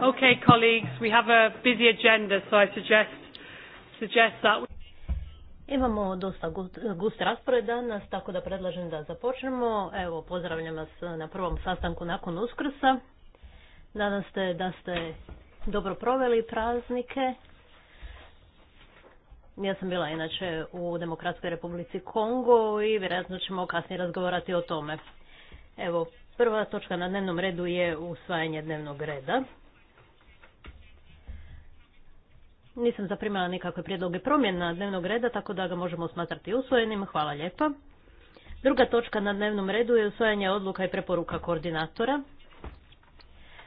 Okay, colleagues, we have a busy agenda, so I suggest, suggest that we... Imamo dosta gust raspored danas, tako da predlažem da započnemo. Evo, pozdravljam vas na prvom sastanku nakon uskrsa. Nadam se da ste dobro proveli praznike. Ja sam bila inače u Demokratskoj republici Kongo i vjerojatno ćemo kasnije razgovarati o tome. Evo, prva točka na dnevnom redu je usvajanje dnevnog reda. Nisam zaprimila nikakve prijedloge promjena dnevnog reda, tako da ga možemo smatrati usvojenim. Hvala lijepa. Druga točka na dnevnom redu je usvajanje odluka i preporuka koordinatora.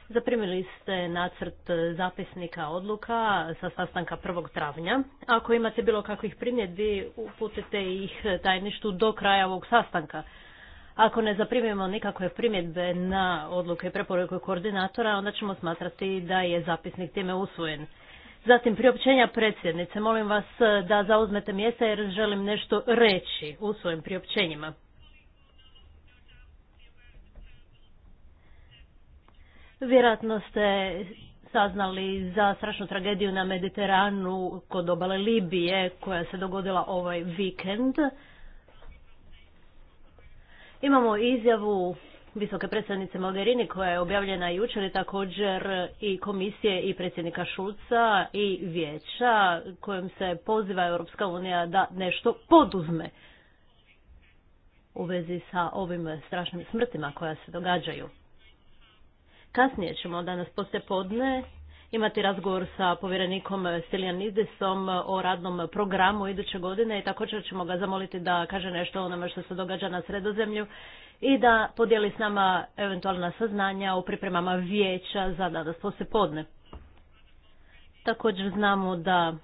Zaprimili ste nacrt zapisnika odluka sa sastanka 1. travnja. Ako imate bilo kakvih primjedbi, uputite ih tajništu do kraja ovog sastanka. Ako ne zaprimimo nikakve primjedbe na odluke i preporuke koordinatora, onda ćemo smatrati da je zapisnik time usvojen. Zatim priopćenja predsjednice. Molim vas e, da zauzmete mjesta jer želim nešto reći u svojim priopćenjima. Vjerojatno ste saznali za strašnu tragediju na Mediteranu kod obale Libije koja se dogodila ovaj vikend. Imamo izjavu visoke predsjednice Mogherini koja je objavljena jučer i također i komisije i predsjednika Šulca i vijeća kojim se poziva Europska unija da nešto poduzme u vezi sa ovim strašnim smrtima koja se događaju. Kasnije ćemo danas poslije podne imati razgovor sa povjerenikom Stiljanidisom o radnom programu iduće godine i također ćemo ga zamoliti da kaže nešto o onome što se događa na sredozemlju i da podijeli s nama eventualna saznanja o pripremama vijeća za se podne. Također znamo da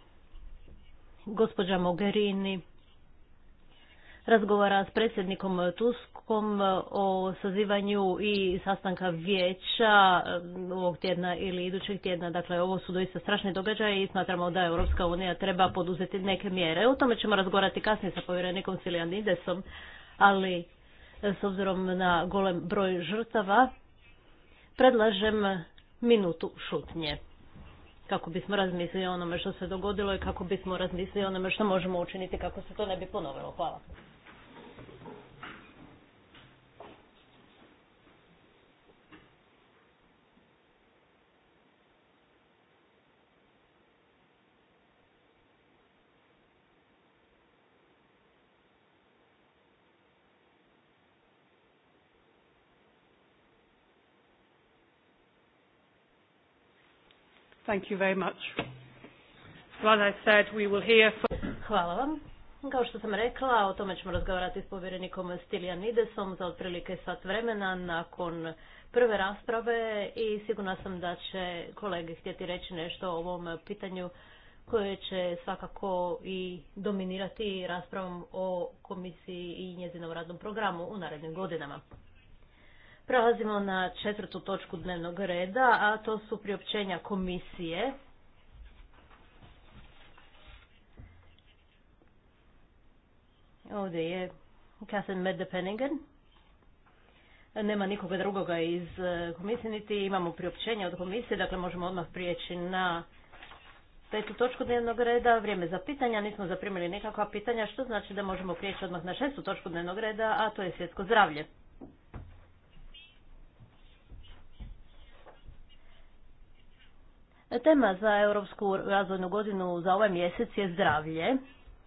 gospođa Mogherini razgovara s predsjednikom Tuskom o sazivanju i sastanka vijeća um, ovog tjedna ili idućeg tjedna. Dakle, ovo su doista strašni događaje i smatramo da Europska unija treba poduzeti neke mjere. O tome ćemo razgovarati kasnije sa povjerenikom Indesom, ali s obzirom na golem broj žrtava, predlažem minutu šutnje kako bismo razmislili o onome što se dogodilo i kako bismo razmislili o onome što možemo učiniti kako se to ne bi ponovilo. Hvala. Thank you very much. will hear from... Hvala vam. Kao što sam rekla, o tome ćemo razgovarati s povjerenikom Idesom za otprilike sat vremena nakon prve rasprave i sigurna sam da će kolege htjeti reći nešto o ovom pitanju koje će svakako i dominirati raspravom o komisiji i njezinom radnom programu u narednim godinama. Prelazimo na četvrtu točku dnevnog reda, a to su priopćenja komisije. Ovdje je Catherine merde penningen Nema nikoga drugoga iz e, komisije, niti imamo priopćenja od komisije, dakle možemo odmah prijeći na petu točku dnevnog reda, vrijeme za pitanja, nismo zaprimili nekakva pitanja, što znači da možemo prijeći odmah na šestu točku dnevnog reda, a to je svjetsko zdravlje. Tema za Europsku razvojnu godinu za ovaj mjesec je zdravlje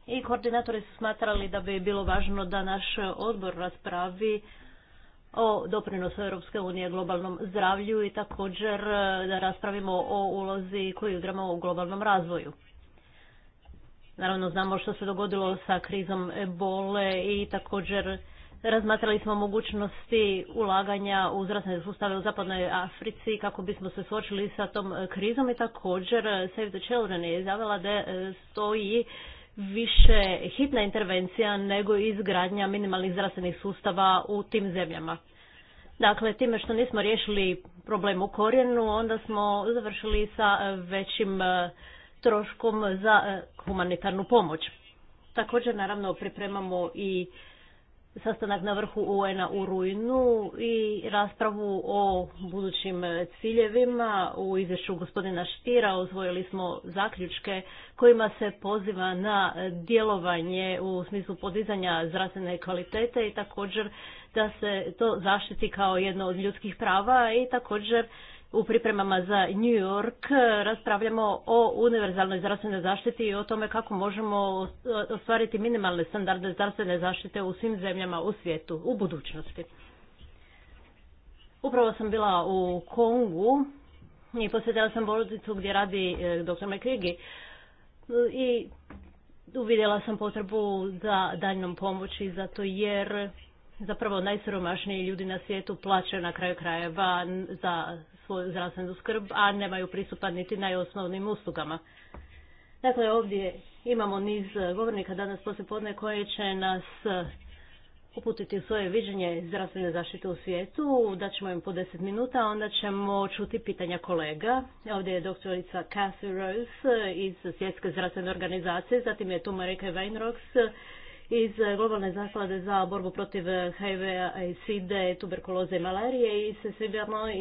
i koordinatori su smatrali da bi bilo važno da naš odbor raspravi o doprinosu Europske unije globalnom zdravlju i također e, da raspravimo o ulozi koju igramo u globalnom razvoju. Naravno znamo što se dogodilo sa krizom ebole i također Razmatrali smo mogućnosti ulaganja u zdravstvene sustave u zapadnoj Africi kako bismo se suočili sa tom e, krizom i također e, Save the Children je izjavila da e, stoji više hitna intervencija nego izgradnja minimalnih zdravstvenih sustava u tim zemljama. Dakle, time što nismo riješili problem u korijenu, onda smo završili sa većim troškom za humanitarnu pomoć. Također, naravno, pripremamo i sastanak na vrhu UN-a u rujnu i raspravu o budućim ciljevima. U izvješću gospodina Štira uzvojili smo zaključke kojima se poziva na djelovanje u smislu podizanja zdravstvene kvalitete i također da se to zaštiti kao jedno od ljudskih prava i također u pripremama za New York eh, raspravljamo o univerzalnoj zdravstvenoj zaštiti i o tome kako možemo ostvariti minimalne standarde zdravstvene zaštite u svim zemljama u svijetu u budućnosti. Upravo sam bila u Kongu i posjetila sam bolnicu gdje radi eh, dr. McCriggy eh, i uvidjela sam potrebu za daljnom pomoći zato jer zapravo najsiromašniji ljudi na svijetu plaćaju na kraju krajeva za svoju zdravstvenu skrb, a nemaju pristupa niti najosnovnim uslugama. Dakle, ovdje imamo niz govornika danas podne koje će nas uputiti u svoje viđenje zdravstvene zaštite u svijetu. Daćemo im po deset minuta, onda ćemo čuti pitanja kolega. Ovdje je doktorica Cassie Rose iz Svjetske zdravstvene organizacije, zatim je tu Marika Weinrox iz eh, globalne zaklade za borbu protiv eh, HIV-a, tuberkuloze i malarije i se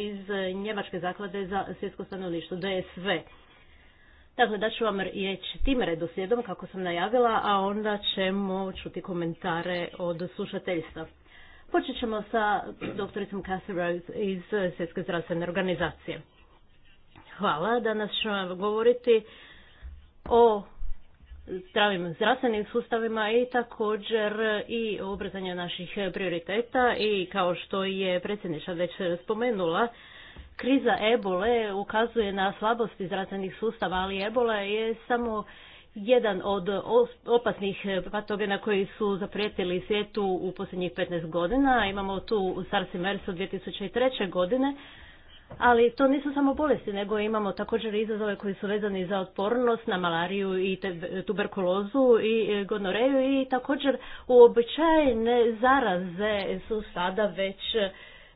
iz eh, Njemačke zaklade za svjetsko stanovništvo, DSV. Dakle, ću vam riječ tim redoslijedom kako sam najavila, a onda ćemo čuti komentare od slušateljstva. Počet ćemo sa doktoricom Cassie Rose iz Svjetske zdravstvene organizacije. Hvala, danas ću vam govoriti o zdravim zdravstvenim sustavima i također i obrazanje naših prioriteta i kao što je predsjednica već spomenula, kriza ebole ukazuje na slabosti zdravstvenih sustava, ali ebola je samo jedan od opasnih patogena koji su zaprijetili svijetu u posljednjih 15 godina. Imamo tu u SARS i MERS od 2003. godine, ali to nisu samo bolesti, nego imamo također izazove koji su vezani za otpornost na malariju i tuberkulozu i e, gonoreju i također uobičajene zaraze su sada već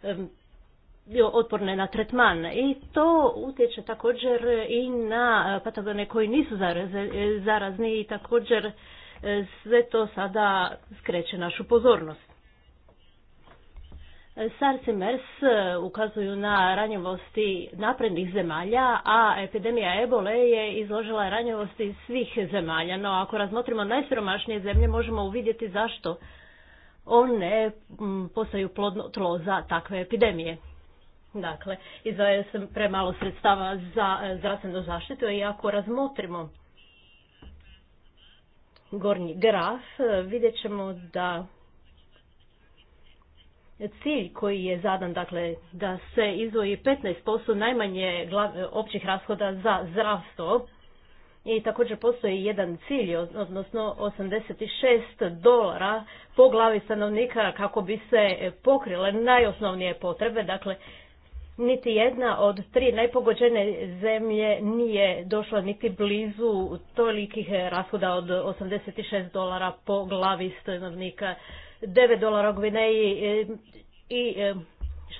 e, otporne na tretman i to utječe također i na patogene koji nisu e, zarazni i također sve to sada skreće našu pozornost. SARS i MERS e, ukazuju na ranjivosti naprednih zemalja, a epidemija ebole je izložila ranjivosti svih zemalja. No ako razmotrimo najsiromašnije zemlje možemo uvidjeti zašto one postaju plodno tlo za takve epidemije. Dakle, izvaja se premalo sredstava za e, zdravstvenu zaštitu i ako razmotrimo gornji graf, e, vidjet ćemo da cilj koji je zadan, dakle, da se izvoji 15% najmanje općih rashoda za zdravstvo. I također postoji jedan cilj, odnosno 86 dolara po glavi stanovnika kako bi se pokrile najosnovnije potrebe. Dakle, niti jedna od tri najpogođene zemlje nije došla niti blizu tolikih rashoda od 86 dolara po glavi stanovnika 9 dolara u Gvineji e, i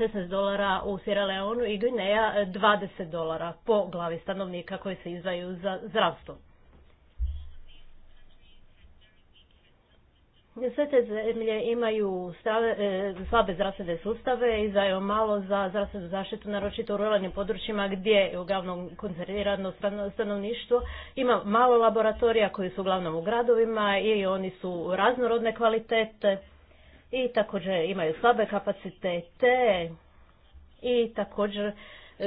16 e, dolara u Sierra Leonu i Gvineja 20 e, dolara po glavi stanovnika koji se izdaju za zdravstvo. Sve te zemlje imaju slabe zdravstvene sustave, izdaju malo za zdravstvenu zaštitu, naročito u ruralnim područjima gdje je uglavnom koncentrirano stanovništvo. Ima malo laboratorija koji su uglavnom u gradovima i oni su raznorodne kvalitete i također imaju slabe kapacitete i također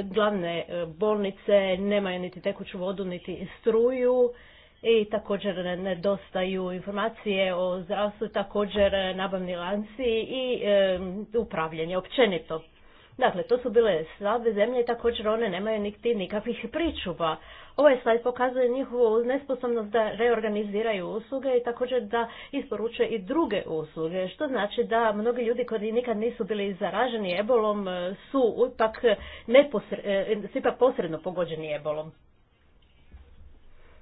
glavne e, bolnice nemaju niti tekuću vodu niti struju i također nedostaju informacije o zdravstvu, također e, nabavni lanci i e, upravljanje općenito. Dakle, to su bile slabe zemlje i također one nemaju niti nikakvih pričuva. Ovaj slajd pokazuje njihovu nesposobnost da reorganiziraju usluge i također da isporuče i druge usluge, što znači da mnogi ljudi koji nikad nisu bili zaraženi ebolom e, su ipak, neposre, e, su posredno pogođeni ebolom.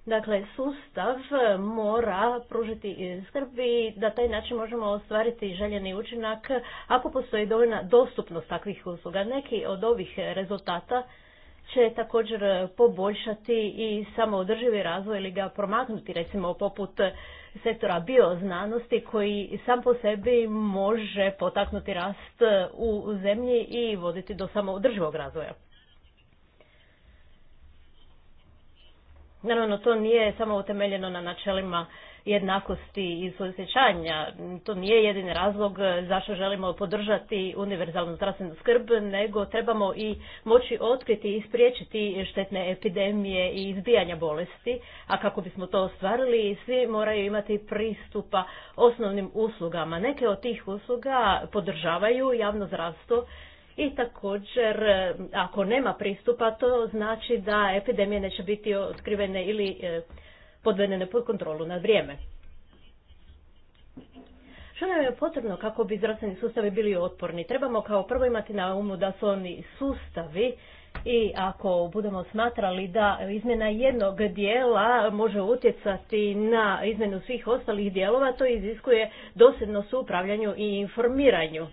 Dakle, sustav mora pružiti skrb i da taj način možemo ostvariti željeni učinak ako postoji dovoljna dostupnost takvih usluga. Neki od ovih rezultata će također e, poboljšati i samoodrživi razvoj ili ga promaknuti, recimo poput e, sektora bioznanosti koji sam po sebi može potaknuti rast e, u zemlji i voditi do samoodrživog razvoja. Naravno, to nije samo utemeljeno na načelima jednakosti i suosjećanja. To nije jedini razlog e, zašto želimo podržati univerzalnu zdravstvenu skrb, nego trebamo i moći otkriti i spriječiti štetne epidemije i izbijanja bolesti, a kako bismo to ostvarili, svi moraju imati pristupa osnovnim uslugama. Neke od tih usluga podržavaju javno zdravstvo, i također, e, ako nema pristupa, to znači da epidemije neće biti otkrivene ili e, podvedene pod kontrolu na vrijeme. Što nam je potrebno kako bi zdravstveni sustavi bili otporni? Trebamo kao prvo imati na umu da su oni sustavi i ako budemo smatrali da izmjena jednog dijela može utjecati na izmjenu svih ostalih dijelova, to iziskuje dosljednost u upravljanju i informiranju.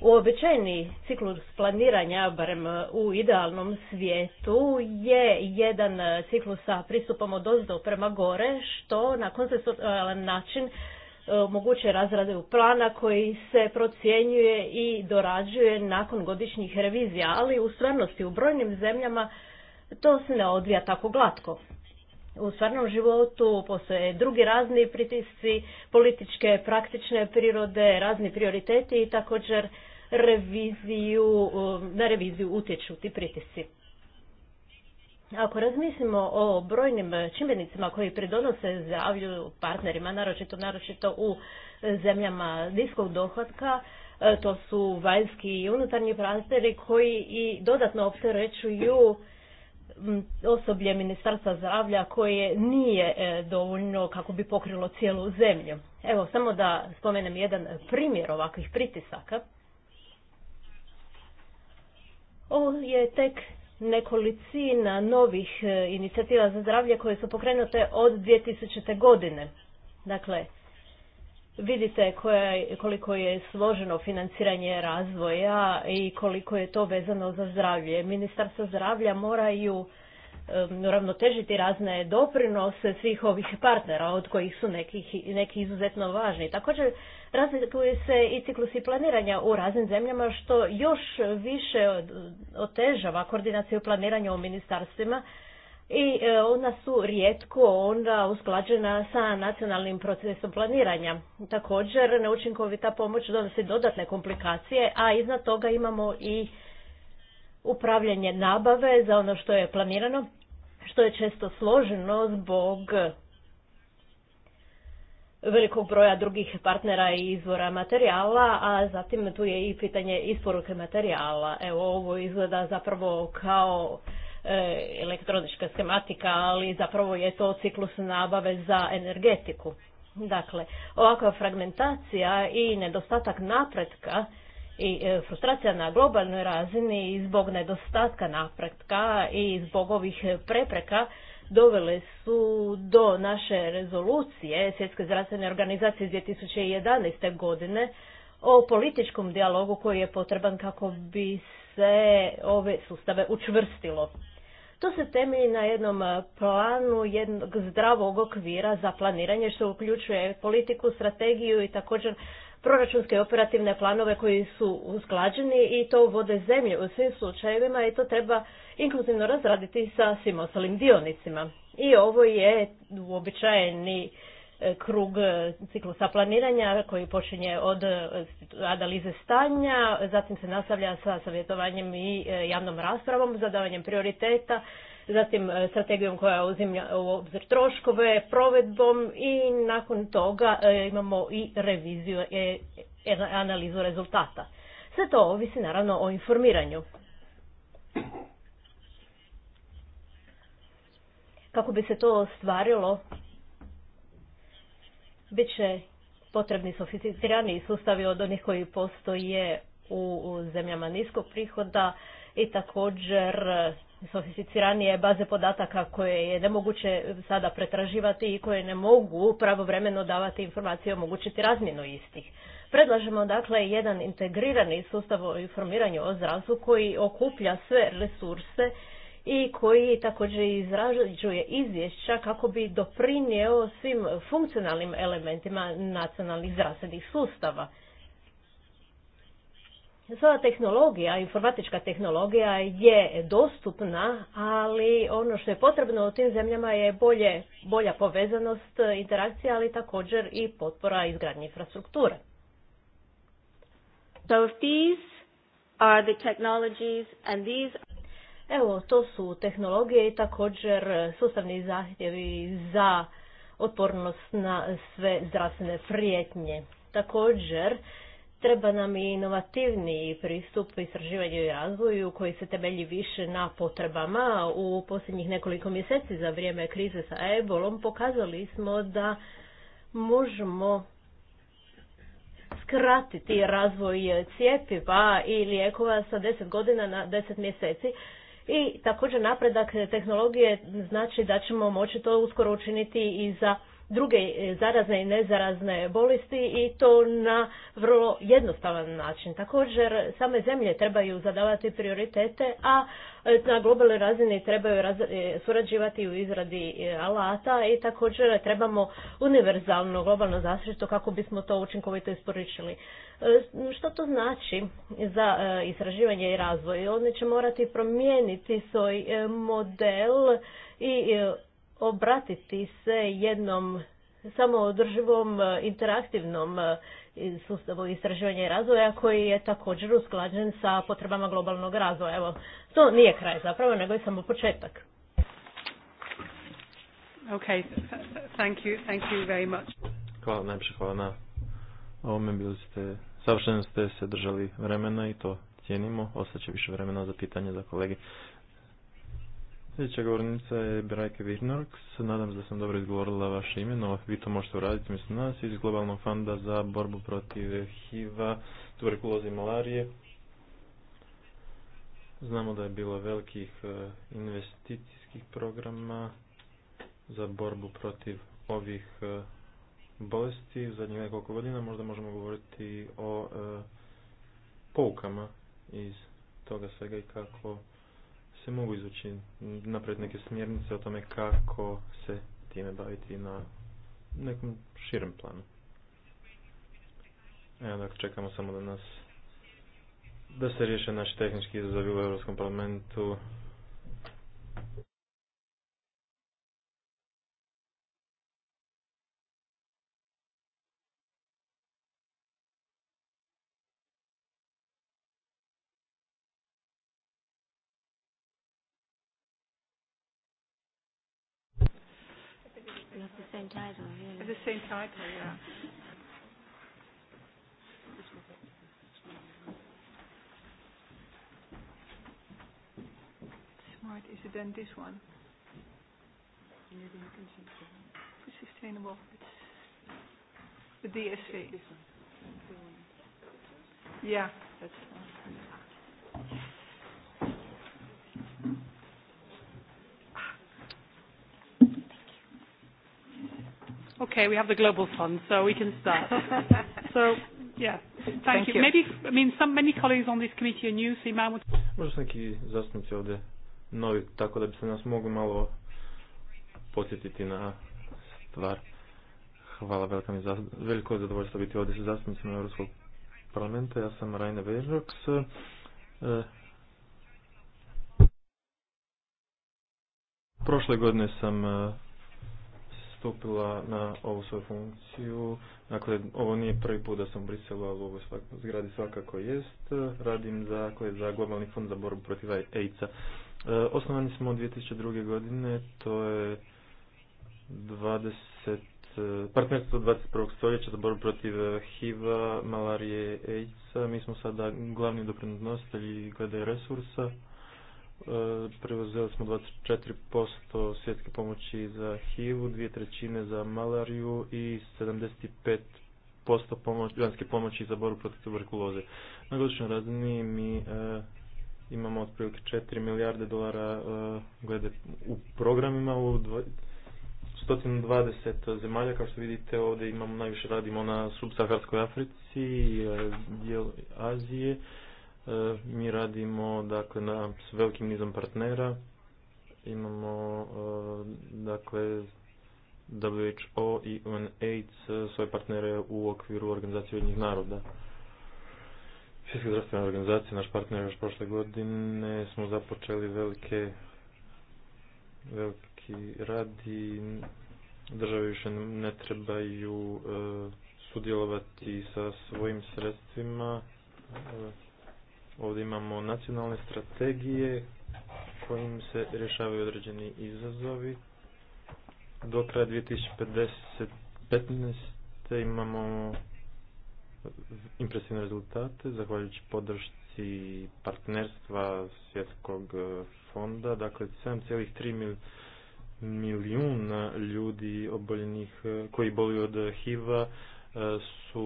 Uobičajeni ciklus planiranja, barem e, u idealnom svijetu, je jedan e, ciklus sa pristupom od ozdo prema gore, što na konsensualan način e, moguće razrade u plana koji se procjenjuje i dorađuje nakon godišnjih revizija, ali u stvarnosti u brojnim zemljama to se ne odvija tako glatko. U stvarnom životu postoje drugi razni pritisci, političke, praktične prirode, razni prioriteti i također reviziju, um, na reviziju utječu ti pritisci. Ako razmislimo o brojnim čimbenicima koji pridonose zdravlju partnerima, naročito, naročito u zemljama niskog dohotka, e, to su vanjski i unutarnji partneri koji i dodatno opterećuju osoblje Ministarstva zdravlja koje nije e, dovoljno kako bi pokrilo cijelu zemlju. Evo, samo da spomenem jedan primjer ovakvih pritisaka. Ovo je tek nekolicina novih e, inicijativa za zdravlje koje su pokrenute od 2000. godine. Dakle, vidite koja, koliko je složeno financiranje razvoja i koliko je to vezano za zdravlje. Ministarstvo zdravlja moraju Uravnotežiti razne doprinose svih ovih partnera, od kojih su neki, neki izuzetno važni. Također razlikuje se i ciklusi planiranja u raznim zemljama, što još više otežava koordinaciju planiranja u ministarstvima i e, ona su rijetko onda usklađena sa nacionalnim procesom planiranja. Također, neučinkovita pomoć donosi dodatne komplikacije, a iznad toga imamo i upravljanje nabave za ono što je planirano što je često složeno zbog velikog broja drugih partnera i izvora materijala, a zatim tu je i pitanje isporuke materijala. Evo, ovo izgleda zapravo kao e, elektronička schematika, ali zapravo je to ciklus nabave za energetiku. Dakle, ovakva fragmentacija i nedostatak napretka i e, frustracija na globalnoj razini i zbog nedostatka napretka i zbog ovih prepreka dovele su do naše rezolucije Svjetske zdravstvene organizacije 2011. godine o političkom dijalogu koji je potreban kako bi se ove sustave učvrstilo. To se temelji na jednom planu jednog zdravog okvira za planiranje što uključuje politiku, strategiju i također proračunske operativne planove koji su usklađeni i to vode zemlje u svim slučajevima i to treba inkluzivno razraditi sa svim ostalim dionicima. I ovo je uobičajeni e, krug e, ciklusa planiranja koji počinje od e, analize stanja, zatim se nastavlja sa savjetovanjem i javnom raspravom, zadavanjem prioriteta, zatim e, strategijom koja uzimlja u obzir troškove, provedbom i nakon toga e, imamo i reviziju, e, analizu rezultata. Sve to ovisi naravno o informiranju. Kako bi se to ostvarilo, bit će potrebni sofisticirani sustavi od onih koji postoje u zemljama niskog prihoda i također sofisticiranije baze podataka koje je nemoguće sada pretraživati i koje ne mogu pravovremeno davati informacije i omogućiti razmjenu istih. Predlažemo dakle jedan integrirani sustav o informiranju o zdravstvu koji okuplja sve resurse i koji također izrađuje izvješća kako bi doprinio svim funkcionalnim elementima nacionalnih zdravstvenih sustava. Sva tehnologija, informatička tehnologija je dostupna, ali ono što je potrebno u tim zemljama je bolje, bolja povezanost, interakcija, ali također i potpora izgradnje infrastrukture. So are the technologies and these... Evo, to su tehnologije i također sustavni zahtjevi za otpornost na sve zdravstvene prijetnje. Također, Treba nam i inovativniji pristup istraživanju i razvoju koji se temelji više na potrebama. U posljednjih nekoliko mjeseci za vrijeme krize sa ebolom pokazali smo da možemo skratiti razvoj cijepiva i lijekova sa 10 godina na 10 mjeseci. I također napredak tehnologije znači da ćemo moći to uskoro učiniti i za druge e, zarazne i nezarazne bolesti i to na vrlo jednostavan način. Također same zemlje trebaju zadavati prioritete, a e, na globalnoj razini trebaju e, surađivati u izradi alata i također trebamo univerzalno globalno zaštitu kako bismo to učinkovito isporičili. Što to znači za istraživanje i razvoj? Oni će morati promijeniti svoj model i obratiti se jednom samoodrživom e, interaktivnom e, sustavu istraživanja i razvoja koji je također usklađen sa potrebama globalnog razvoja. Evo, to nije kraj zapravo, nego je samo početak. Okay, thank you, thank you very much. Hvala, najpiše hvala na ovome, bili ste, savršeno ste se držali vremena i to cijenimo, ostaće više vremena za pitanje za kolege. Sljedeća govornica je Brajke Nadam se da sam dobro izgovorila vaše ime, no vi to možete uraditi mislim nas iz Globalnog fonda za borbu protiv HIV-a, tuberkuloze i malarije. Znamo da je bilo velikih e, investicijskih programa za borbu protiv ovih e, bolesti u zadnjih nekoliko godina. Možda možemo govoriti o e, poukama iz toga svega i kako se mogu izvući napraviti neke smjernice o tome kako se time baviti na nekom širem planu. Evo dakle, čekamo samo da nas da se riješe naši tehnički izazovi u Europskom parlamentu same title, yeah. Smart, is it then this one? Sustainable, it's the DSC. Yeah, that's. Okay, we have the Global Fund, so we can start. so, yeah, thank, thank you. you. Maybe, I mean, some, many colleagues on this committee are new, so you might want to... neki zastupnici ovdje novi, tako da bi se nas mogli malo podsjetiti na stvar. Hvala, velika mi za veliko zadovoljstvo biti ovdje sa zastupnicima Europskog parlamenta. Ja sam Rajne Vežoks. E, eh, prošle godine sam eh, stupila na ovu svoju funkciju. Dakle, ovo nije prvi put da sam u ali u ovoj zgradi svakako jest. Radim za, za globalni fond za borbu protiv AIDS-a. E, osnovani smo od 2002. godine, to je 20 e, partnerstvo 21. stoljeća za borbu protiv HIV-a, malarije, AIDS-a. Mi smo sada glavni doprinositelji glede resursa E, preuzeli smo 24% svjetske pomoći za HIV-u, dvije trećine za malariju i 75% pomoći, ljanske pomoći za boru protiv tuberkuloze. Na godišnjoj razini mi e, imamo otprilike 4 milijarde dolara e, glede u programima u sto 120 zemalja, kao što vidite ovdje imamo, najviše radimo na subsaharskoj Africi, e, dijelu Azije, E, mi radimo dakle, na, s velikim nizom partnera. Imamo e, dakle, WHO i UNAIDS svoje partnere u okviru organizacije jednih naroda. Svjetske zdravstvena organizacija, naš partner još prošle godine, smo započeli velike veliki radi, i države više ne trebaju e, sudjelovati sa svojim sredstvima Ovdje imamo nacionalne strategije kojim se rješavaju određeni izazovi. Do kraja 2015. imamo impresivne rezultate, zahvaljujući podršci partnerstva svjetskog fonda, dakle 7,3 milijuna ljudi oboljenih koji boluju od HIV-a su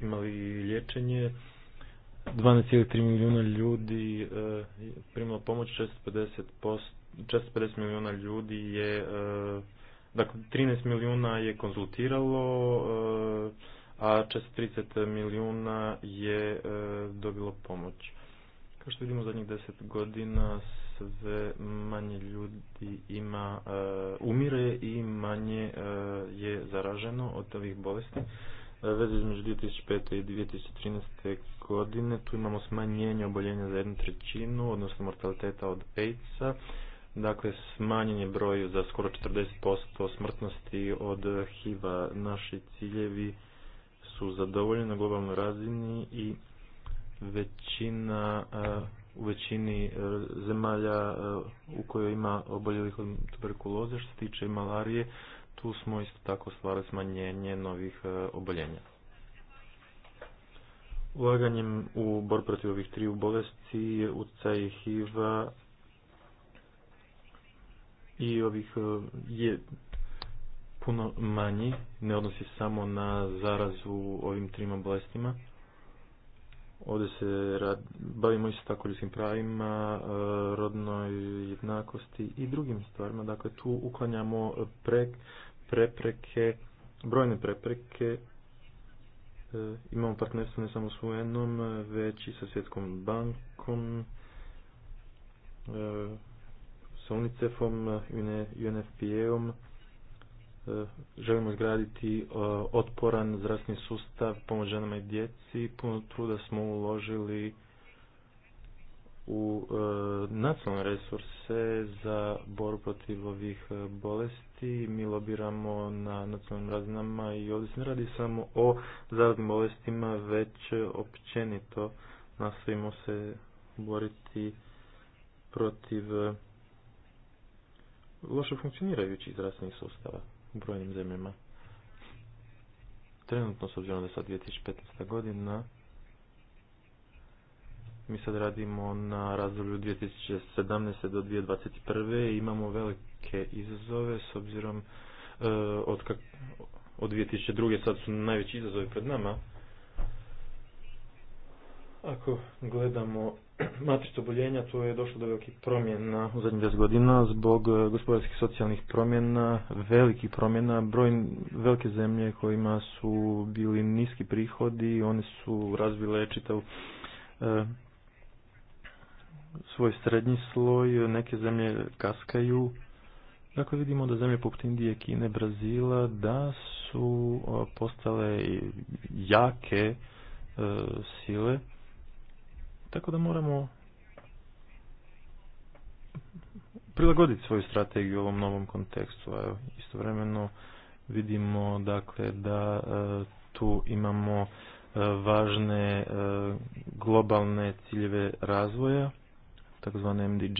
imali liječenje 12,3 milijuna ljudi eh, primilo pomoć, 650%, 650 milijuna ljudi je, eh, dakle 13 milijuna je konzultiralo, eh, a 430 milijuna je dobilo pomoć. Kao što vidimo zadnjih 10 godina sve manje ljudi ima, umire i manje je zaraženo od ovih bolesti. Veze između 2005. i 2013 godine tu imamo smanjenje oboljenja za jednu trećinu, odnosno mortaliteta od AIDS-a. Dakle, smanjenje je za skoro 40% smrtnosti od HIV-a. Naši ciljevi su zadovoljeni na globalnoj razini i većina, u većini e, zemalja e, u kojoj ima oboljelih od tuberkuloze što se tiče malarije, tu smo isto tako stvarali smanjenje novih e, oboljenja. Ulaganjem u bor protiv ovih triju bolesti, utjecaj HIV-a i ovih e, je puno manji, ne odnosi samo na zarazu ovim trima bolestima. Ovdje se rad, bavimo isto tako ljudskim pravima, e, rodnoj jednakosti i drugim stvarima. Dakle, tu uklanjamo pre, prepreke, brojne prepreke E, imamo partnerstvo ne samo s UN-om, već i sa Svjetskom bankom, e, sa UNICEF-om, UNFPA-om. E, želimo izgraditi otporan zdravstveni sustav, pomoć ženama i djeci. Puno truda smo uložili u e, nacionalne resurse za boru protiv ovih e, bolesti. Mi lobiramo na nacionalnim razinama i ovdje se ne radi samo o zaradnim bolestima, već općenito nastavimo se boriti protiv e, loše funkcionirajućih zdravstvenih sustava u brojnim zemljama. Trenutno, s obzirom da je sad 2015. godina, mi sad radimo na razdoblju 2017. do 2021. imamo velike izazove s obzirom e, od, kak, od 2002. sad su najveći izazovi pred nama. Ako gledamo matricu oboljenja, to je došlo do velikih promjena u zadnjih 10 godina zbog e, gospodarskih socijalnih promjena, velikih promjena, broj velike zemlje kojima su bili niski prihodi, one su razvile čitav e, svoj srednji sloj, neke zemlje kaskaju. Dakle, vidimo da zemlje poput Indije, Kine, Brazila, da su postale jake e, sile. Tako da moramo prilagoditi svoju strategiju ovom novom kontekstu. a istovremeno vidimo dakle da e, tu imamo e, važne globalne ciljeve razvoja tzv. MDG.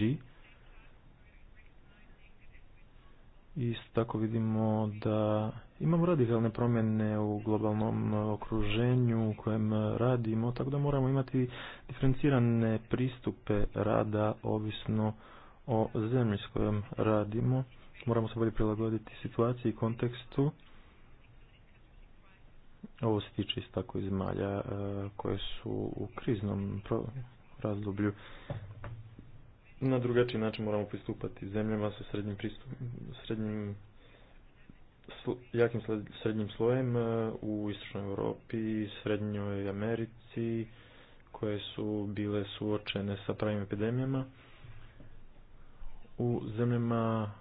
Isto tako vidimo da imamo radikalne promjene u globalnom okruženju u kojem radimo, tako da moramo imati diferencirane pristupe rada ovisno o zemlji s kojom radimo. Moramo se bolje prilagoditi situaciji i kontekstu. Ovo se tiče isto tako iz zemalja e, koje su u kriznom razdoblju na drugačiji način moramo pristupati zemljama sa srednjim, srednjim jakim srednjim slojem e, u istočnoj Europi, srednjoj Americi koje su bile suočene sa pravim epidemijama u zemljama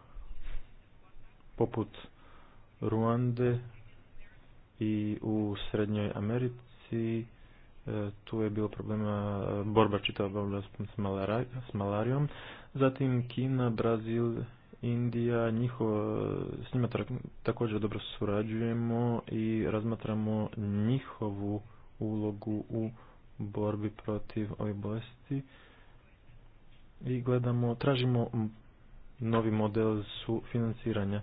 poput Ruande i u Srednjoj Americi tu je bilo problema borba čitava borba s malarijom. Zatim Kina, Brazil, Indija, njiho, s njima također dobro surađujemo i razmatramo njihovu ulogu u borbi protiv ove bolesti i gledamo, tražimo novi model su financiranja.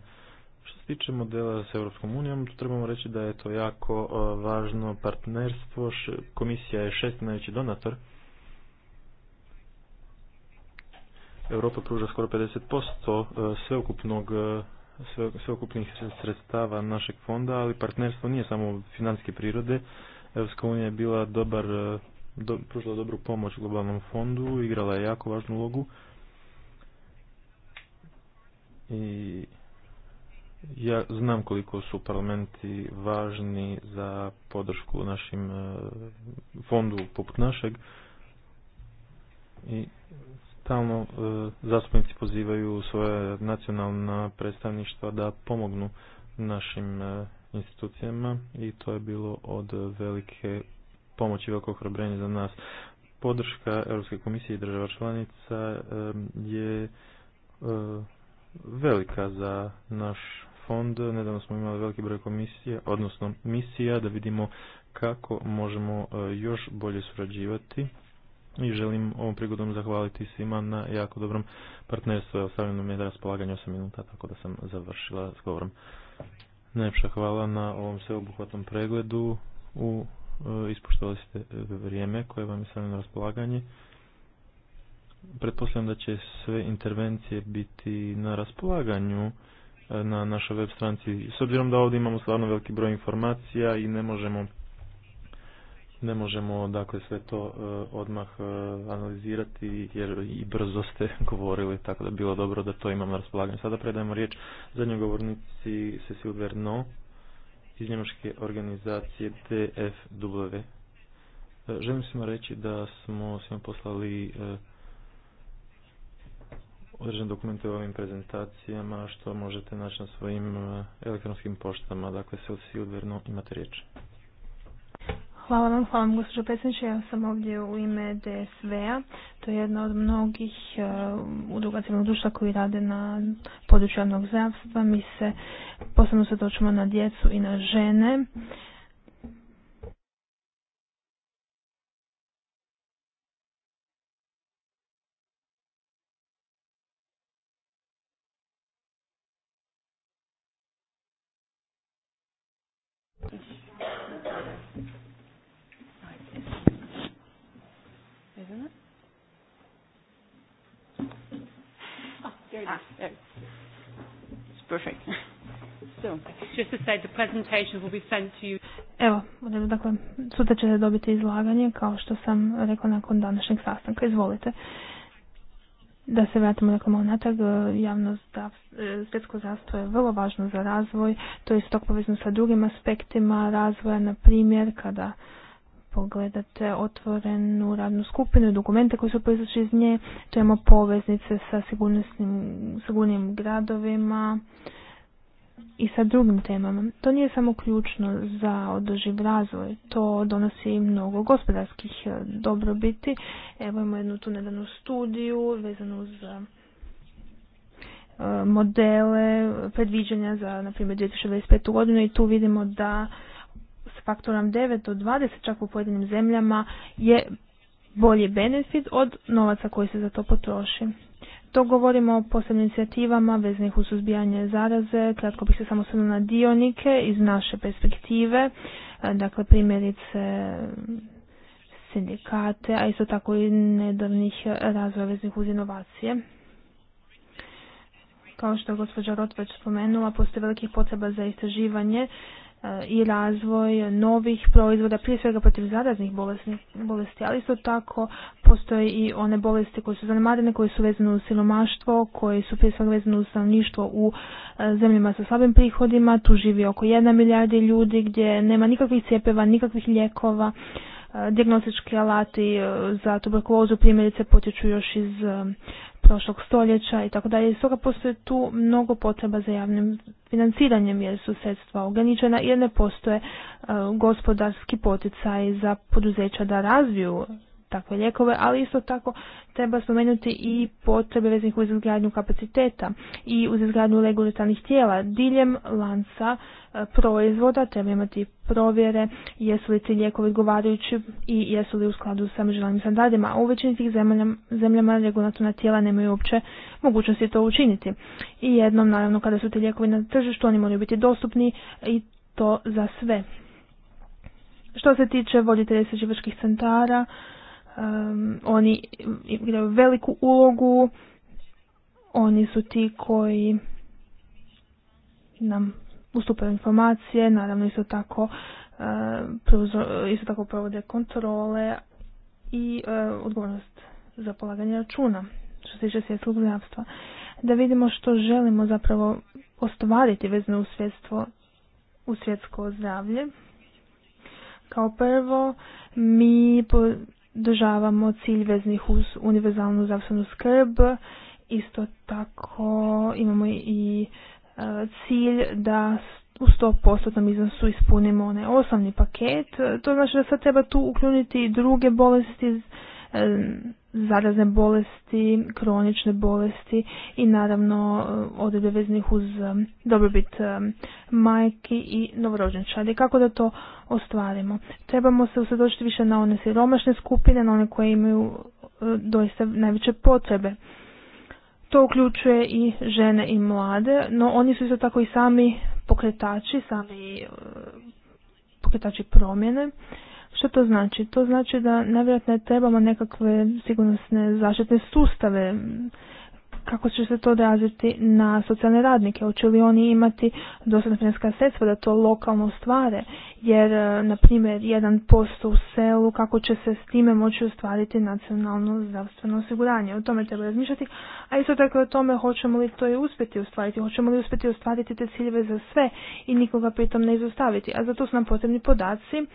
Što se tiče modela s Europskom unijom, tu trebamo reći da je to jako e, važno partnerstvo. Komisija je šest najveći donator. Europa pruža skoro 50% e, sveukupnog e, sveukupnih sredstava našeg fonda, ali partnerstvo nije samo financijske prirode. Europska unija je bila dobar, do, pružila dobru pomoć globalnom fondu, igrala je jako važnu ulogu. I ja znam koliko su parlamenti važni za podršku našim e, fondu poput našeg i stalno e, zastupnici pozivaju svoje nacionalna predstavništva da pomognu našim e, institucijama i to je bilo od velike pomoći veliko ohrabrenje za nas. Podrška Europske komisije i država članica je velika za naš fond. Nedavno smo imali veliki broj komisije, odnosno misija, da vidimo kako možemo e, još bolje surađivati. I želim ovom prigodom zahvaliti svima na jako dobrom partnerstvu. Ostavljeno mi je da raspolaganje 8 minuta, tako da sam završila s govorom. Najljepša hvala na ovom sveobuhvatnom pregledu. U, e, ispoštovali ste vrijeme koje vam je stavljeno na raspolaganje pretpostavljam da će sve intervencije biti na raspolaganju na našoj web stranci, S obzirom da ovdje imamo stvarno veliki broj informacija i ne možemo ne možemo dakle sve to e, odmah e, analizirati jer i brzo ste govorili tako da bilo dobro da to imamo na raspolaganju. Sada predajemo riječ zadnjoj govornici Cecil Verno iz njemačke organizacije DFW. E, želim samo reći da smo svima poslali određene dokumente u ovim prezentacijama što možete naći na svojim e, elektronskim poštama. Dakle, se od Silverno imate riječ. Hvala vam, hvala vam gospođo predsjedniče. Ja sam ovdje u ime DSV-a. To je jedna od mnogih e, udruga civilnog društva koji rade na području javnog zdravstva. Mi se posebno se točimo na djecu i na žene. Evo, budemo dakle, sutra ćete dobiti izlaganje kao što sam rekla nakon današnjeg sastanka. Izvolite. Da se vratimo dakle malo natrag, javno e, svjetsko zdravstvo je vrlo važno za razvoj, to je isto povezano sa drugim aspektima razvoja, na primjer kada pogledate otvorenu radnu skupinu i dokumente koji su proizašli iz nje, to imamo poveznice sa sigurnim gradovima, i sa drugim temama. To nije samo ključno za održiv razvoj, to donosi mnogo gospodarskih e, dobrobiti. Evo imamo jednu tu nedavnu studiju vezanu za e, modele predviđanja za, na primjer, 2025. godinu i tu vidimo da s faktorom 9 do 20 čak u pojedinim zemljama je bolji benefit od novaca koji se za to potroši. To govorimo o posebnim inicijativama veznih u suzbijanje zaraze. Kratko bih se samo osvrnuo na dionike iz naše perspektive. E, dakle, primjerice sindikate, a isto tako i nedavnih razvoja veznih uz inovacije. Kao što je gospođa Rot spomenula, postoje velikih potreba za istraživanje E, i razvoj novih proizvoda, prije svega protiv zaraznih bolesti, ali isto tako postoje i one bolesti koje su zanemarene, koje su vezane u silomaštvo, koje su prije svega vezane u stanovništvo u e, zemljama sa slabim prihodima, tu živi oko jedna milijardi ljudi gdje nema nikakvih cijepeva, nikakvih lijekova, e, diagnostički alati za tuberkulozu primjerice potječu još iz prošlog stoljeća i tako dalje. Stoga postoje tu mnogo potreba za javnim financiranjem jer su sredstva ograničena jer ne postoje e, gospodarski poticaj za poduzeća da razviju takve lijekove, ali isto tako treba spomenuti i potrebe veznih uz izgradnju kapaciteta i uz izgradnju regulatornih tijela diljem lanca proizvoda, treba imati provjere jesu li ti lijekovi odgovarajući i jesu li u skladu sa međunarodnim standardima. u većini tih zemljama, zemljama regulatorna tijela nemaju uopće mogućnosti to učiniti. I jednom, naravno, kada su ti lijekovi na tržištu, oni moraju biti dostupni i to za sve. Što se tiče voditelja istraživačkih centara, um, oni igraju veliku ulogu, oni su ti koji nam ustupaju informacije, naravno isto tako, e, isto tako provode kontrole i e, odgovornost za polaganje računa što se tiče svjetskog zdravstva. Da vidimo što želimo zapravo ostvariti vezno u u svjetsko zdravlje. Kao prvo, mi podržavamo cilj veznih uz univerzalnu zdravstvenu skrb. Isto tako imamo i cilj da u 100% iznosu ispunimo onaj osnovni paket. To znači da sad treba tu uključiti i druge bolesti, e, zarazne bolesti, kronične bolesti i naravno e, odredbe veznih uz e, dobrobit majki i novorođenčadi. Kako da to ostvarimo? Trebamo se usredočiti više na one siromašne skupine, na one koje imaju doista najveće potrebe. To uključuje i žene i mlade, no oni su isto tako i sami pokretači, sami e, pokretači promjene. Što to znači? To znači da nevjerojatno trebamo nekakve sigurnosne zaštitne sustave, kako će se to odraziti na socijalne radnike, hoće li oni imati dosadna financijska sredstva da to lokalno stvare, jer e, na primjer 1% u selu, kako će se s time moći ostvariti nacionalno zdravstveno osiguranje. O tome treba razmišljati, a isto tako o tome hoćemo li to i uspjeti ostvariti, hoćemo li uspjeti ostvariti te ciljeve za sve i nikoga pritom ne izostaviti, a to su nam potrebni podaci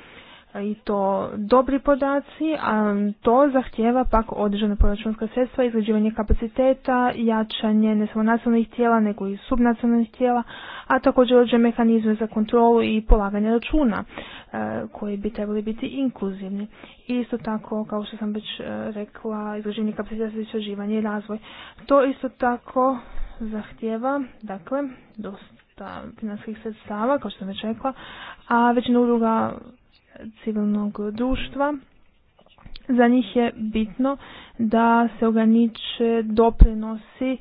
i to dobri podaci, a to zahtjeva pak određena proračunska sredstva, izgrađivanje kapaciteta, jačanje ne samo nacionalnih tijela nego i subnacionalnih tijela, a također određene mehanizme za kontrolu i polaganje računa e, koji bi trebali biti inkluzivni. Isto tako, kao što sam već e, rekla, izgrađivanje kapaciteta za istraživanje i razvoj. To isto tako zahtjeva, dakle, dosta finanskih sredstava, kao što sam već rekla, a većina udruga civilnog društva. Za njih je bitno da se ograniče doprinosi e,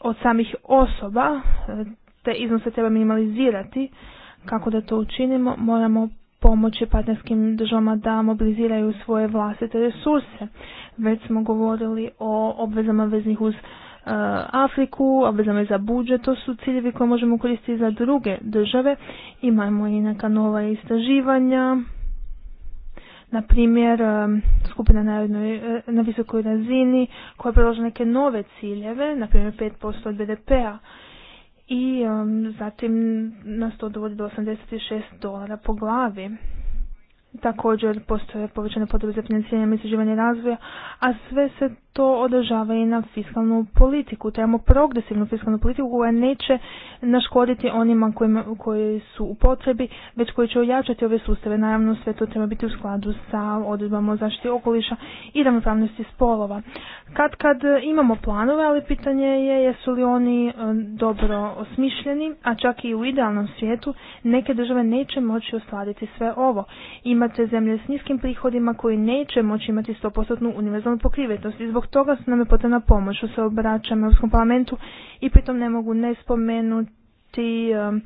od samih osoba, e, te iznose treba minimalizirati. Kako da to učinimo, moramo pomoći partnerskim državama da mobiliziraju svoje vlastite resurse. Već smo govorili o obvezama veznih uz E, Afriku, a obvezama za budžet, to su ciljevi koje možemo koristiti za druge države. Imamo i neka nova istraživanja, na primjer e, skupina na, e, na visokoj razini koja predlaže neke nove ciljeve, na primjer 5% od BDP-a i zatim nas to dovodi do 86 dolara po glavi. Također postoje povećane potrebe za financiranje istraživanja i razvoja, a sve se to održava i na fiskalnu politiku. Trebamo progresivnu fiskalnu politiku koja neće naškoditi onima koji su u potrebi, već koji će ojačati ove sustave. Naravno, sve to treba biti u skladu sa odredbama o zaštiti okoliša i ravnopravnosti spolova. Kad kad imamo planove, ali pitanje je jesu li oni e, dobro osmišljeni, a čak i u idealnom svijetu neke države neće moći ostvariti sve ovo. I imate zemlje s niskim prihodima koji neće moći imati 100% univerzalnu pokrivetnost i zbog toga su nam je potrebna pomoć. Što se obraćam Europskom parlamentu i pritom ne mogu ne spomenuti um,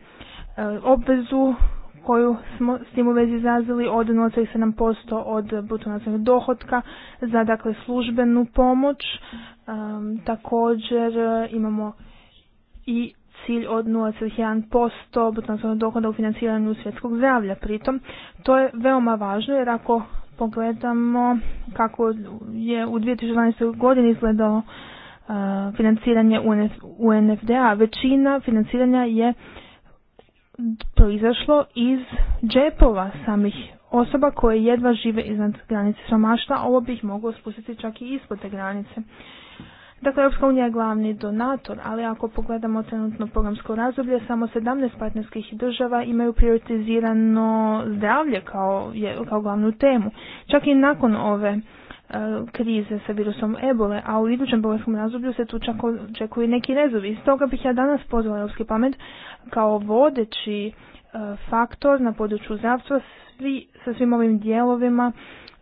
uh, obvezu koju smo s tim u vezi izrazili od 0,7% od brutonacionalnog dohotka za dakle službenu pomoć. Um, također uh, imamo i cilj od 0,1% butanskog dohoda u financiranju svjetskog zdravlja. Pritom, to je veoma važno jer ako pogledamo kako je u 2012. godini izgledalo uh, financiranje UNFDA, većina financiranja je proizašlo iz džepova samih osoba koje jedva žive iznad granice sromašta, ovo bih moglo spustiti čak i ispod te granice. Dakle, Europska unija je glavni donator, ali ako pogledamo trenutno programsko razdoblje, samo 17 partnerskih država imaju prioritizirano zdravlje kao, kao glavnu temu. Čak i nakon ove e, krize sa virusom ebole, a u idućem programskom razdoblju se tu čak očekuju neki rezovi. Iz toga bih ja danas pozvala Europski pamet kao vodeći e, faktor na području zdravstva svi, sa svim ovim dijelovima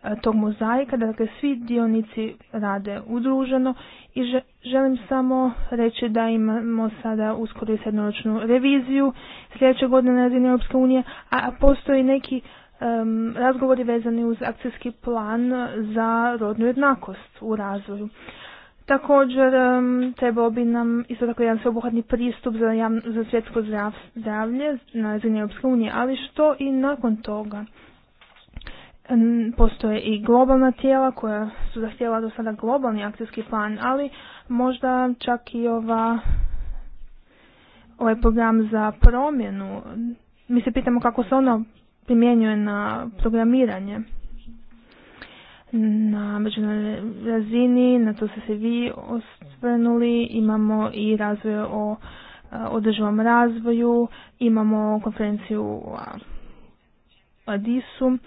E, tog mozaika, dakle, svi dionici rade udruženo i želim samo reći da imamo sada uskoro i reviziju sljedeće godine na razini Europske unije, a postoji neki razgovori vezani uz akcijski plan za rodnu jednakost u razvoju. Također trebao bi nam isto tako jedan sveobuhvatni pristup za, za svjetsko zdravlje na razini Europske unije, ali što i nakon toga? Postoje i globalna tijela koja su zahtjela do sada globalni akcijski plan, ali možda čak i ova, ovaj program za promjenu. Mi se pitamo kako se ono primjenjuje na programiranje na međunarodnoj razini, na to ste se vi osvrnuli, imamo i razvoj o e, održivom razvoju, imamo konferenciju u Adisu,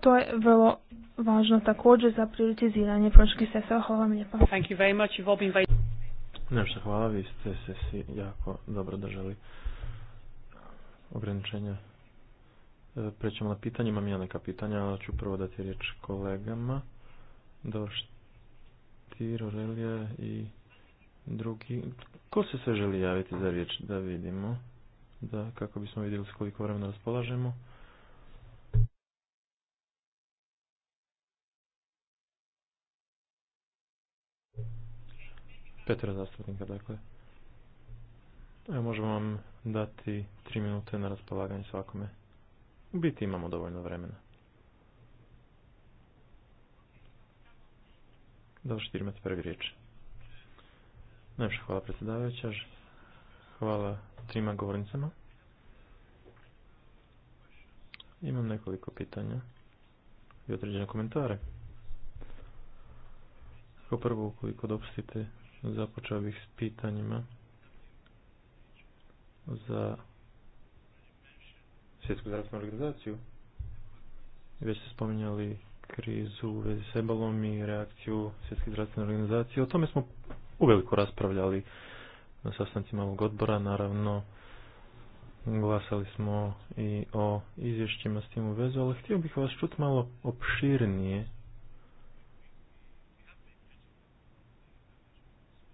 to je vrlo važno također za prioritiziranje proračunskih sredstava. Hvala vam lijepa. Thank you very much. You've all been very... hvala, vi ste se svi jako dobro držali ograničenja. E, prećemo na pitanje, imam ja neka pitanja, ali ću prvo dati riječ kolegama. Doštir, Rorelija i drugi. Ko se sve želi javiti za riječ da vidimo? Da, kako bismo vidjeli s koliko vremena raspolažemo. petra zastupnika, dakle. Evo, možemo vam dati tri minute na raspolaganje svakome. U biti imamo dovoljno vremena. Dobro što imate prvi riječ. Najviše hvala predsjedavajuća. Hvala trima govornicama. Imam nekoliko pitanja i određene komentare. Kao prvo, ukoliko dopustite, Započeo bih s pitanjima za svjetsku zdravstvenu organizaciju. Već ste spominjali krizu u vezi s ebalom i reakciju svjetske zdravstvene organizacije. O tome smo uveliko raspravljali na sastancima ovog odbora. Naravno, glasali smo i o izvješćima s tim u vezu, ali htio bih vas čuti malo opširnije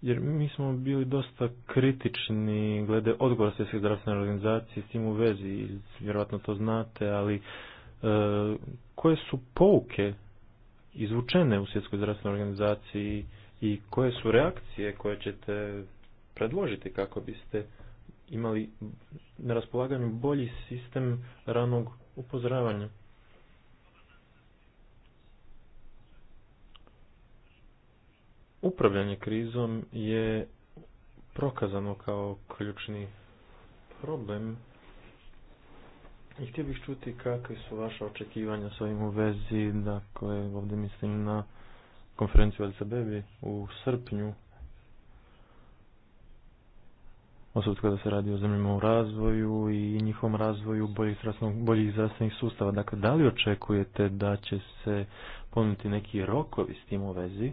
jer mi smo bili dosta kritični glede odgovora svjetske zdravstvene organizacije s tim u vezi, vjerojatno to znate, ali e, koje su pouke izvučene u svjetskoj zdravstvenoj organizaciji i koje su reakcije koje ćete predložiti kako biste imali na raspolaganju bolji sistem ranog upozoravanja? Upravljanje krizom je prokazano kao ključni problem i htio bih čuti kakve su vaše očekivanja s ovim u vezi, dakle ovdje mislim na konferenciju LCB u srpnju, osobno kada se radi o zemljama u razvoju i njihovom razvoju boljih, boljih zdravstvenih sustava. Dakle, da li očekujete da će se ponuditi neki rokovi s tim u vezi?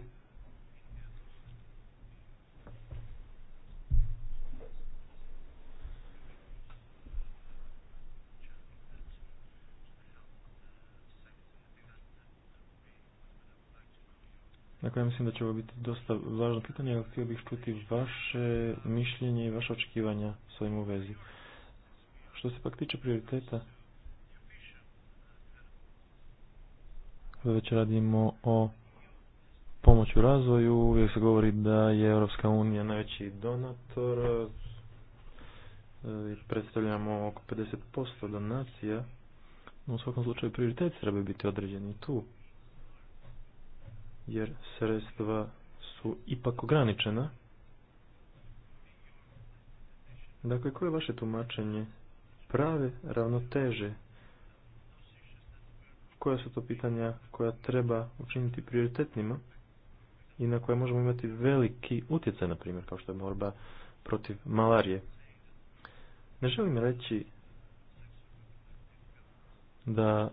Dakle, ja mislim da će ovo biti dosta važno pitanje, ali htio bih čuti vaše mišljenje i vaše očekivanja s ovim u vezi. Što se pak tiče prioriteta, već radimo o pomoći razvoju, uvijek se govori da je Europska unija najveći donator, e, predstavljamo oko 50% donacija, no u svakom slučaju prioritet treba biti određeni tu jer sredstva su ipak ograničena. Dakle, koje je vaše tumačenje prave ravnoteže? Koja su to pitanja koja treba učiniti prioritetnima i na koje možemo imati veliki utjecaj, na primjer, kao što je borba protiv malarije? Ne želim reći da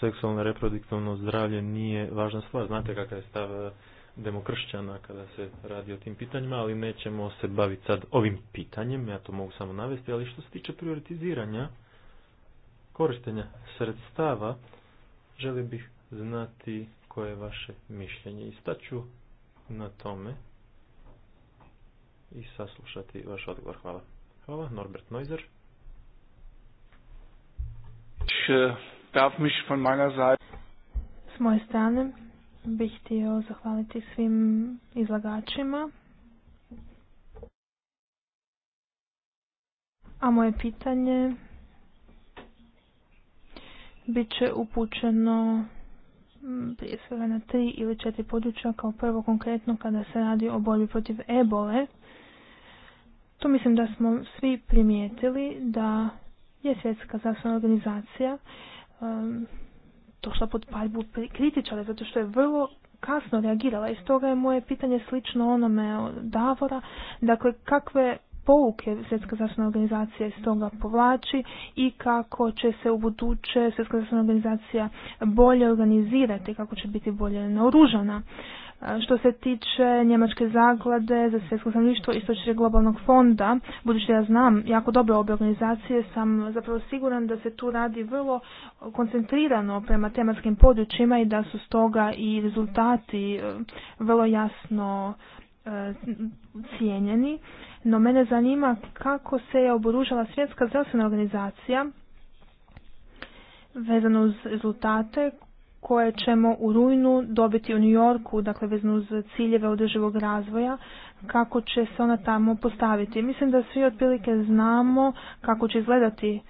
seksualno reproduktivno zdravlje nije važna stvar. Znate kakav je stav eh, demokršćana kada se radi o tim pitanjima, ali nećemo se baviti sad ovim pitanjem, ja to mogu samo navesti, ali što se tiče prioritiziranja, korištenja sredstava, želim bih znati koje je vaše mišljenje. staću na tome i saslušati vaš odgovor. Hvala. Hvala, Norbert Neuser darf mich von meiner Seite s moje strane bih htio zahvaliti svim izlagačima. A moje pitanje bit će upućeno prije svega na tri ili četiri područja kao prvo konkretno kada se radi o borbi protiv ebole. Tu mislim da smo svi primijetili da je svjetska zdravstvena organizacija um, došla pod paljbu kritičara zato što je vrlo kasno reagirala i stoga je moje pitanje slično onome od Davora. Dakle, kakve pouke Svjetska zdravstvena organizacija iz toga povlači i kako će se u buduće Svjetska zdravstvena organizacija bolje organizirati, kako će biti bolje naoružana. Što se tiče Njemačke zaklade za svjetsko stanovništvo i globalnog fonda, budući da ja znam jako dobro obje organizacije, sam zapravo siguran da se tu radi vrlo koncentrirano prema tematskim područjima i da su stoga i rezultati e, vrlo jasno e, cijenjeni. No mene zanima kako se je oboružala svjetska zdravstvena organizacija vezano uz rezultate koje ćemo u rujnu dobiti u New Yorku, dakle vezno uz ciljeve održivog razvoja, kako će se ona tamo postaviti. Mislim da svi otprilike znamo kako će izgledati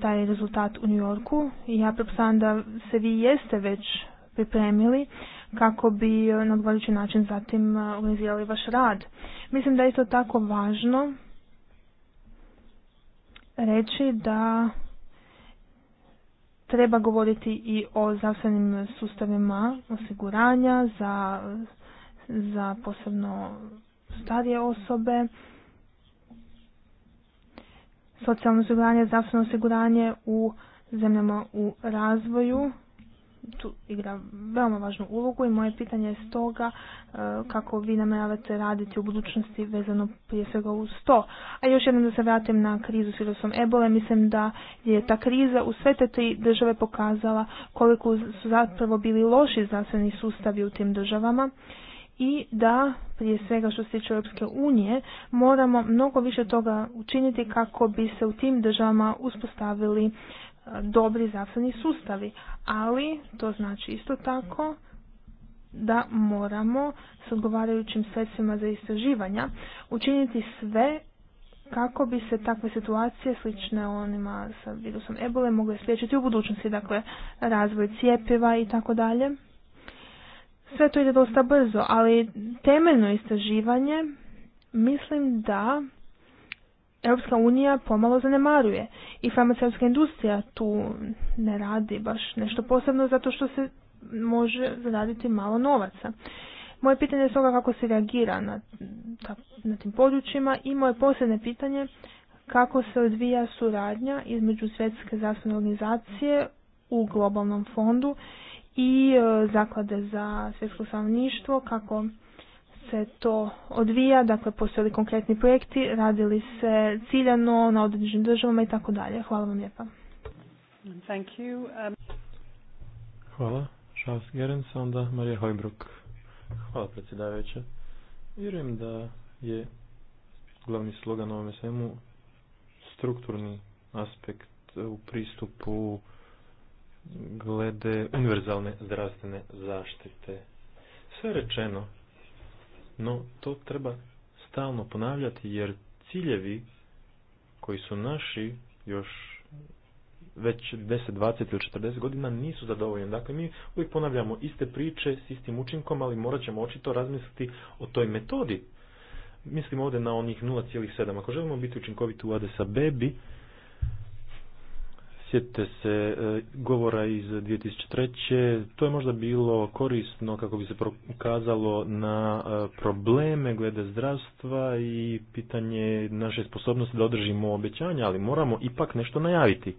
taj rezultat u New Yorku i ja pretpostavljam da se vi jeste već pripremili kako bi na odgovarajući način zatim uh, organizirali vaš rad. Mislim da je isto tako važno reći da treba govoriti i o zdravstvenim sustavima osiguranja za, za posebno starije osobe, socijalno osiguranje, zdravstveno osiguranje u zemljama u razvoju tu igra veoma važnu ulogu i moje pitanje je stoga e, kako vi namjeravate raditi u budućnosti vezano prije svega uz to. A još jednom da se vratim na krizu s virusom ebole, mislim da je ta kriza u sve te tri države pokazala koliko su zapravo bili loši zdravstveni sustavi u tim državama i da prije svega što se tiče Europske unije moramo mnogo više toga učiniti kako bi se u tim državama uspostavili dobri zdravstveni sustavi, ali to znači isto tako da moramo s odgovarajućim sredstvima za istraživanja učiniti sve kako bi se takve situacije slične onima sa virusom ebole mogle spriječiti u budućnosti, dakle razvoj cijepiva i tako dalje. Sve to ide dosta brzo, ali temeljno istraživanje mislim da Europska unija pomalo zanemaruje i farmaceutska industrija tu ne radi baš nešto posebno zato što se može zaraditi malo novaca. Moje pitanje je stoga kako se reagira na, na tim područjima i moje posebne pitanje kako se odvija suradnja između Svjetske zdravstvene organizacije u globalnom fondu i e, zaklade za svjetsko stanovništvo kako se to odvija, dakle postoje li konkretni projekti, radili se ciljano na određenim državama i tako dalje. Hvala vam lijepa. Thank you. Um, Hvala. Charles Gerens, onda Marija Hojbruk. Hvala predsjedavajuća. Vjerujem da je glavni slogan ovome svemu strukturni aspekt u pristupu glede univerzalne zdravstvene zaštite. Sve rečeno no to treba stalno ponavljati jer ciljevi koji su naši još već 10, 20 ili 40 godina nisu zadovoljeni. Dakle, mi uvijek ponavljamo iste priče s istim učinkom, ali morat ćemo očito razmisliti o toj metodi. Mislim ovdje na onih 0,7. Ako želimo biti učinkoviti u Adesa Bebi, Sjetite se e, govora iz 2003. To je možda bilo korisno kako bi se pokazalo na e, probleme glede zdravstva i pitanje naše sposobnosti da održimo obećanja, ali moramo ipak nešto najaviti.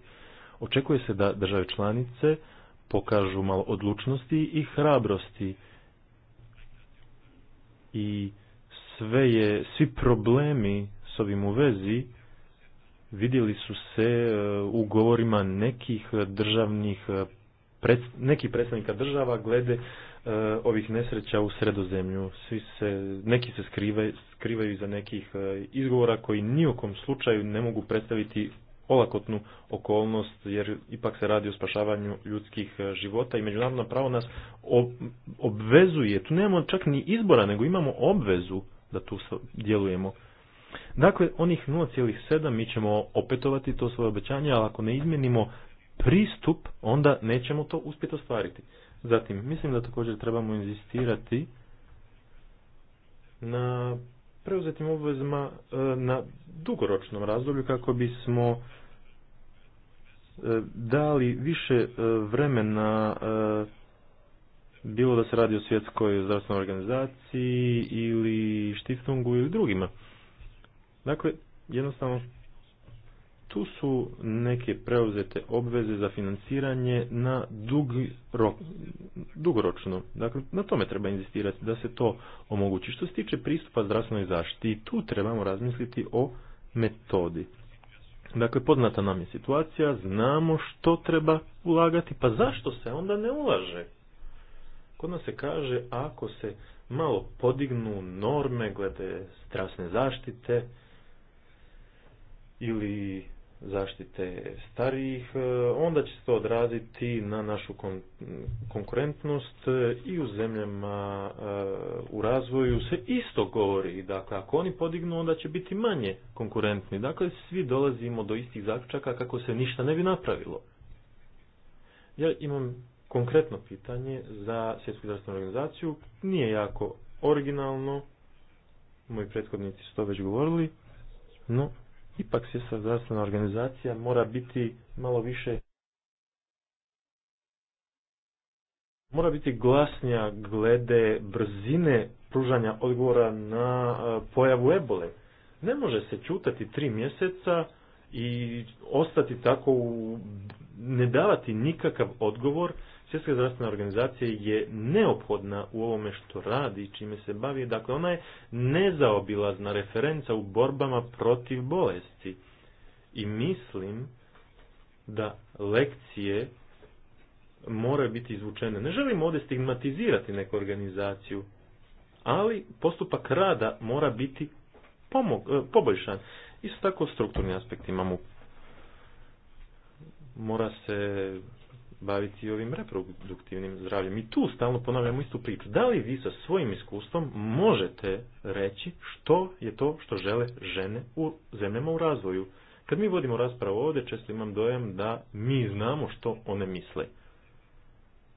Očekuje se da države članice pokažu malo odlučnosti i hrabrosti. I sve je, svi problemi s ovim u vezi vidjeli su se e, u govorima nekih državnih e, nekih predstavnika država glede e, ovih nesreća u sredozemlju. Svi se, neki se skrivaju iza nekih izgovora koji ni u kom slučaju ne mogu predstaviti olakotnu okolnost, jer ipak se radi o spašavanju ljudskih života i međunarodno pravo nas obvezuje. Tu nemamo čak ni izbora, nego imamo obvezu da tu djelujemo. Dakle, onih 0,7 mi ćemo opetovati to svoje obećanje, ali ako ne izmjenimo pristup, onda nećemo to uspjeti ostvariti. Zatim, mislim da također trebamo inzistirati na preuzetim obvezama e, na dugoročnom razdoblju kako bismo e, dali više e, vremena bilo da se radi o svjetskoj zdravstvenoj organizaciji ili štiftungu ili drugima. Dakle, jednostavno, tu su neke preuzete obveze za financiranje na dug rok, dugoročno. Dakle, na tome treba inzistirati da se to omogući. Što se tiče pristupa zdravstvenoj zaštiti, tu trebamo razmisliti o metodi. Dakle, poznata nam je situacija, znamo što treba ulagati, pa zašto se onda ne ulaže? Kod nas se kaže, ako se malo podignu norme glede zdravstvene zaštite, ili zaštite starijih, e, onda će se to odraziti na našu kon konkurentnost e, i u zemljama e, u razvoju se isto govori. Dakle, ako oni podignu, onda će biti manje konkurentni. Dakle, svi dolazimo do istih zaključaka kako se ništa ne bi napravilo. Ja imam konkretno pitanje za Svjetsku zdravstvenu organizaciju. Nije jako originalno, moji prethodnici su to već govorili, no ipak svjetska zdravstvena organizacija mora biti malo više mora biti glasnija glede brzine pružanja odgovora na e, pojavu ebole. Ne može se čutati tri mjeseca i ostati tako, u, ne davati nikakav odgovor Svjetska zdravstvena organizacija je neophodna u ovome što radi i čime se bavi. Dakle, ona je nezaobilazna referenca u borbama protiv bolesti. I mislim da lekcije moraju biti izvučene. Ne želim ovdje stigmatizirati neku organizaciju, ali postupak rada mora biti pomog, e, poboljšan. Isto tako strukturni aspekt imamo. Mora se baviti ovim reproduktivnim zdravljem. I tu stalno ponavljamo istu priču. Da li vi sa svojim iskustvom možete reći što je to što žele žene u zemljama u razvoju? Kad mi vodimo raspravu ovdje, često imam dojam da mi znamo što one misle.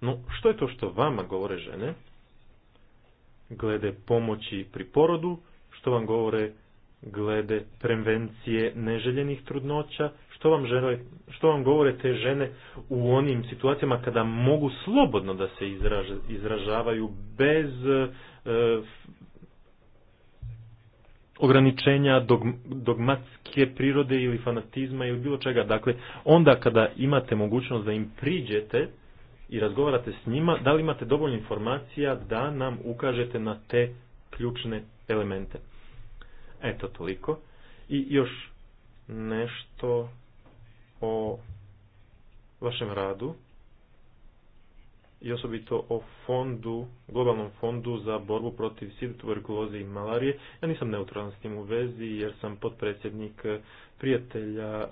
No, što je to što vama govore žene? Glede pomoći pri porodu, što vam govore glede prevencije neželjenih trudnoća, što vam, žele, što vam govore te žene u onim situacijama kada mogu slobodno da se izražavaju bez e, ograničenja dogmatske prirode ili fanatizma ili bilo čega. Dakle, onda kada imate mogućnost da im priđete i razgovarate s njima, da li imate dovoljno informacija da nam ukažete na te ključne elemente. Eto, toliko. I još nešto o vašem radu i osobito o fondu, globalnom fondu za borbu protiv sida, tuberkuloze i malarije. Ja nisam neutralan s tim u vezi jer sam potpredsjednik prijatelja e,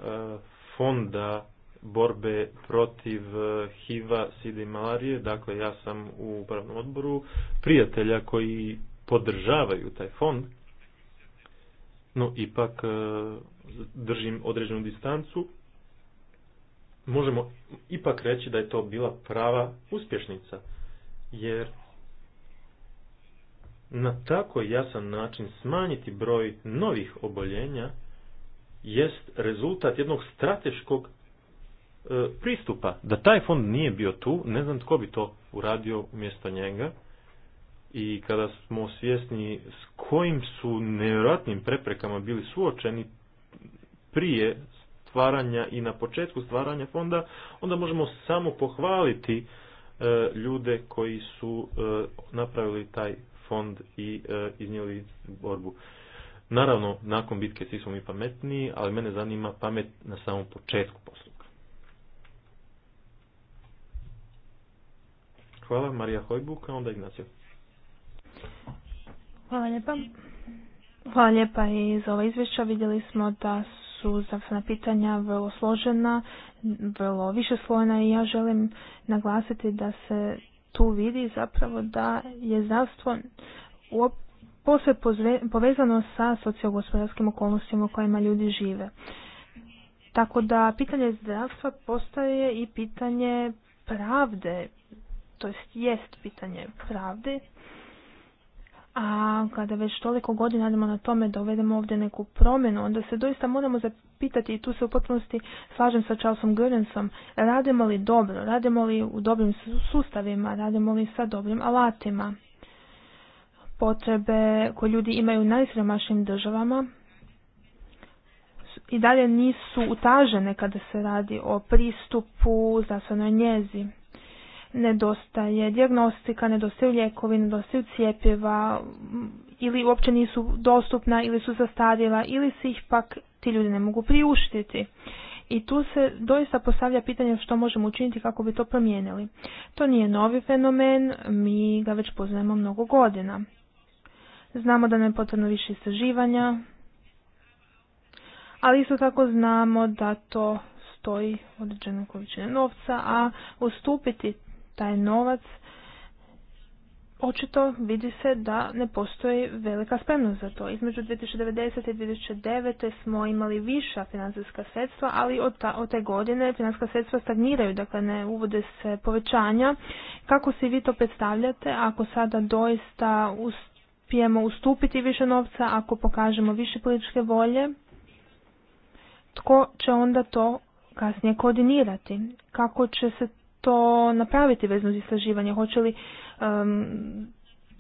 fonda borbe protiv e, HIV-a, sida i malarije. Dakle, ja sam u upravnom odboru prijatelja koji podržavaju taj fond no ipak e, držim određenu distancu, možemo ipak reći da je to bila prava uspješnica, jer na tako jasan način smanjiti broj novih oboljenja jest rezultat jednog strateškog e, pristupa. Da taj fond nije bio tu, ne znam tko bi to uradio umjesto njega, i kada smo svjesni s kojim su nevjerojatnim preprekama bili suočeni prije stvaranja i na početku stvaranja fonda, onda možemo samo pohvaliti e, ljude koji su e, napravili taj fond i e, iznijeli borbu. Naravno, nakon bitke svi smo mi pametniji, ali mene zanima pamet na samom početku postupka. Hvala, Marija Hojbuka, onda Ignacio. Hvala lijepa. Hvala lijepa i za ova izvješća. Vidjeli smo da su zdravstvena pitanja vrlo složena, vrlo više višeslojna i ja želim naglasiti da se tu vidi zapravo da je zdravstvo posve povezano sa sociogospodarskim okolnostima u kojima ljudi žive. Tako da pitanje zdravstva postaje i pitanje pravde, to jest pitanje pravde a kada već toliko godina radimo na tome da uvedemo ovdje neku promjenu, onda se doista moramo zapitati i tu se u potpunosti slažem sa Charlesom Gurensom, radimo li dobro, radimo li u dobrim sustavima, radimo li sa dobrim alatima. Potrebe koje ljudi imaju u najsremašnijim državama i dalje nisu utažene kada se radi o pristupu zdravstvenoj njezi nedostaje dijagnostika, nedostaju lijekovi, nedostaju cijepiva mm, ili uopće nisu dostupna ili su zastarjela ili se ih pak ti ljudi ne mogu priuštiti. I tu se doista postavlja pitanje što možemo učiniti kako bi to promijenili. To nije novi fenomen, mi ga već poznajemo mnogo godina. Znamo da nam je potrebno više istraživanja, ali isto tako znamo da to stoji određena količina novca, a ustupiti taj novac, očito vidi se da ne postoji velika spremnost za to. Između 2090. i 2009. smo imali viša financijska sredstva, ali od, od te godine financijska sredstva stagniraju, dakle ne uvode se povećanja. Kako si vi to predstavljate ako sada doista uspijemo ustupiti više novca, ako pokažemo više političke volje? Tko će onda to kasnije koordinirati? Kako će se to napraviti vezno za istraživanje? Hoće li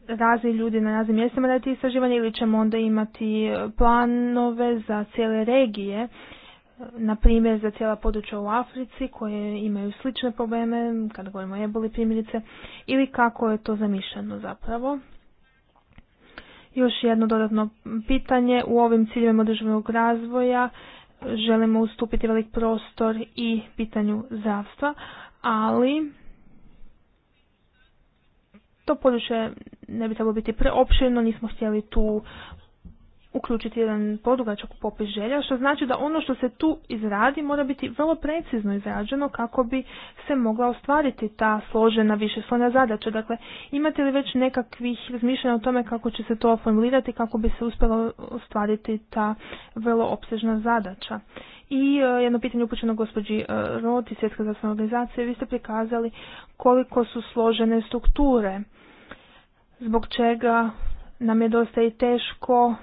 razni ljudi na raznim mjestima raditi istraživanje ili ćemo onda imati planove za cijele regije, na primjer za cijela područja u Africi koje imaju slične probleme, kada govorimo o eboli primjerice, ili kako je to zamišljeno zapravo? Još jedno dodatno pitanje. U ovim ciljevima održivog razvoja želimo ustupiti velik prostor i pitanju zdravstva, ali to područje ne bi trebalo biti preopširno, nismo htjeli tu uključiti jedan podugačak popis želja, što znači da ono što se tu izradi mora biti vrlo precizno izrađeno kako bi se mogla ostvariti ta složena višeslojna zadaća. Dakle, imate li već nekakvih razmišljanja o tome kako će se to formulirati, kako bi se uspjela ostvariti ta vrlo opsežna zadaća? I e, jedno pitanje upućeno gospođi e, Roti, Svjetska zdravstvena organizacija, vi ste prikazali koliko su složene strukture, zbog čega nam je dosta i teško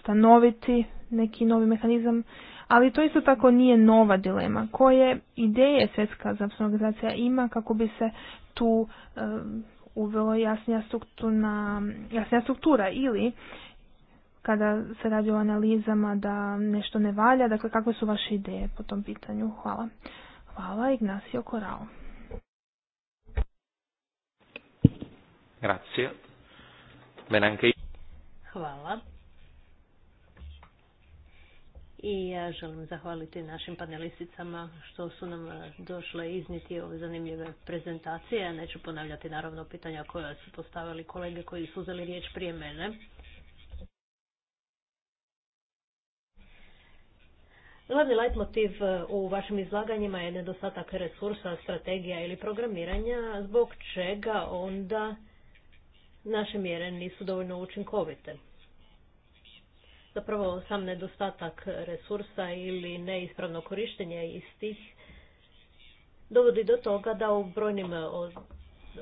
stanoviti neki novi mehanizam, ali to isto tako nije nova dilema. Koje ideje Svjetska zdravstvena organizacija ima kako bi se tu e, uvelo jasnija jasnija struktura ili kada se radi o analizama da nešto ne valja. Dakle, kakve su vaše ideje po tom pitanju? Hvala. Hvala, Ignacio Corao. Grazie. Hvala. I ja želim zahvaliti našim panelisticama što su nam došle izniti ove zanimljive prezentacije. Neću ponavljati naravno pitanja koja su postavili kolege koji su uzeli riječ prije mene. Glavni motiv e, u vašim izlaganjima je nedostatak resursa, strategija ili programiranja, zbog čega onda naše mjere nisu dovoljno učinkovite. Zapravo sam nedostatak resursa ili neispravno korištenje istih dovodi do toga da u brojnim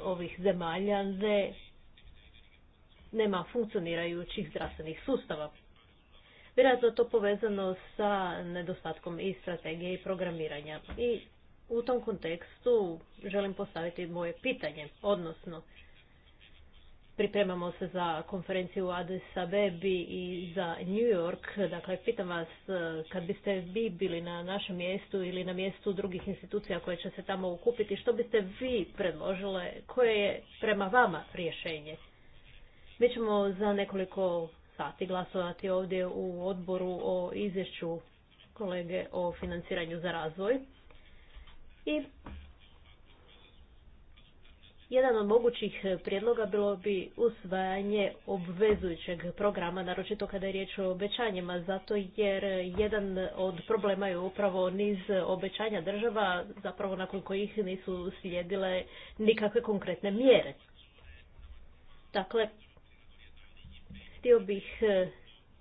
ovih zemalja nema funkcionirajućih zdravstvenih sustava vjerojatno to povezano sa nedostatkom i strategije i programiranja. I u tom kontekstu želim postaviti moje pitanje, odnosno pripremamo se za konferenciju u Addis Abebi i za New York. Dakle, pitam vas kad biste vi bili na našem mjestu ili na mjestu drugih institucija koje će se tamo ukupiti, što biste vi predložile, koje je prema vama rješenje? Mi ćemo za nekoliko sati glasovati ovdje u odboru o izvješću kolege o financiranju za razvoj. I jedan od mogućih prijedloga bilo bi usvajanje obvezujućeg programa, naročito kada je riječ o obećanjima, zato jer jedan od problema je upravo niz obećanja država, zapravo nakon kojih nisu slijedile nikakve konkretne mjere. Dakle, Htio bih e,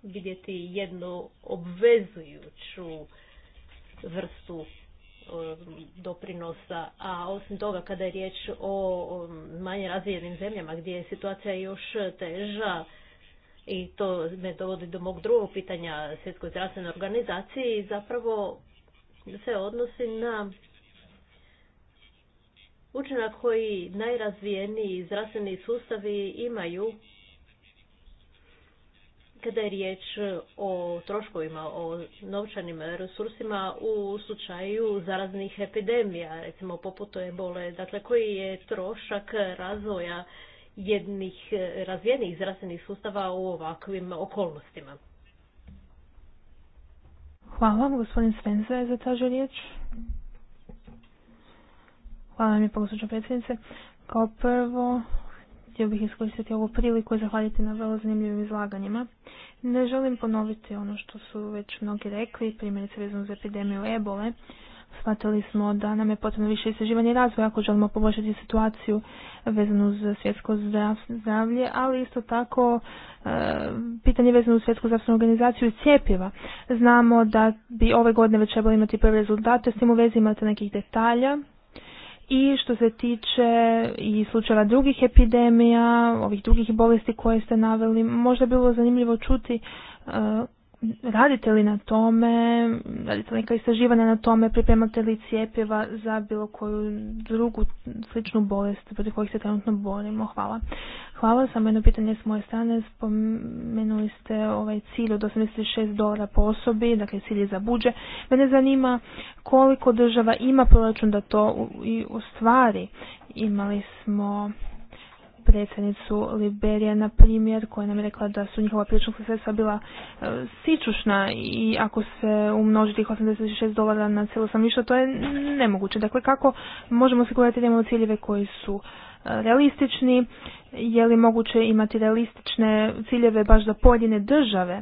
vidjeti jednu obvezujuću vrstu e, doprinosa, a osim toga kada je riječ o manje razvijenim zemljama gdje je situacija još teža i to me dovodi do mog drugog pitanja Svjetskoj zdravstvenoj organizaciji, zapravo se odnosi na učinak koji najrazvijeniji zdravstveni sustavi imaju kada je riječ o troškovima, o novčanim resursima u slučaju zaraznih epidemija, recimo poput ebole, dakle koji je trošak razvoja jednih razvijenih zdravstvenih sustava u ovakvim okolnostima. Hvala vam, gospodin Svenza je zatražio riječ. Hvala vam i pogosuća predsjednice. Kao prvo, Htio bih iskoristiti ovu priliku i zahvaliti na vrlo zanimljivim izlaganjima. Ne želim ponoviti ono što su već mnogi rekli, primjerice vezano za epidemiju ebole. Shvatili smo da nam je potrebno više istraživanja i razvoja ako želimo poboljšati situaciju vezanu za svjetsko zdravlje, ali isto tako e, pitanje vezano uz svjetsku zdravstvenu organizaciju i cijepiva. Znamo da bi ove godine već trebali imati prve rezultate, s tim u vezi imate nekih detalja i što se tiče i slučajeva drugih epidemija, ovih drugih bolesti koje ste naveli, možda bilo zanimljivo čuti e, radite li na tome, radite li neka istraživanja na tome, pripremate li cijepiva za bilo koju drugu sličnu bolest protiv kojih se trenutno borimo? Hvala. Hvala, samo jedno pitanje s moje strane. Spomenuli ste ovaj cilj od 86 dolara po osobi, dakle cilj je za buđe. Mene zanima koliko država ima proračun da to i ostvari. Imali smo predsjednicu Liberije, na primjer, koja nam je rekla da su njihova pričnog sredstva bila e, sičušna i ako se umnoži tih 86 dolara na cijelo ništa, to je nemoguće. Dakle, kako možemo osigurati da imamo ciljeve koji su e, realistični, je li moguće imati realistične ciljeve baš za pojedine države,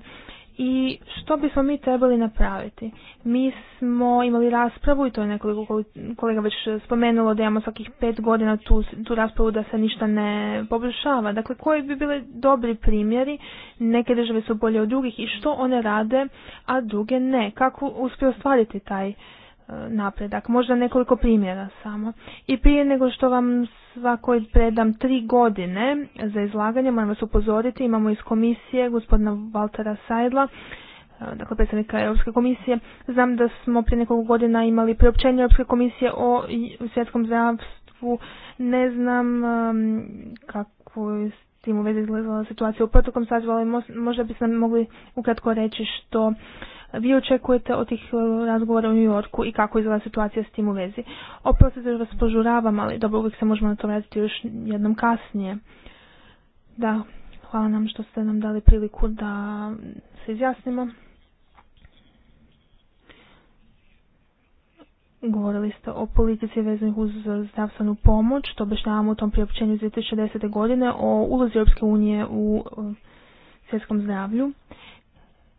i što bismo mi trebali napraviti? Mi smo imali raspravu i to je nekoliko kolega već spomenulo da imamo svakih pet godina tu, tu raspravu da se ništa ne poboljšava. Dakle, koji bi bili dobri primjeri? Neke države su bolje od drugih i što one rade, a druge ne. Kako uspiju ostvariti taj napredak. Možda nekoliko primjera samo. I prije nego što vam svako predam tri godine za izlaganje, moram vas upozoriti, imamo iz komisije gospodina Valtera Sajdla, e, dakle predstavnika Europske komisije. Znam da smo prije nekoliko godina imali priopćenje Europske komisije o svjetskom zdravstvu. Ne znam kako je s tim u vezi izgledala situacija u protokom sazivu, ali možda se nam mogli ukratko reći što vi očekujete od tih e, razgovora u New Yorku i kako izgleda situacija s tim u vezi. Oprostite da vas požuravam, ali dobro uvijek se možemo na to vratiti još jednom kasnije. Da, hvala nam što ste nam dali priliku da se izjasnimo. Govorili ste o politici vezanih uz zdravstvenu pomoć, to objašnjavamo u tom priopćenju iz 2010. godine o ulozi Europske unije u e, svjetskom zdravlju.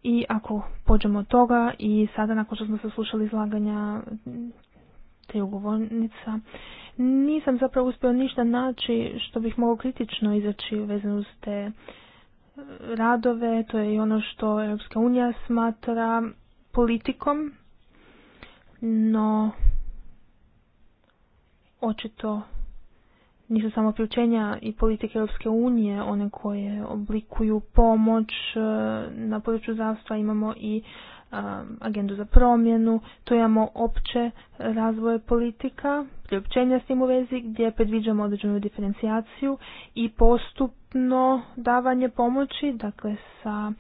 I ako pođemo od toga i sada nakon što smo se slušali izlaganja te ugovornica, nisam zapravo uspio ništa naći što bih mogao kritično izaći vezano uz te e, radove, to je i ono što Europska unija smatra politikom, no očito nisu samo ključenja i politike Europske unije, one koje oblikuju pomoć e, na području zdravstva, imamo i e, agendu za promjenu, tu imamo opće razvoje politika, priopćenja s tim u vezi gdje predviđamo određenu diferencijaciju i postupno davanje pomoći, dakle sa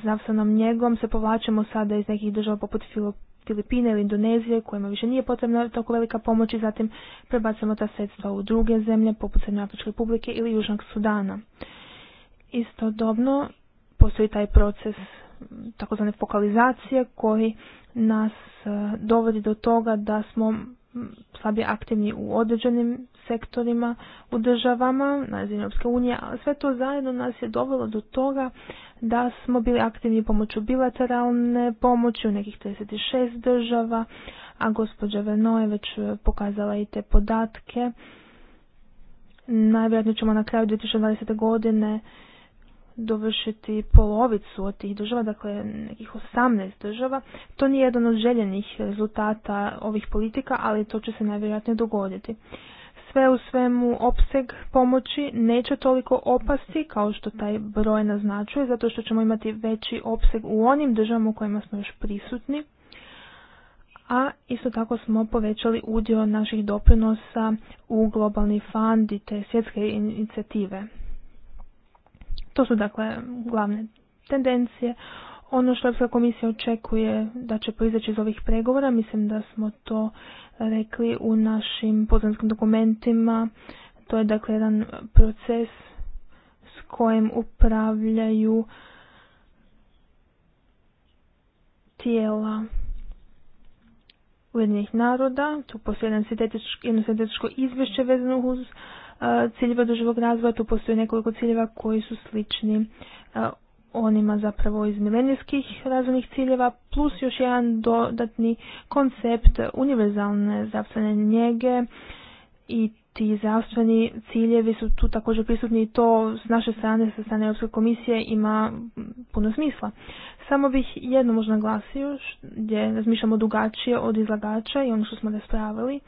zdravstvenom njegom se povlačimo sada iz nekih država poput Filipina Filipine ili Indonezije kojima više nije potrebna toliko velika pomoć i zatim prebacamo ta sredstva u druge zemlje poput Afričke republike ili Južnog Sudana. Istodobno postoji taj proces takozvane fokalizacije koji nas eh, dovodi do toga da smo slabije aktivni u određenim sektorima u državama na Europske unije, a sve to zajedno nas je dovelo do toga da smo bili aktivni pomoću bilateralne pomoći u nekih 36 država, a gospođa Verno je već e, pokazala i te podatke. Najvjerojatnije ćemo na kraju 2020. godine dovršiti polovicu od tih država, dakle nekih 18 država. To nije jedan od željenih rezultata ovih politika, ali to će se najvjerojatnije dogoditi. Sve u svemu opseg pomoći neće toliko opasti kao što taj broj naznačuje, zato što ćemo imati veći opseg u onim državama u kojima smo još prisutni, a isto tako smo povećali udio naših doprinosa u globalni fond i te svjetske inicijative. To su dakle glavne tendencije. Ono što Europska komisija očekuje da će proizaći iz ovih pregovora, mislim da smo to rekli u našim poznanskim dokumentima, to je dakle jedan proces s kojim upravljaju tijela ujedinjenih naroda, tu postoji jedno sintetičko izvješće vezano uz Eh, ciljeva održivog razvoja. Tu postoji nekoliko ciljeva koji su slični eh, onima zapravo iz milenijskih razvojnih ciljeva, plus još jedan dodatni koncept univerzalne zdravstvene njege i ti zdravstveni ciljevi su tu također prisutni i to s naše strane, sa strane Europske komisije ima puno smisla. Samo bih jedno možda naglasio gdje razmišljamo drugačije od izlagača i ono što smo raspravili,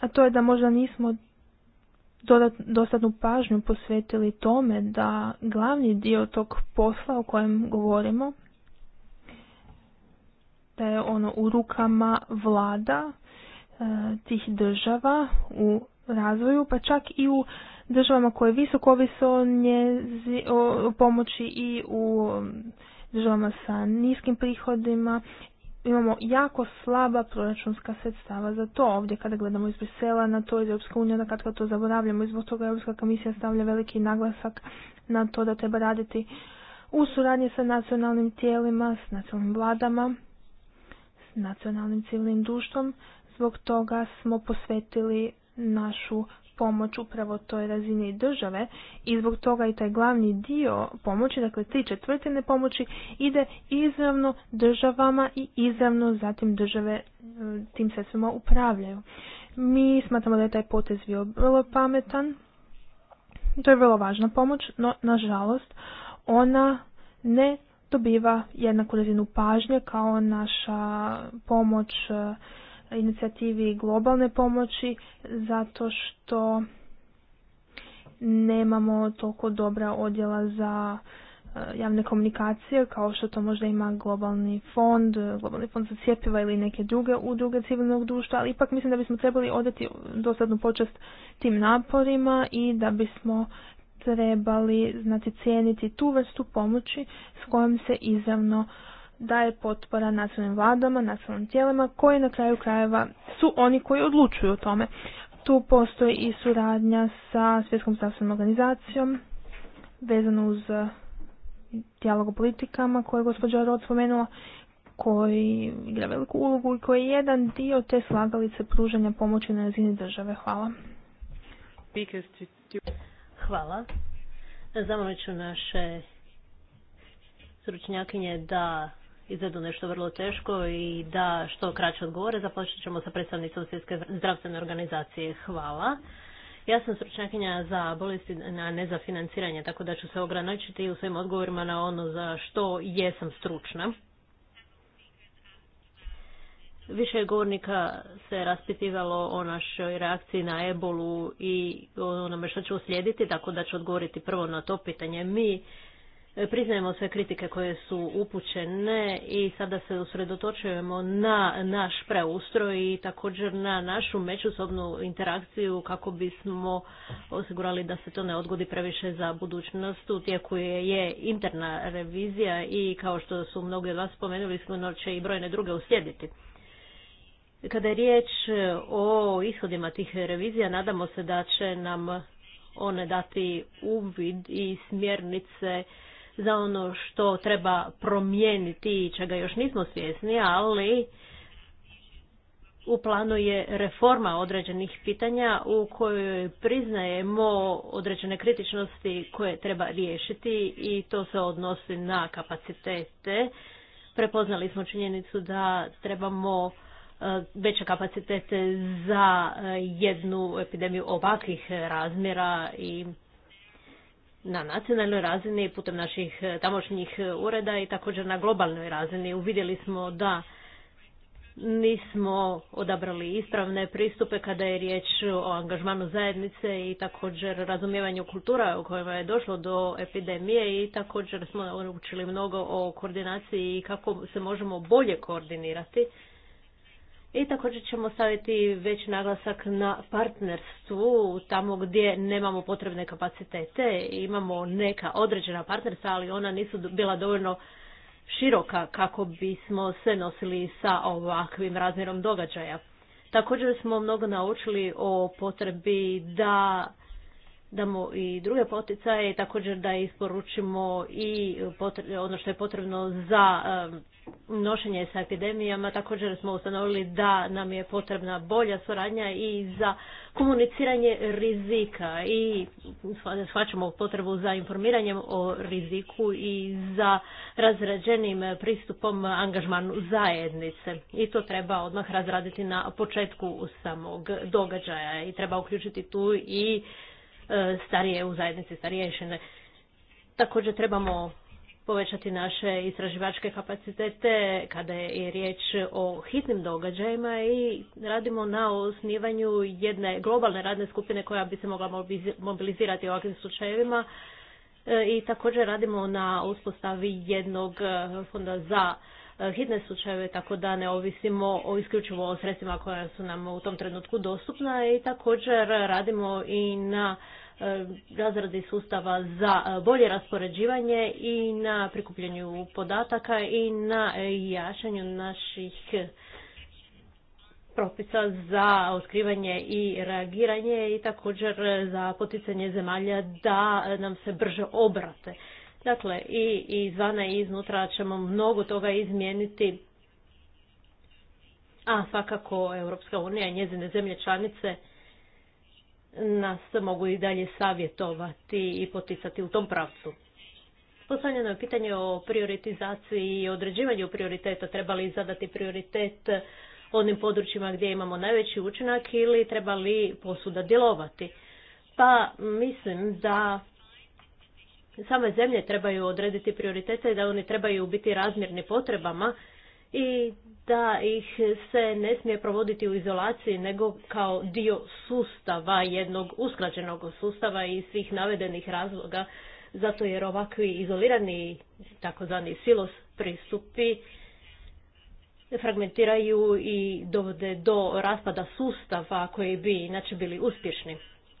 a to je da možda nismo dostatnu pažnju posvetili tome da glavni dio tog posla o kojem govorimo, da je ono u rukama vlada e, tih država u razvoju, pa čak i u državama koje visoko ovise o pomoći i u e, državama sa niskim prihodima imamo jako slaba proračunska sredstava za to. Ovdje kada gledamo iz Brisela na to iz Europske unije, kad, kad to zaboravljamo i zbog toga Europska komisija stavlja veliki naglasak na to da treba raditi u suradnji sa nacionalnim tijelima, s nacionalnim vladama, s nacionalnim civilnim društvom. Zbog toga smo posvetili našu pomoć upravo toj razini države i zbog toga i taj glavni dio pomoći, dakle tri četvrtine pomoći, ide izravno državama i izravno zatim države e, tim sredstvima upravljaju. Mi smatramo da je taj potez bio vrlo pametan, to je vrlo važna pomoć, no nažalost ona ne dobiva jednaku razinu pažnje kao naša pomoć e, inicijativi globalne pomoći zato što nemamo toliko dobra odjela za eh, javne komunikacije kao što to možda ima globalni fond, globalni fond za cjepiva ili neke druge udruge civilnog društva, ali ipak mislim da bismo trebali odati dosadnu počest tim naporima i da bismo trebali znati cijeniti tu vrstu pomoći s kojom se izravno daje potpora nacionalnim vladama, nacionalnim tijelima koji na kraju krajeva su oni koji odlučuju o tome. Tu postoji i suradnja sa Svjetskom zdravstvenom organizacijom vezano uz eh, dijalog o politikama koje je gospođa Rod spomenula koji igra veliku ulogu i koji je jedan dio te slagalice pružanja pomoći na razini države. Hvala. Hvala. Zamolit naše stručnjakinje da izvedu nešto vrlo teško i da što kraće odgovore. Započet ćemo sa predstavnicom Svjetske zdravstvene organizacije. Hvala. Ja sam stručnjakinja za bolesti, a ne za financiranje, tako da ću se ograničiti u svojim odgovorima na ono za što jesam stručna. Više govornika se raspitivalo o našoj reakciji na ebolu i onome što će uslijediti, tako da ću odgovoriti prvo na to pitanje. Mi priznajemo sve kritike koje su upućene i sada se usredotočujemo na naš preustroj i također na našu međusobnu interakciju kako bismo osigurali da se to ne odgodi previše za budućnost. U tijeku je, interna revizija i kao što su mnogi od vas spomenuli, smo će i brojne druge uslijediti. Kada je riječ o ishodima tih revizija, nadamo se da će nam one dati uvid i smjernice za ono što treba promijeniti i čega još nismo svjesni, ali u planu je reforma određenih pitanja u kojoj priznajemo određene kritičnosti koje treba riješiti i to se odnosi na kapacitete. Prepoznali smo činjenicu da trebamo e, veće kapacitete za e, jednu epidemiju ovakvih razmjera i na nacionalnoj razini putem naših e, tamošnjih e, ureda i također na globalnoj razini. Uvidjeli smo da nismo odabrali ispravne pristupe kada je riječ o angažmanu zajednice i također razumijevanju kultura u kojima je došlo do epidemije i također smo naučili mnogo o koordinaciji i kako se možemo bolje koordinirati i također ćemo staviti već naglasak na partnerstvu tamo gdje nemamo potrebne kapacitete. Imamo neka određena partnerstva, ali ona nisu bila dovoljno široka kako bismo se nosili sa ovakvim razmjerom događaja. Također smo mnogo naučili o potrebi da damo i druge poticaje također da isporučimo i ono što je potrebno za nošenje sa epidemijama. Također smo ustanovili da nam je potrebna bolja suradnja i za komuniciranje rizika i shvaćamo potrebu za informiranjem o riziku i za razrađenim pristupom angažmanu zajednice. I to treba odmah razraditi na početku samog događaja i treba uključiti tu i e, starije u zajednici, starije Također trebamo povećati naše istraživačke kapacitete kada je riječ o hitnim događajima i radimo na osnivanju jedne globalne radne skupine koja bi se mogla mobilizirati u ovakvim slučajevima e, i također radimo na uspostavi jednog e, fonda za e, hitne slučajeve tako da ne ovisimo o isključivo o sredstvima koja su nam u tom trenutku dostupna i također radimo i na E, razradi sustava za e, bolje raspoređivanje i na prikupljenju podataka i na e, jačanju naših propisa za otkrivanje i reagiranje i također za poticanje zemalja da nam se brže obrate. Dakle, i izvana i iznutra ćemo mnogo toga izmijeniti, a svakako Europska unija i njezine zemlje članice nas mogu i dalje savjetovati i poticati u tom pravcu. Postavljeno je pitanje o prioritizaciji i određivanju prioriteta. Treba li zadati prioritet onim područjima gdje imamo najveći učinak ili treba li posuda djelovati? Pa mislim da same zemlje trebaju odrediti prioritete i da oni trebaju biti razmjerni potrebama i da ih se ne smije provoditi u izolaciji nego kao dio sustava, jednog usklađenog sustava i svih navedenih razloga, zato jer ovakvi izolirani takozvani silos pristupi fragmentiraju i dovode do raspada sustava koji bi inače bili uspješni.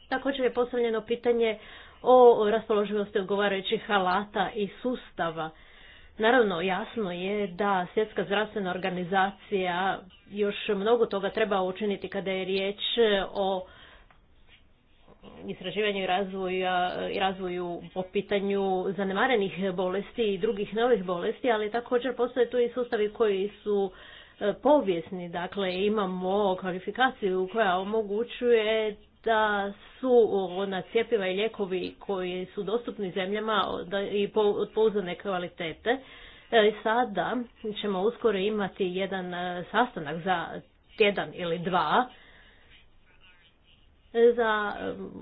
Također je postavljeno pitanje o raspoloživosti odgovarajućih alata i sustava. Naravno, jasno je da Svjetska zdravstvena organizacija još mnogo toga treba učiniti kada je riječ o istraživanju i razvoju, i razvoju po pitanju zanemarenih bolesti i drugih novih bolesti, ali također postoje tu i sustavi koji su e, povijesni. Dakle, imamo kvalifikaciju koja omogućuje da su na cjepiva i lijekovi koji su dostupni zemljama i od pouzdane kvalitete. E, sada ćemo uskoro imati jedan e, sastanak za tjedan ili dva e, za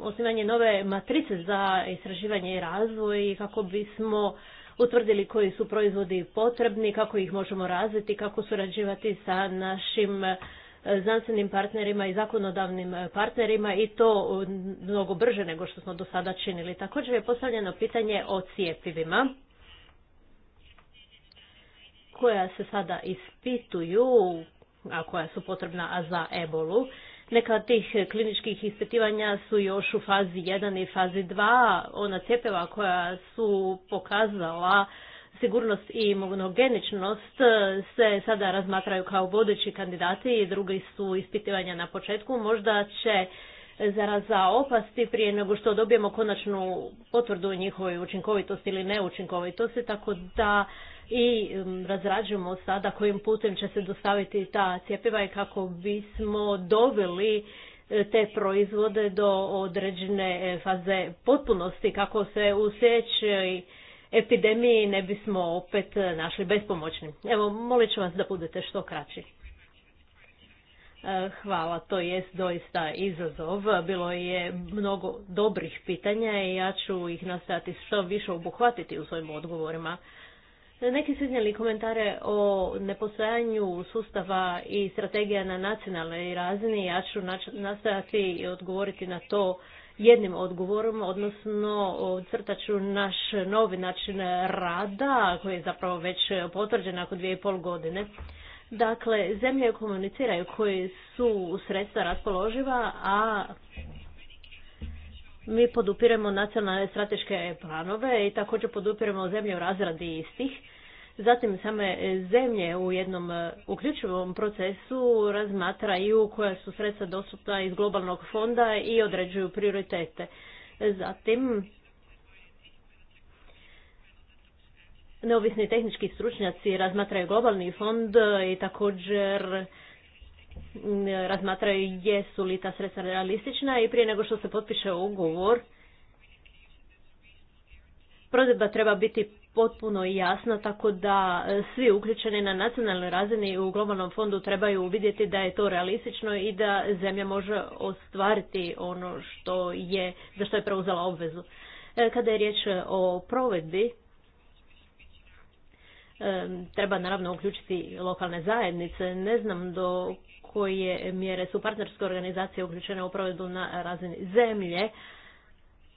osnivanje nove matrice za istraživanje i razvoj kako bismo utvrdili koji su proizvodi potrebni, kako ih možemo razviti, kako surađivati sa našim znanstvenim partnerima i zakonodavnim e, partnerima i to e, mnogo brže nego što smo do sada činili. Također je postavljeno pitanje o cijepivima koja se sada ispituju, a koja su potrebna za ebolu. Neka od tih kliničkih ispitivanja su još u fazi 1 i fazi 2. Ona cijepeva koja su pokazala sigurnost i imunogeničnost se sada razmatraju kao vodeći kandidati i drugi su ispitivanja na početku. Možda će zaraza opasti prije nego što dobijemo konačnu potvrdu o njihovoj učinkovitosti ili neučinkovitosti, tako da i razrađujemo sada kojim putem će se dostaviti ta cjepiva i kako bismo dobili e, te proizvode do određene e, faze potpunosti, kako se u epidemiji ne bismo opet e, našli bespomoćni. Evo, molit ću vas da budete što kraći. E, hvala, to jest doista izazov. Bilo je mnogo dobrih pitanja i ja ću ih nastaviti što više obuhvatiti u svojim odgovorima. Neki su iznijeli komentare o nepostojanju sustava i strategija na nacionalnoj razini. Ja ću nastaviti i odgovoriti na to jednim odgovorom, odnosno ću naš novi način rada koji je zapravo već potvrđen nakon dvije i pol godine. Dakle, zemlje komuniciraju koji su sredstva raspoloživa, a mi podupiremo nacionalne strateške planove i također podupiremo zemlje u razradi istih Zatim same e, zemlje u jednom e, uključivom procesu razmatraju koja su sredstva dostupna iz globalnog fonda i određuju prioritete. Zatim neovisni tehnički stručnjaci razmatraju globalni fond i također razmatraju jesu li ta sredstva realistična i prije nego što se potpiše ugovor provedba treba biti potpuno jasna, tako da e, svi uključeni na nacionalnoj razini u globalnom fondu trebaju vidjeti da je to realistično i da zemlja može ostvariti ono što je, za što je preuzela obvezu. E, kada je riječ o provedbi, e, treba naravno uključiti lokalne zajednice. Ne znam do koje mjere su partnerske organizacije uključene u provedbu na razini zemlje,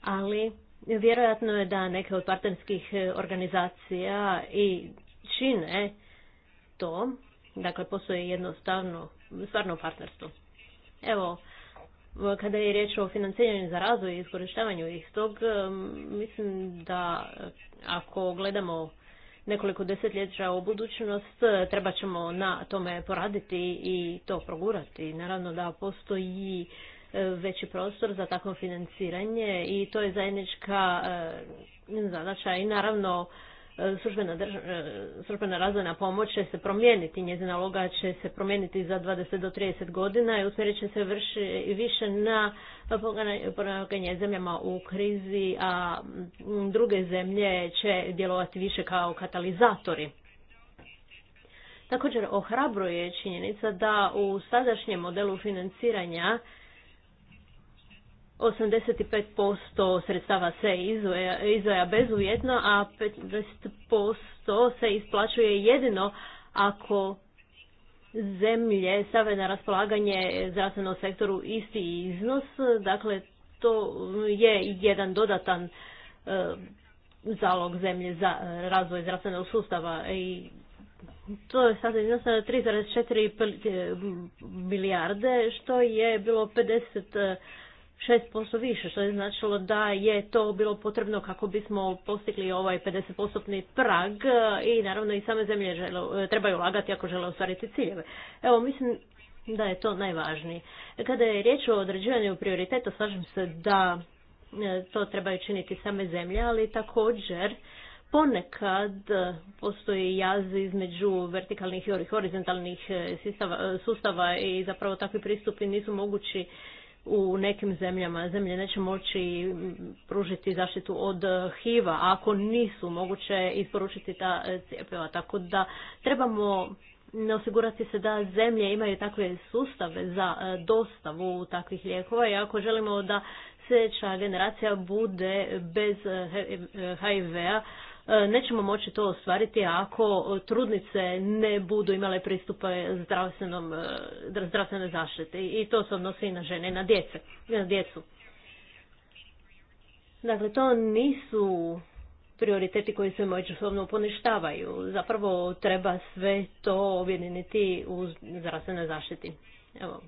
ali Vjerojatno je da neke od partnerskih e, organizacija i čine to, dakle postoji jednostavno stvarno partnerstvo. Evo, kada je riječ o financiranju za razvoj i iskorištavanju istog, e, mislim da e, ako gledamo nekoliko desetljeća u budućnost, treba ćemo na tome poraditi i to progurati. Naravno da postoji E, veći prostor za takvo financiranje i to je zajednička e, zadaća i naravno e, službena, razvojna pomoć će se promijeniti, njezina uloga će se promijeniti za 20 do 30 godina i usmjerit će se vrši, više na pomaganje zemljama u krizi, a druge zemlje će djelovati više kao katalizatori. Također ohrabruje činjenica da u sadašnjem modelu financiranja 85% sredstava se izvaja bezuvjetno, a posto se isplaćuje jedino ako zemlje stave na raspolaganje zdravstvenom sektoru isti iznos. Dakle, to je jedan dodatan e, zalog zemlje za razvoj zdravstvenog sustava i to je sad iznosno 3,4 e, milijarde, što je bilo 50 6% više, što je značilo da je to bilo potrebno kako bismo postigli ovaj 50% prag e, i naravno i same zemlje e, trebaju ulagati ako žele ostvariti ciljeve. Evo, mislim da je to najvažnije. Kada je riječ o određivanju prioriteta, slažem se da e, to trebaju činiti same zemlje, ali također ponekad postoji jaz između vertikalnih i horizontalnih sustava i zapravo takvi pristupi nisu mogući u nekim zemljama zemlje neće moći pružiti zaštitu od HIV-a ako nisu moguće isporučiti ta e, cijepiva. Tako da trebamo ne osigurati se da zemlje imaju takve sustave za e, dostavu takvih lijekova i ako želimo da sljedeća generacija bude bez e, HIV-a, E, nećemo moći to ostvariti ako trudnice ne budu imale pristupe zdravstvenom, e, zdravstvenoj zaštiti i to se odnosi i na žene i na, djece, na djecu. Dakle, to nisu prioriteti koji se međusobno poništavaju. Zapravo treba sve to objediniti u zdravstvenoj zaštiti. Evo,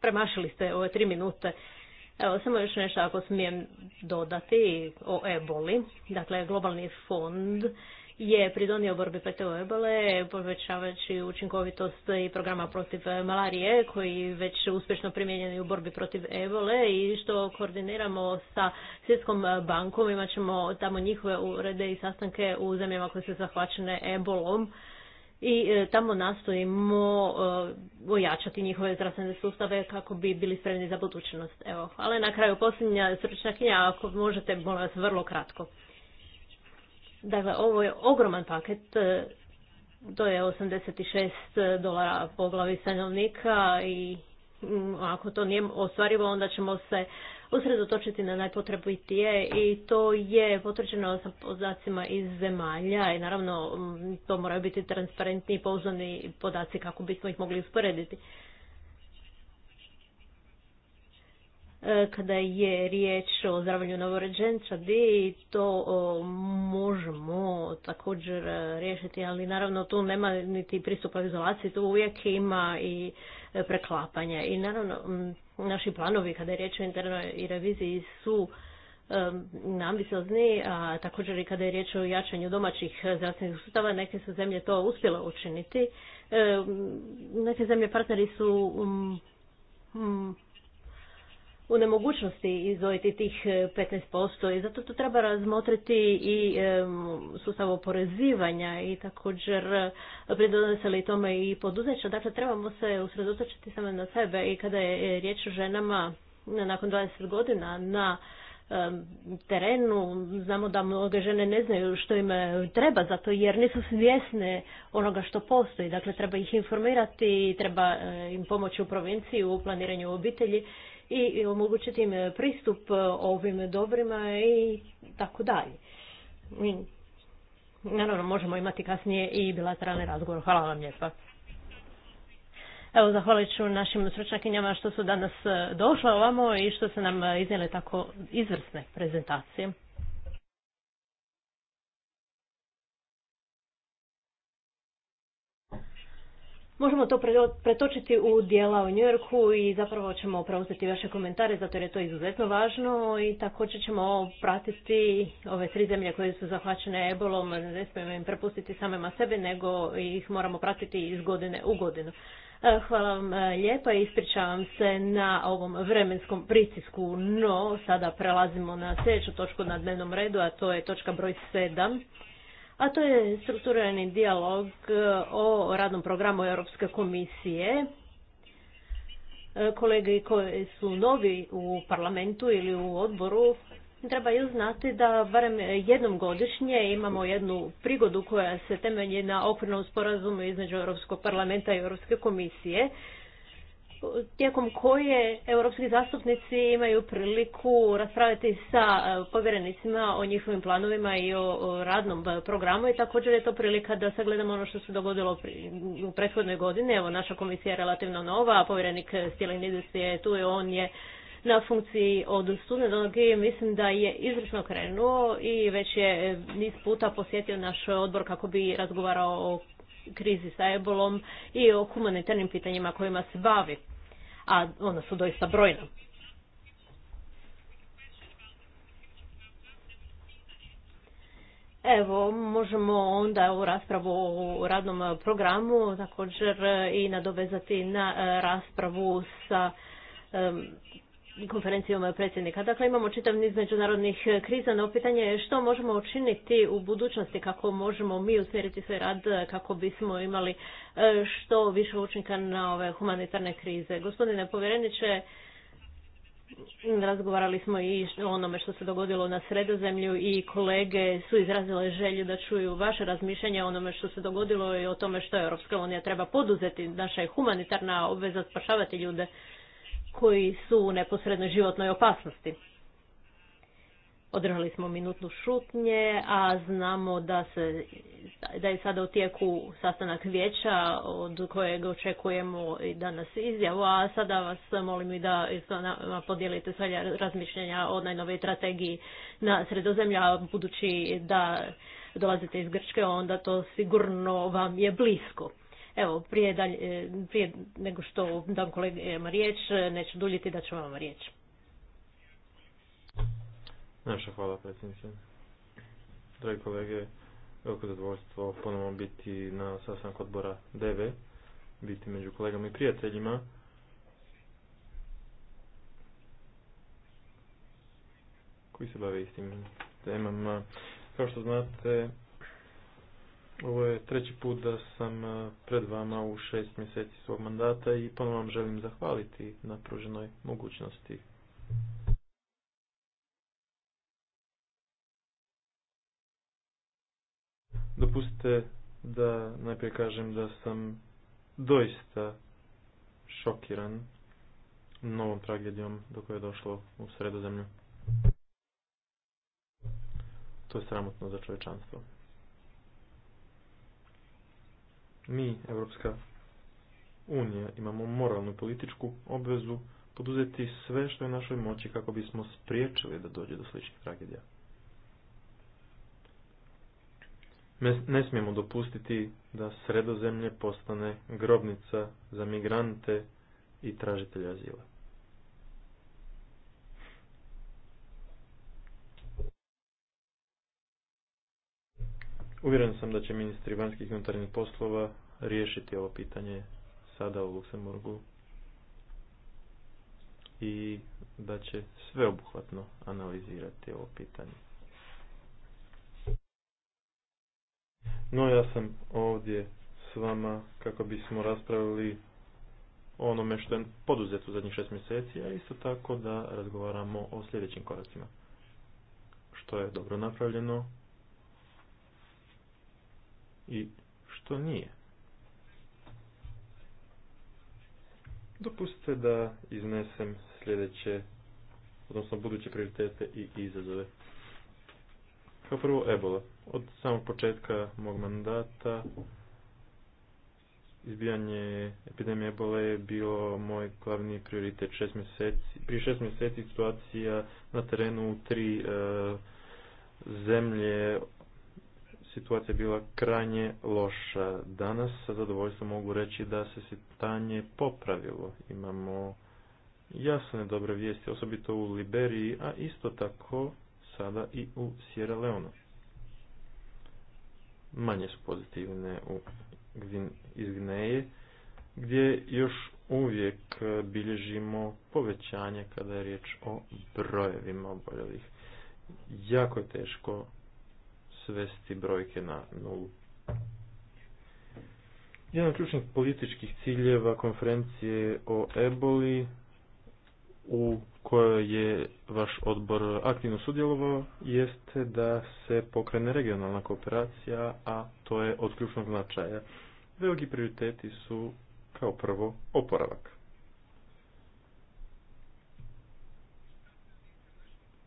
premašili ste ove tri minute. Evo, samo još nešto ako smijem dodati o eboli. Dakle, globalni fond je pridonio borbi protiv ebole, povećavajući učinkovitost i programa protiv malarije, koji već uspješno primijenjeni u borbi protiv ebole i što koordiniramo sa Svjetskom bankom, imat ćemo tamo njihove urede i sastanke u zemljama koje su zahvaćene ebolom i e, tamo nastojimo e, ojačati njihove zdravstvene sustave kako bi bili spremni za budućnost. Evo, ali na kraju posljednja stručnjakinja, ako možete, molim vas, vrlo kratko. Dakle, ovo je ogroman paket, e, to je 86 dolara po glavi stanovnika i mm, ako to nije ostvarivo, onda ćemo se usredotočiti na najpotrebitije i to je potvrđeno sa podacima iz zemalja i naravno mm, to moraju biti transparentni i pouzdani podaci kako bismo ih mogli usporediti. E, kada je riječ o zdravlju di to možemo također e, riješiti, ali naravno tu nema niti pristupa izolaciji, tu uvijek ima i preklapanja. I naravno, naši planovi kada je riječ o internoj i reviziji su ambiciozni, a također i kada je riječ o jačanju domaćih zdravstvenih sustava, neke su zemlje to uspjele učiniti. Neke zemlje partneri su u nemogućnosti izdvojiti tih 15% e, i zato to treba razmotriti i e, sustav oporezivanja i također e, pridonose li tome i poduzeća. Dakle, trebamo se usredotočiti samo na sebe i kada je riječ o ženama nakon 20 godina na terenu, znamo da mnoge žene ne znaju što im treba zato jer nisu svjesne onoga što postoji. Dakle, treba ih informirati, treba im pomoći u provinciji, u planiranju obitelji i omogućiti im e, pristup e, ovim dobrima i tako dalje. Naravno, možemo imati kasnije i bilateralni razgovor. Hvala vam lijepa. Evo, zahvalit ću našim stručnjakinjama što su danas e, došle ovamo i što su nam iznijele tako izvrsne prezentacije. možemo to pretočiti u dijela u Njujorku i zapravo ćemo preuzeti vaše komentare zato jer je to izuzetno važno i također ćemo pratiti ove tri zemlje koje su zahvaćene ebolom, ne smijemo im prepustiti samima sebe nego ih moramo pratiti iz godine u godinu. E, hvala vam e, lijepa i ispričavam se na ovom vremenskom pricisku, no sada prelazimo na sljedeću točku na dnevnom redu, a to je točka broj 7 a to je strukturirani dijalog e, o radnom programu Europske komisije. E, kolege koji su novi u parlamentu ili u odboru trebaju znati da barem jednom godišnje imamo jednu prigodu koja se temelji na okvirnom sporazumu između Europskog parlamenta i Europske komisije tijekom koje europski zastupnici imaju priliku raspraviti sa e, povjerenicima o njihovim planovima i o radnom e, programu i također je to prilika da sagledamo ono što se dogodilo u prethodnoj godini. Evo, naša komisija je relativno nova, a povjerenik Stilenidis je tu i on je na funkciji od studenog i mislim da je izvršno krenuo i već je e, niz puta posjetio naš odbor kako bi razgovarao o krizi sa ebolom i o humanitarnim pitanjima kojima se bavi a ona su doista brojna. Evo, možemo onda u raspravu u radnom programu također i nadovezati na e, raspravu sa konferencijom predsjednika. Dakle, imamo čitav niz međunarodnih kriza, no pitanje je što možemo učiniti u budućnosti, kako možemo mi usmjeriti svoj rad, kako bismo imali e, što više učinka na ove humanitarne krize. Gospodine povjereniče, razgovarali smo i o onome što se dogodilo na sredozemlju i kolege su izrazile želju da čuju vaše razmišljanje o onome što se dogodilo i o tome što Europska unija treba poduzeti. Naša je humanitarna obveza spašavati ljude koji su u neposrednoj životnoj opasnosti. Održali smo minutnu šutnje, a znamo da, se, da je sada u tijeku sastanak vijeća od kojeg očekujemo i danas izjavu, a sada vas molim i da podijelite sva razmišljenja o najnovej strategiji na sredozemlja, budući da dolazite iz Grčke, onda to sigurno vam je blisko. Evo, prije, dalje, prije nego što dam kolegama riječ, e, neću duljiti da ću vam riječ. Naša hvala predsjednice. Dragi kolege, veliko zadovoljstvo ponovno biti na sastanku odbora DV, biti među kolegama i prijateljima. koji se bave istim temama. Kao što znate, ovo je treći put da sam e, pred vama u šest mjeseci svog mandata i ponovno vam želim zahvaliti na pruženoj mogućnosti. Dopustite da najprije kažem da sam doista šokiran novom tragedijom do koje je došlo u sredozemlju. To je sramotno za čovječanstvo mi, Evropska unija, imamo moralnu i političku obvezu poduzeti sve što je u našoj moći kako bismo spriječili da dođe do sličnih tragedija. Ne smijemo dopustiti da sredozemlje postane grobnica za migrante i tražitelja azila. Uvjeren sam da će ministri vanjskih i unutarnjih poslova riješiti ovo pitanje sada u Luksemburgu i da će sveobuhvatno analizirati ovo pitanje. No ja sam ovdje s vama kako bismo raspravili o onome što je poduzet u zadnjih šest mjeseci, a isto tako da razgovaramo o sljedećim koracima. Što je dobro napravljeno, i što nije. Dopustite da iznesem sljedeće, odnosno buduće prioritete i izazove. Kao prvo ebola. Od samog početka mog mandata izbijanje epidemije Ebola je bio moj glavni prioritet šest mjeseci. Prije šest mjeseci situacija na terenu u tri eh, zemlje situacija je bila krajnje loša. Danas sa zadovoljstvom mogu reći da se stanje popravilo. Imamo jasne dobre vijesti, osobito u Liberiji, a isto tako sada i u Sierra Leone. Manje su pozitivne u iz Gneje, gdje još uvijek bilježimo povećanje kada je riječ o brojevima oboljelih. Jako je teško svesti brojke na nulu. Jedan od ključnih političkih ciljeva konferencije o eboli u kojoj je vaš odbor aktivno sudjelovao jeste da se pokrene regionalna kooperacija, a to je od ključnog značaja. Veliki prioriteti su kao prvo oporavak.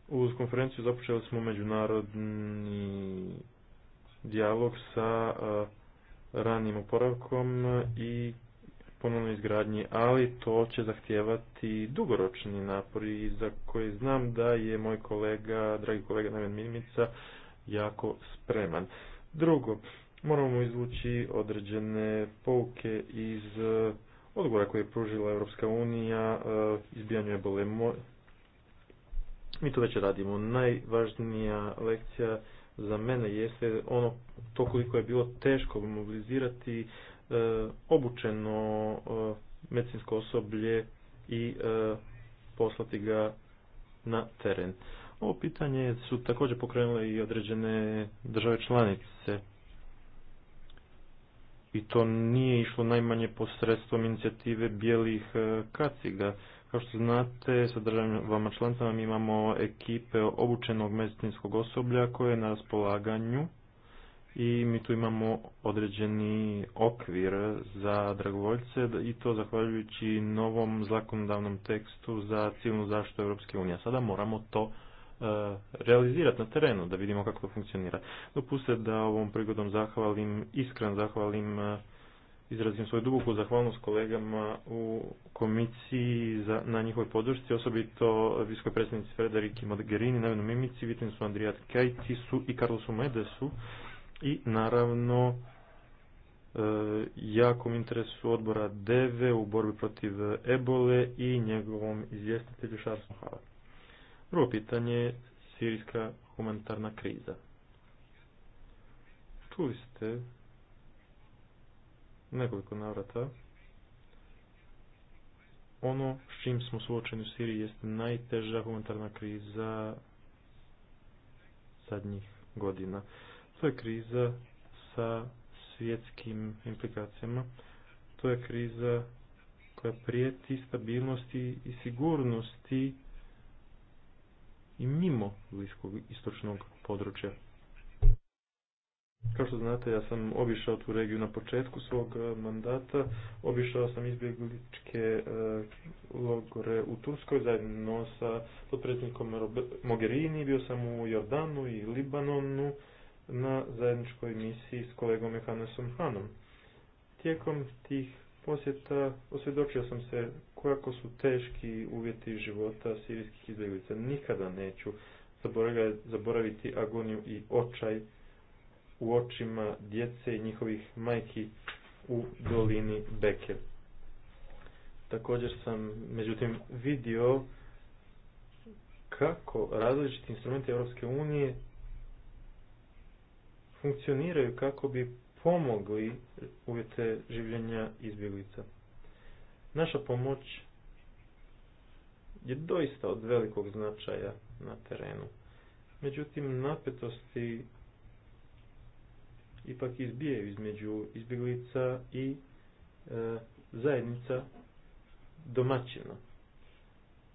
Uz konferenciju započeli smo međunarodni dijalog sa ranim oporavkom i ponovno izgradnji, ali to će zahtijevati dugoročni napori za koje znam da je moj kolega, dragi kolega Neven Mimica, jako spreman. Drugo, moramo izvući određene pouke iz odgovora koje je pružila Europska unija izbijanju ebole. Mi to već radimo. Najvažnija lekcija za mene jeste ono to koliko je bilo teško mobilizirati e, obučeno e, medicinsko osoblje i e, poslati ga na teren. Ovo pitanje su također pokrenule i određene države članice. I to nije išlo najmanje posredstvom inicijative bijelih kaciga. Kao što znate, sa državama članicama mi imamo ekipe obučenog medicinskog osoblja koje je na raspolaganju i mi tu imamo određeni okvir za dragovoljce i to zahvaljujući novom zakonodavnom tekstu za civilnu zaštitu Europske unije. Sada moramo to e, realizirati na terenu, da vidimo kako to funkcionira. Dopuste da ovom prigodom zahvalim, iskren zahvalim e, izrazim svoju duboku zahvalnost kolegama u komisiji za, na njihovoj podršci, osobito viskoj predsjednici Frederiki Modgerini, Nevenu Mimici, Vitinsu Andrijat Kajtisu i Karlosu Medesu i naravno e, jakom interesu odbora DEVE u borbi protiv ebole i njegovom izvjestitelju Šarsu Hava. Drugo pitanje sirijska humanitarna kriza. Čuli ste nekoliko navrata. Ono s čim smo suočeni u Siriji jest najteža humanitarna kriza zadnjih godina. To je kriza sa svjetskim implikacijama. To je kriza koja prijeti stabilnosti i sigurnosti i mimo bliskog istočnog područja. Kao što znate, ja sam obišao tu regiju na početku svog e, mandata. Obišao sam izbjegličke e, logore u Turskoj zajedno sa potpredsjednikom Mogherini. Bio sam u Jordanu i Libanonu na zajedničkoj misiji s kolegom Johannesom Hanom. Tijekom tih posjeta osvjedočio sam se kako su teški uvjeti života sirijskih izbjeglica. Nikada neću zaboraviti agoniju i očaj u očima djece i njihovih majki u dolini Beke. Također sam, međutim, vidio kako različiti instrumenti Europske unije funkcioniraju kako bi pomogli uvjete življenja izbjeglica. Naša pomoć je doista od velikog značaja na terenu. Međutim, napetosti ipak izbijaju između izbjeglica i e, zajednica domaćina.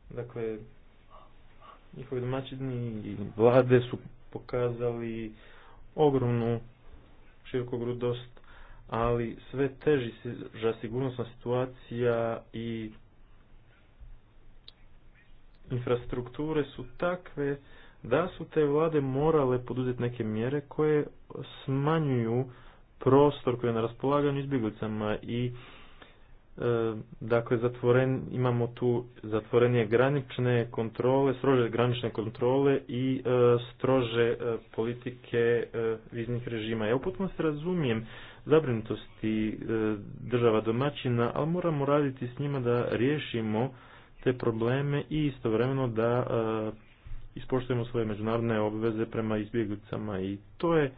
Dakle, njihovi domaćini i vlade su pokazali ogromnu grudost, ali sve teži se za sigurnosna situacija i infrastrukture su takve da su te vlade morale poduzeti neke mjere koje smanjuju prostor koji je na raspolaganju izbjeglicama i e, dakle zatvoren, imamo tu zatvorenije granične kontrole, strože granične kontrole i e, strože e, politike viznih režima. Ja uputno se razumijem zabrinutosti država domaćina, ali moramo raditi s njima da riješimo te probleme i istovremeno da ispoštujemo svoje međunarodne obveze prema izbjeglicama i to je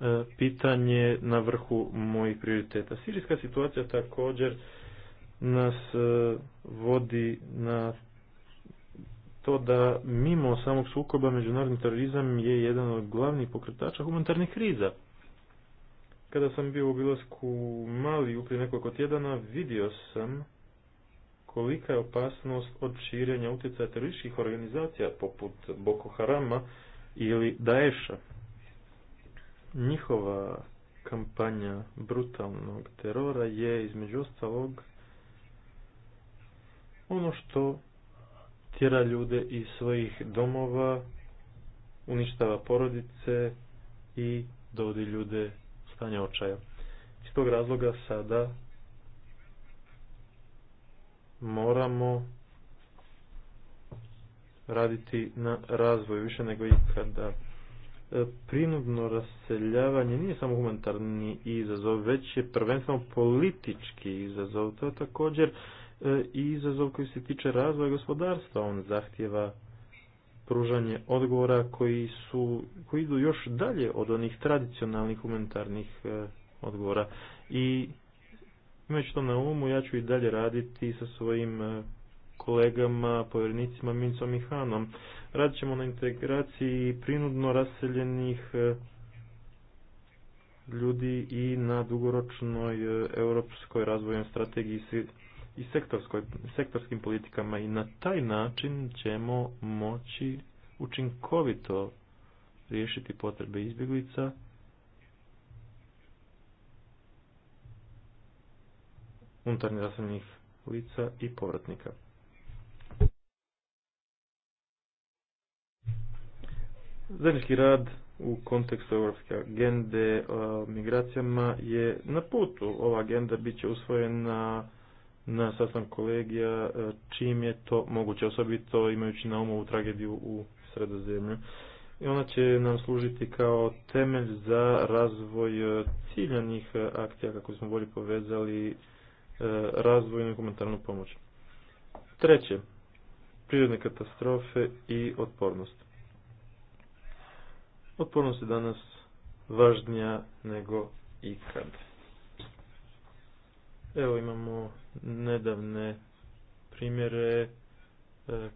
E, pitanje na vrhu mojih prioriteta. Sirijska situacija također nas e, vodi na to da mimo samog sukoba međunarodni terorizam je jedan od glavnih pokretača humanitarnih kriza. Kada sam bio u obilasku Mali prije nekoliko tjedana, vidio sam kolika je opasnost od širenja utjecaja terorističkih organizacija poput Boko Harama ili Daesha. Njihova kampanja brutalnog terora je između ostalog ono što tjera ljude iz svojih domova, uništava porodice i dovodi ljude u stanje očaja. Iz tog razloga sada moramo raditi na razvoju više nego ikada prinudno raseljavanje nije samo humanitarni izazov, već je prvenstveno politički izazov. To je također i e, izazov koji se tiče razvoja gospodarstva. On zahtjeva pružanje odgovora koji, su, koji idu još dalje od onih tradicionalnih humanitarnih e, odgovora. I imajući to na umu, ja ću i dalje raditi sa svojim e, kolegama, povjernicima Mincom i Hanom Radit ćemo na integraciji prinudno raseljenih e, ljudi i na dugoročnoj e, europskoj razvojnoj strategiji i sektorskim politikama i na taj način ćemo moći učinkovito riješiti potrebe izbjeglica unutarnjih raseljenih lica i povratnika. Zajednički rad u kontekstu Europske agende o migracijama je na putu. Ova agenda bit će usvojena na sastan kolegija čim je to moguće, osobito imajući na umu tragediju u sredozemlju. I ona će nam služiti kao temelj za razvoj ciljanih akcija kako smo bolje povezali razvoj i komentarnu pomoć. Treće, prirodne katastrofe i otpornost. Otpornost je danas važnija nego ikad. Evo imamo nedavne primjere e,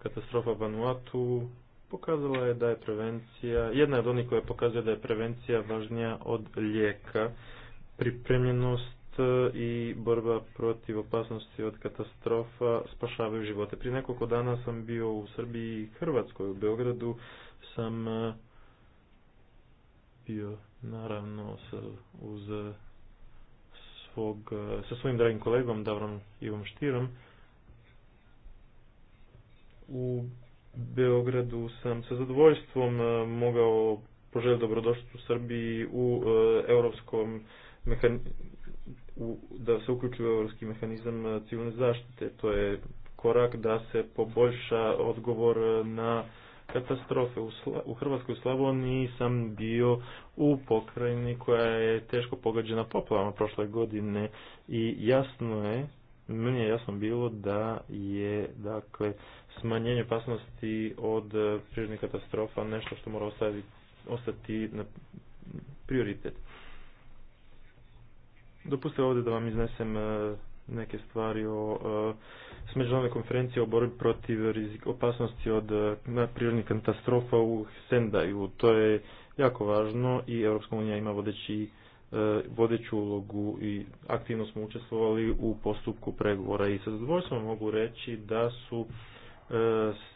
katastrofa Vanuatu. Pokazala je da je prevencija, jedna od onih koja pokazuje da je prevencija važnija od lijeka. Pripremljenost e, i borba protiv opasnosti od katastrofa spašavaju živote. Prije nekoliko dana sam bio u Srbiji i Hrvatskoj, u Beogradu sam e, bio naravno sa, uz eh, svog, eh, sa svojim dragim kolegom Davrom Ivom Štirom. U Beogradu sam sa zadovoljstvom eh, mogao poželjeti dobrodošću Srbiji u europskom u, da se uključi u europski mehanizam civilne zaštite. To je korak da se poboljša odgovor na katastrofe. U Hrvatskoj Slavoniji sam bio u pokrajini koja je teško pogađena poplavama prošle godine i jasno je, meni je jasno bilo da je dakle smanjenje opasnosti od prirodnih katastrofa nešto što mora ostati na prioritet. Dopustite ovdje da vam iznesem eh, neke stvari o e, s međunarodne konferencije o borbi protiv rizik, opasnosti od e, prirodnih katastrofa u Sendaju. To je jako važno i Europska unija ima vodeći e, vodeću ulogu i aktivno smo učestvovali u postupku pregovora i sa zadovoljstvom mogu reći da su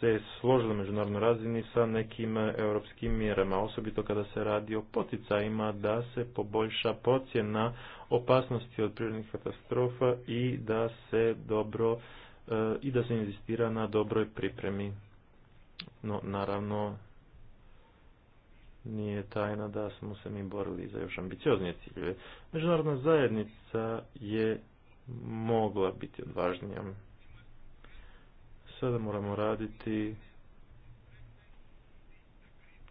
se složile međunarodnoj razini sa nekim europskim mjerama, osobito kada se radi o poticajima da se poboljša procjena opasnosti od prirodnih katastrofa i da se dobro e, i da se inzistira na dobroj pripremi. No, naravno, nije tajna da smo se mi borili za još ambicioznije ciljeve. Međunarodna zajednica je mogla biti odvažnija. Sada moramo raditi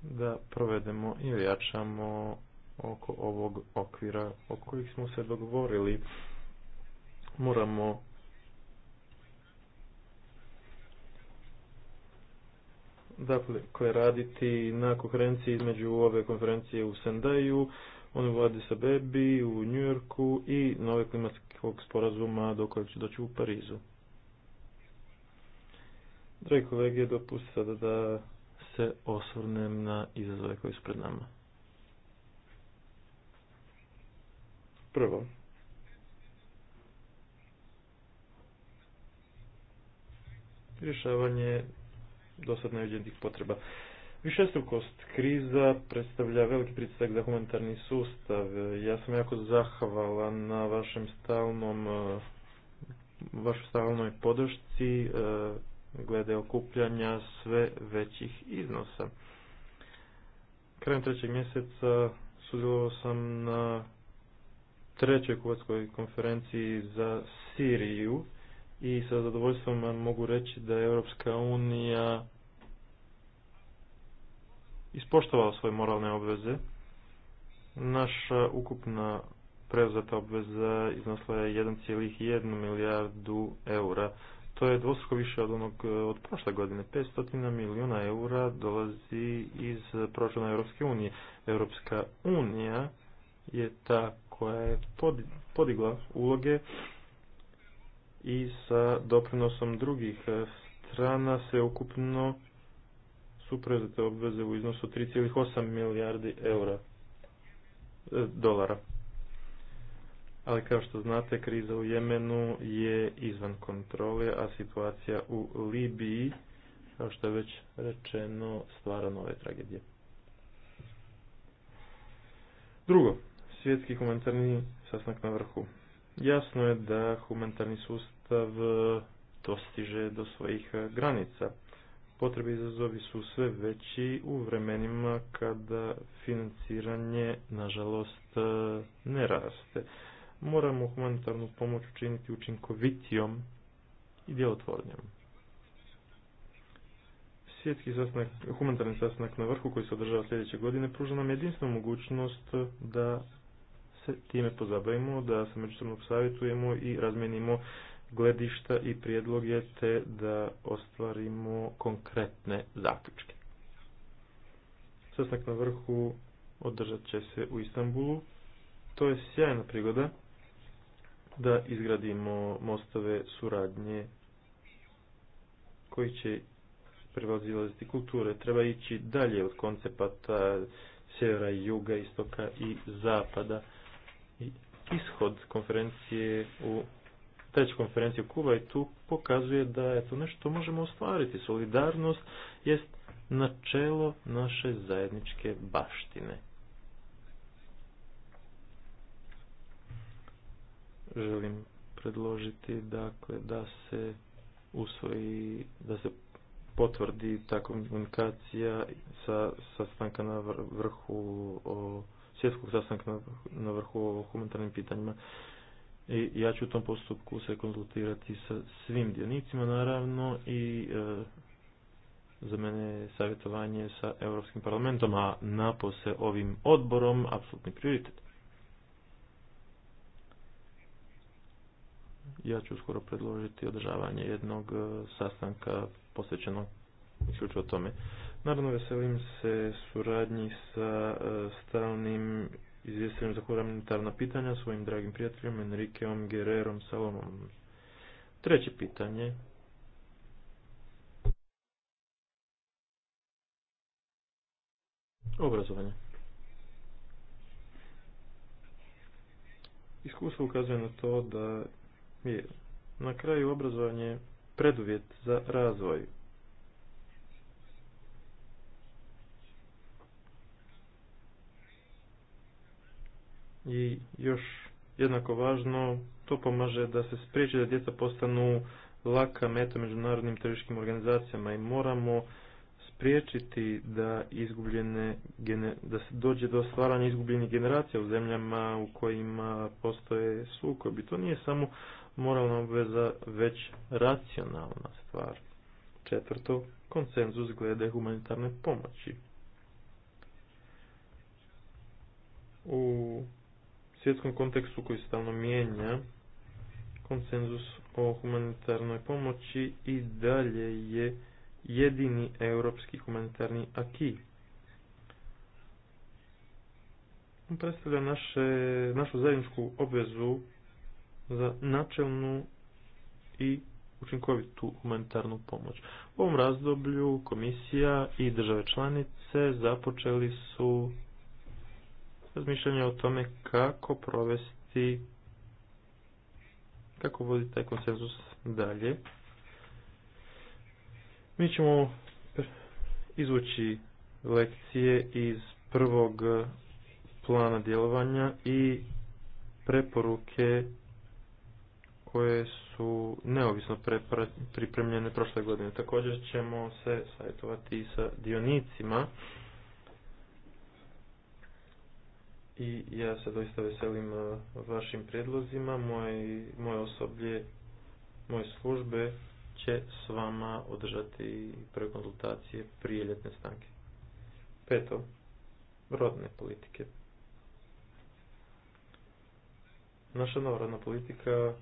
da provedemo i ojačamo oko ovog okvira o kojih smo se dogovorili. Moramo dakle, koje raditi na konferenciji između ove konferencije u Sendaju, oni Vladi sa u u Njujorku i nove klimatskog sporazuma do kojeg će doći u Parizu. Dragi kolege, dopustite sada da se osvrnem na izazove koji su pred nama. Prvo, rješavanje dosad neviđenih potreba. Višestrukost kriza predstavlja veliki pritisak za humanitarni sustav. Ja sam jako zahvalan na vašem stalnom vašoj stalnoj podršci e, glede okupljanja sve većih iznosa. Krajem trećeg mjeseca sudjelovao sam na trećoj kuvatskoj konferenciji za Siriju i sa zadovoljstvom mogu reći da je Europska unija ispoštovala svoje moralne obveze. Naša ukupna preuzeta obveza iznosila je 1,1 milijardu eura. To je dvostruko više od onog e, od prošle godine. 500 milijuna eura dolazi iz proračuna Europske unije. Europska unija je ta koja je podigla uloge i sa doprinosom drugih e, strana se ukupno su obveze u iznosu 3,8 milijardi eura e, dolara. Ali kao što znate, kriza u Jemenu je izvan kontrole, a situacija u Libiji, kao što je već rečeno, stvara nove tragedije. Drugo, svjetski humanitarni sastanak na vrhu. Jasno je da humanitarni sustav e, dostiže do svojih e, granica. Potrebe izazovi su sve veći u vremenima kada financiranje, nažalost, e, ne raste. Moramo humanitarnu pomoć učiniti učinkovitijom i djelotvornijom. Svjetski sastanak, humanitarni sastanak na vrhu koji se održava sljedeće godine pruža nam jedinstvenu mogućnost da time pozabavimo, da se međusobno savjetujemo i razmenimo gledišta i prijedloge te da ostvarimo konkretne zaključke. Sastanak na vrhu održat će se u Istanbulu. To je sjajna prigoda da izgradimo mostove suradnje koji će prevazilaziti kulture. Treba ići dalje od koncepata sjevera i juga, istoka i zapada ishod konferencije u treće konferencije u tu pokazuje da je to nešto možemo ostvariti. Solidarnost jest načelo naše zajedničke baštine. Želim predložiti dakle da se usvoji, da se potvrdi ta komunikacija sa sastanka na vrhu o svjetskog sastanka na vrhu o humanitarnim pitanjima. I ja ću u tom postupku se konzultirati sa svim dionicima naravno i e, za mene je savjetovanje sa Europskim parlamentom, a napose ovim odborom apsolutni prioritet. Ja ću uskoro predložiti održavanje jednog e, sastanka posvećenog isključivo tome. Naravno veselim se suradnji sa e, stalnim izvjestiteljem za humanitarna pitanja, svojim dragim prijateljima Enrikeom, Gererom, Salomom. Treće pitanje. Obrazovanje. Iskustvo ukazuje na to da je na kraju obrazovanje preduvjet za razvoj i još jednako važno, to pomaže da se spriječi da djeca postanu laka meta međunarodnim tržiškim organizacijama i moramo spriječiti da izgubljene da se dođe do stvaranja izgubljenih generacija u zemljama u kojima postoje sukobi. To nije samo moralna obveza, već racionalna stvar. Četvrto, konsenzus glede humanitarne pomoći. U svjetskom kontekstu koji stalno mijenja, konsenzus o humanitarnoj pomoći i dalje je jedini europski humanitarni aki. On predstavlja naše, našu zajedničku obvezu za načelnu i učinkovitu humanitarnu pomoć. U ovom razdoblju komisija i države članice započeli su razmišljanje o tome kako provesti, kako voditi taj konsenzus dalje. Mi ćemo izvući lekcije iz prvog plana djelovanja i preporuke koje su neovisno pripremljene prošle godine. Također ćemo se savjetovati i sa dionicima i ja se doista veselim e, vašim predlozima. Moje, moje osoblje, moje službe će s vama održati prekonsultacije prije ljetne stanke. Peto, rodne politike. Naša nova rodna politika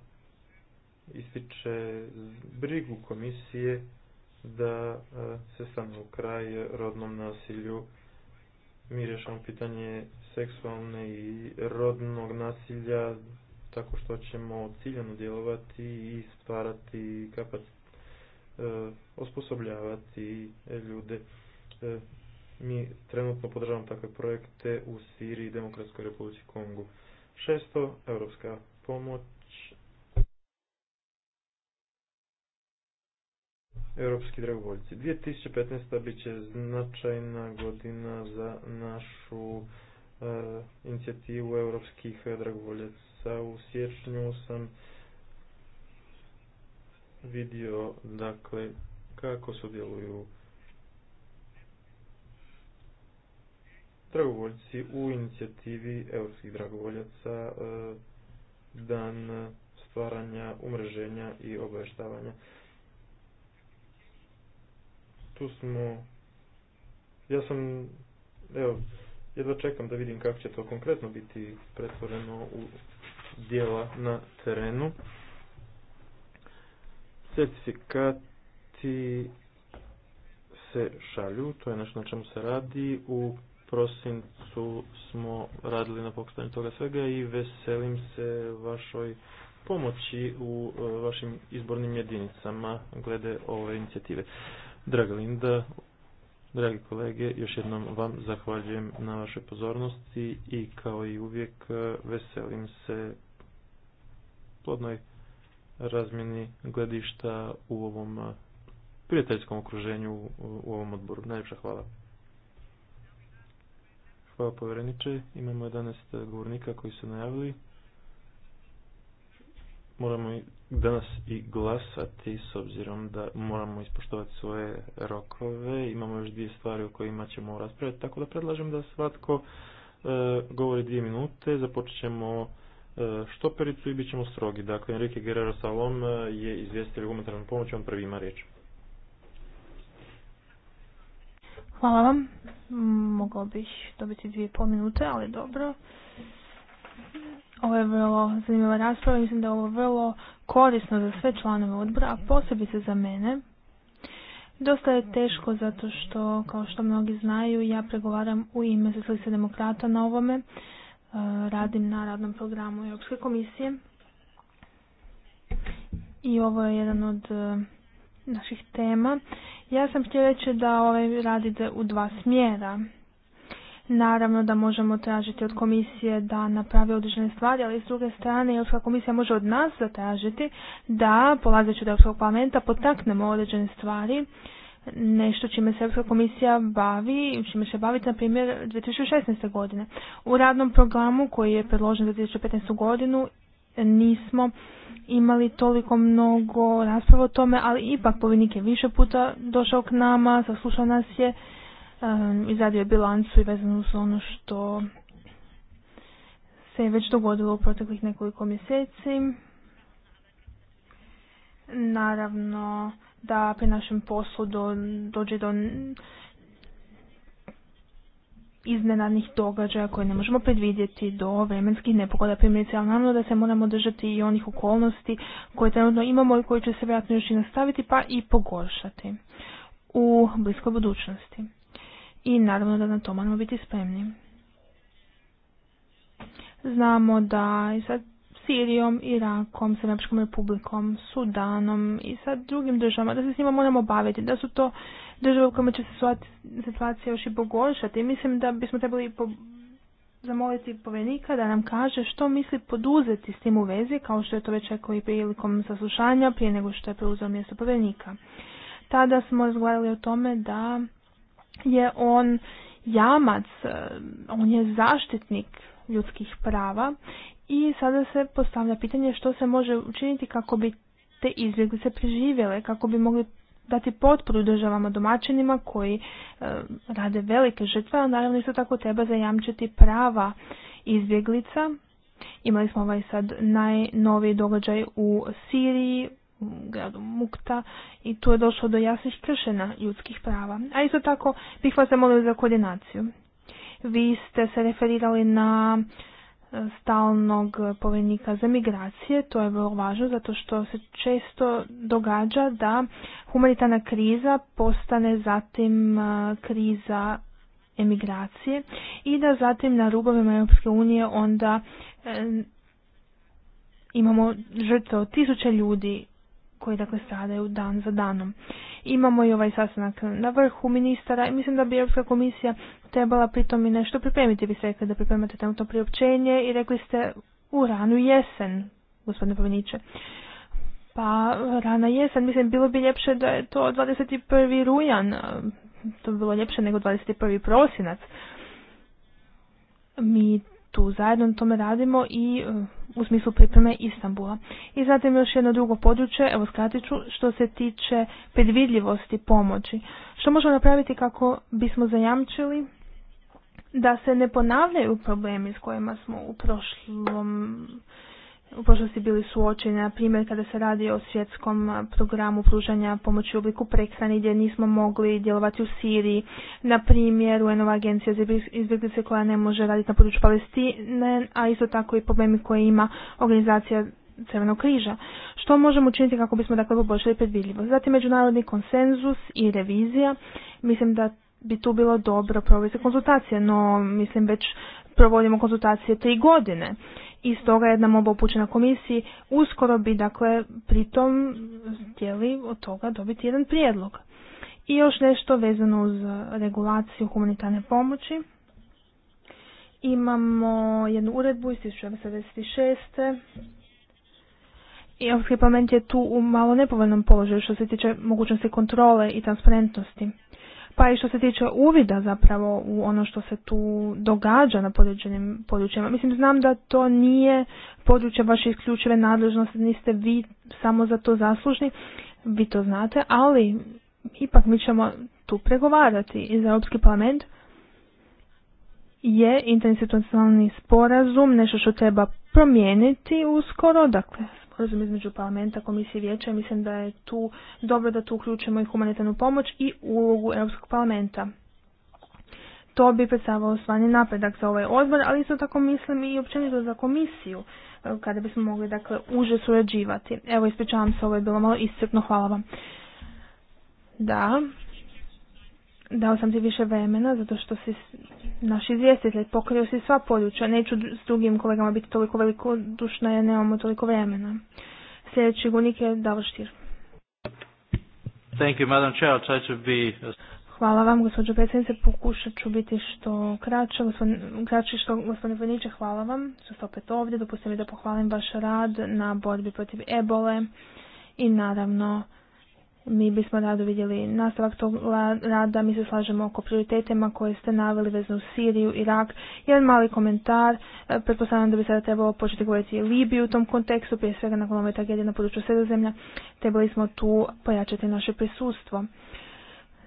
ističe brigu komisije da e, se stane u kraj rodnom nasilju. Mi rješavamo pitanje seksualne i rodnog nasilja tako što ćemo ciljano djelovati i stvarati kapac, e, osposobljavati ljude. E, mi trenutno podržavamo takve projekte u Siriji i Demokratskoj republici Kongu. Šesto, europska pomoć. Europski dragovoljci. 2015. bit će značajna godina za našu E, inicijativu europskih dragovoljaca. U siječnju sam vidio dakle kako sudjeluju dragovoljci u inicijativi europskih dragovoljaca e, dan stvaranja, umreženja i obavještavanja. Tu smo ja sam evo jedva čekam da vidim kako će to konkretno biti pretvoreno u dijela na terenu. Certifikati se šalju, to je nešto na čemu se radi. U prosincu smo radili na pokustanju toga svega i veselim se vašoj pomoći u e, vašim izbornim jedinicama glede ove inicijative. Draga Linda, Dragi kolege, još jednom vam zahvaljujem na vašoj pozornosti i kao i uvijek e, veselim se plodnoj razmjeni gledišta u ovom e, prijateljskom okruženju u ovom odboru. Najljepša hvala. Hvala povjereniče. Imamo 11 govornika koji su najavili. Moramo danas i glasati s obzirom da moramo ispoštovati svoje rokove. Imamo još dvije stvari o kojima ćemo raspraviti, tako da predlažem da svatko e, govori dvije minute. Započet ćemo e, štopericu i bit ćemo strogi. Dakle, Enrique Guerrero Salom e, je izvjestitelj humanitarnom pomoći, on prvi ima riječ. Hvala vam. Mogao bih dobiti dvije pol minute, ali dobro. Ovo je vrlo zanimljiva rasprava. Mislim da je ovo vrlo korisno za sve članove odbora, a posebice za mene. Dosta je teško zato što, kao što mnogi znaju, ja pregovaram u ime Socijaldemokrata demokrata na ovome. E, radim na radnom programu Europske komisije. I ovo je jedan od e, naših tema. Ja sam htio reći da ovaj radite u dva smjera. Naravno da možemo tražiti od komisije da napravi određene stvari, ali s druge strane Europska komisija može od nas zatražiti da, polazeći od Europskog parlamenta, potaknemo određene stvari, nešto čime se Europska komisija bavi, čime se baviti, na primjer, 2016. godine. U radnom programu koji je predložen za 2015. godinu nismo imali toliko mnogo rasprava o tome, ali ipak povinnik je više puta došao k nama, saslušao nas je izradio bilancu i vezano uz ono što se je već dogodilo u proteklih nekoliko mjeseci. Naravno da pri našem poslu dođe do iznenadnih događaja koje ne možemo predvidjeti do vremenskih nepogoda primjerice, ali naravno da se moramo držati i onih okolnosti koje trenutno imamo i koje će se vjerojatno još i nastaviti pa i pogoršati u bliskoj budućnosti i naravno da na to moramo biti spremni. Znamo da i sa Sirijom, Irakom, Srpskom republikom, Sudanom i sa drugim državama, da se s njima moramo baviti, da su to države u kojima će se situacija još i pogoršati. Mislim da bismo trebali zamoliti povjenika da nam kaže što misli poduzeti s tim u vezi, kao što je to već rekao i prilikom saslušanja prije nego što je preuzeo mjesto povjenika. Tada smo razgovarali o tome da je on jamac, e, on je zaštitnik ljudskih prava i sada se postavlja pitanje što se može učiniti kako bi te izbjeglice preživjele, kako bi mogli dati potporu državama domaćinima koji e, rade velike žrtve, a naravno isto tako treba zajamčiti prava izbjeglica. Imali smo ovaj sad najnoviji događaj u Siriji gradu Mukta i tu je došlo do jasnih kršena ljudskih prava. A isto tako bih vas zamolio za koordinaciju. Vi ste se referirali na e, stalnog povjednika za migracije, to je vrlo važno zato što se često događa da humanitarna kriza postane zatim e, kriza emigracije i da zatim na rubovima Europske unije onda e, imamo žrtve od tisuće ljudi koji dakle stradaju dan za danom. Imamo i ovaj sastanak na vrhu ministara i mislim da bi Europska komisija trebala pritom i nešto pripremiti. Vi ste rekli da pripremate tamo to priopćenje i rekli ste u ranu jesen, gospodine Poveniće. Pa rana jesen, mislim bilo bi ljepše da je to 21. rujan, to bi bilo ljepše nego 21. prosinac. Mi tu zajedno na tome radimo i u smislu pripreme Istambula. I zatim još jedno drugo područje, evo skratit ću, što se tiče predvidljivosti pomoći. Što možemo napraviti kako bismo zajamčili da se ne ponavljaju problemi s kojima smo u prošlom u prošlosti bili suočeni, na primjer kada se radi o svjetskom programu pružanja pomoći u obliku Prekrani, gdje nismo mogli djelovati u Siriji, na primjer u enova agencija za izbjeglice koja ne može raditi na području Palestine, a isto tako i problemi koje ima organizacija Crvenog križa. Što možemo učiniti kako bismo dakle poboljšali predvidljivost? Zatim međunarodni konsenzus i revizija. Mislim da bi tu bilo dobro provesti konzultacije, no mislim već provodimo konzultacije tri godine i stoga jedna moba upućena komisiji uskoro bi dakle pritom htjeli od toga dobiti jedan prijedlog. I još nešto vezano uz regulaciju humanitarne pomoći. Imamo jednu uredbu iz 1996. I Europski parlament je tu u malo nepovoljnom položaju što se tiče mogućnosti kontrole i transparentnosti pa i što se tiče uvida zapravo u ono što se tu događa na podređenim područjima. Mislim, znam da to nije područje vaše isključive nadležnosti, niste vi samo za to zaslužni, vi to znate, ali ipak mi ćemo tu pregovarati i za Europski parlament je interinstitucionalni sporazum nešto što treba promijeniti uskoro, dakle sporazum između parlamenta, komisije i Mislim da je tu dobro da tu uključimo i humanitarnu pomoć i ulogu Europskog parlamenta. To bi predstavljalo stvarni napredak za ovaj odbor, ali isto tako mislim i općenito za komisiju, e, kada bismo mogli dakle, uže surađivati. Evo, ispričavam se, ovo je bilo malo iscrpno, hvala vam. Da, Dao sam ti više vremena zato što si naš izvjestitelj pokrio si sva područja. Neću s drugim kolegama biti toliko veliko dušna jer nemamo toliko vremena. Sljedeći gunik je Davor Štir. Madam Chair. be... Hvala vam, gospođo predsjednice. Pokušat ću biti što kraće. Gospodin, kraće što, gospodine Vojniće, hvala vam što ste opet ovdje. Dopustite mi da pohvalim vaš rad na borbi protiv ebole i naravno mi bismo rado vidjeli nastavak tog rada, mi se slažemo oko prioritetima koje ste naveli vezno u Siriju, Irak. Jedan mali komentar, e, pretpostavljam da bi sada trebalo početi govoriti Libiju u tom kontekstu, prije svega nakon ove tragedije na području sredozemlja, trebali smo tu pojačati naše prisustvo.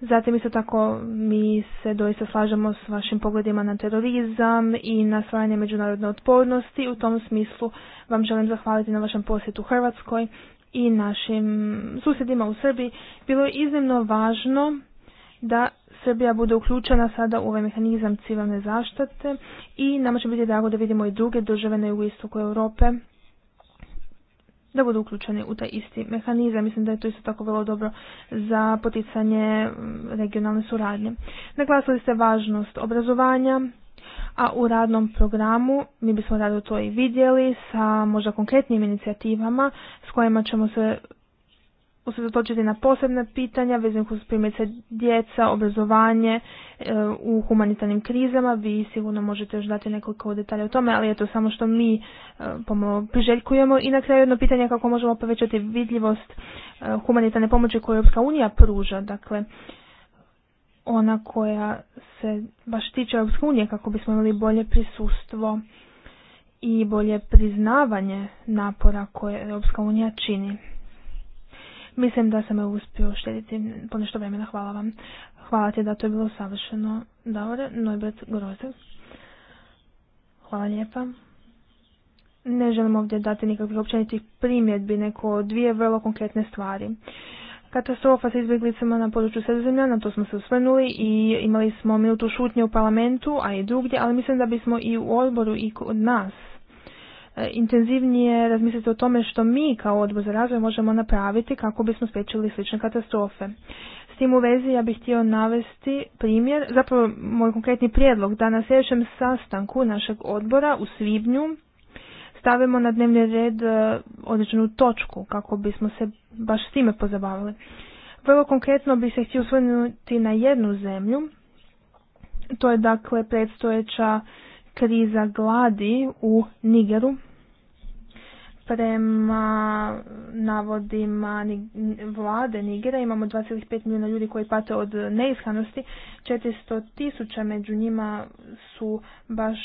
Zatim isto tako mi se doista slažemo s vašim pogledima na terorizam i na stvaranje međunarodne otpornosti. U tom smislu vam želim zahvaliti na vašem posjetu Hrvatskoj i našim susjedima u Srbiji, bilo je iznimno važno da Srbija bude uključena sada u ovaj mehanizam civilne zaštite i nama će biti drago da vidimo i druge države na jugoistoku Europe da budu uključeni u taj isti mehanizam. Mislim da je to isto tako vrlo dobro za poticanje mm, regionalne suradnje. Naglasili ste važnost obrazovanja, a u radnom programu mi bismo rado to i vidjeli sa možda konkretnim inicijativama s kojima ćemo se usredotočiti na posebna pitanja vezanih uz primjerice djeca, obrazovanje e, u humanitarnim krizama. Vi sigurno možete još dati nekoliko detalja o tome, ali je to samo što mi e, pomalo priželjkujemo. I na kraju jedno pitanje kako možemo povećati vidljivost e, humanitarne pomoći koju Europska unija pruža. Dakle, ona koja se baš tiče Europske unije kako bismo imali bolje prisustvo i bolje priznavanje napora koje Europska unija čini. Mislim da sam je uspio štediti ponešto vremena. Hvala vam. Hvala ti da to je bilo savršeno. davore Grozev. Hvala lijepa. Ne želim ovdje dati nikakvih općenitih primjedbi, neko dvije vrlo konkretne stvari katastrofa sa izbjeglicama na području sredozemlja, na to smo se osvrnuli i imali smo minutu šutnje u parlamentu, a i drugdje, ali mislim da bismo i u odboru i kod nas e, intenzivnije razmisliti o tome što mi kao odbor za razvoj možemo napraviti kako bismo spriječili slične katastrofe. S tim u vezi ja bih htio navesti primjer, zapravo moj konkretni prijedlog da na sljedećem sastanku našeg odbora u Svibnju stavimo na dnevni red e, određenu točku kako bismo se baš s time pozabavili. Vrlo konkretno bi se htio osvrnuti na jednu zemlju. To je dakle predstojeća kriza gladi u Nigeru. Prema navodima vlade Nigera imamo 2,5 milijuna ljudi koji pate od neishranosti. 400 tisuća među njima su baš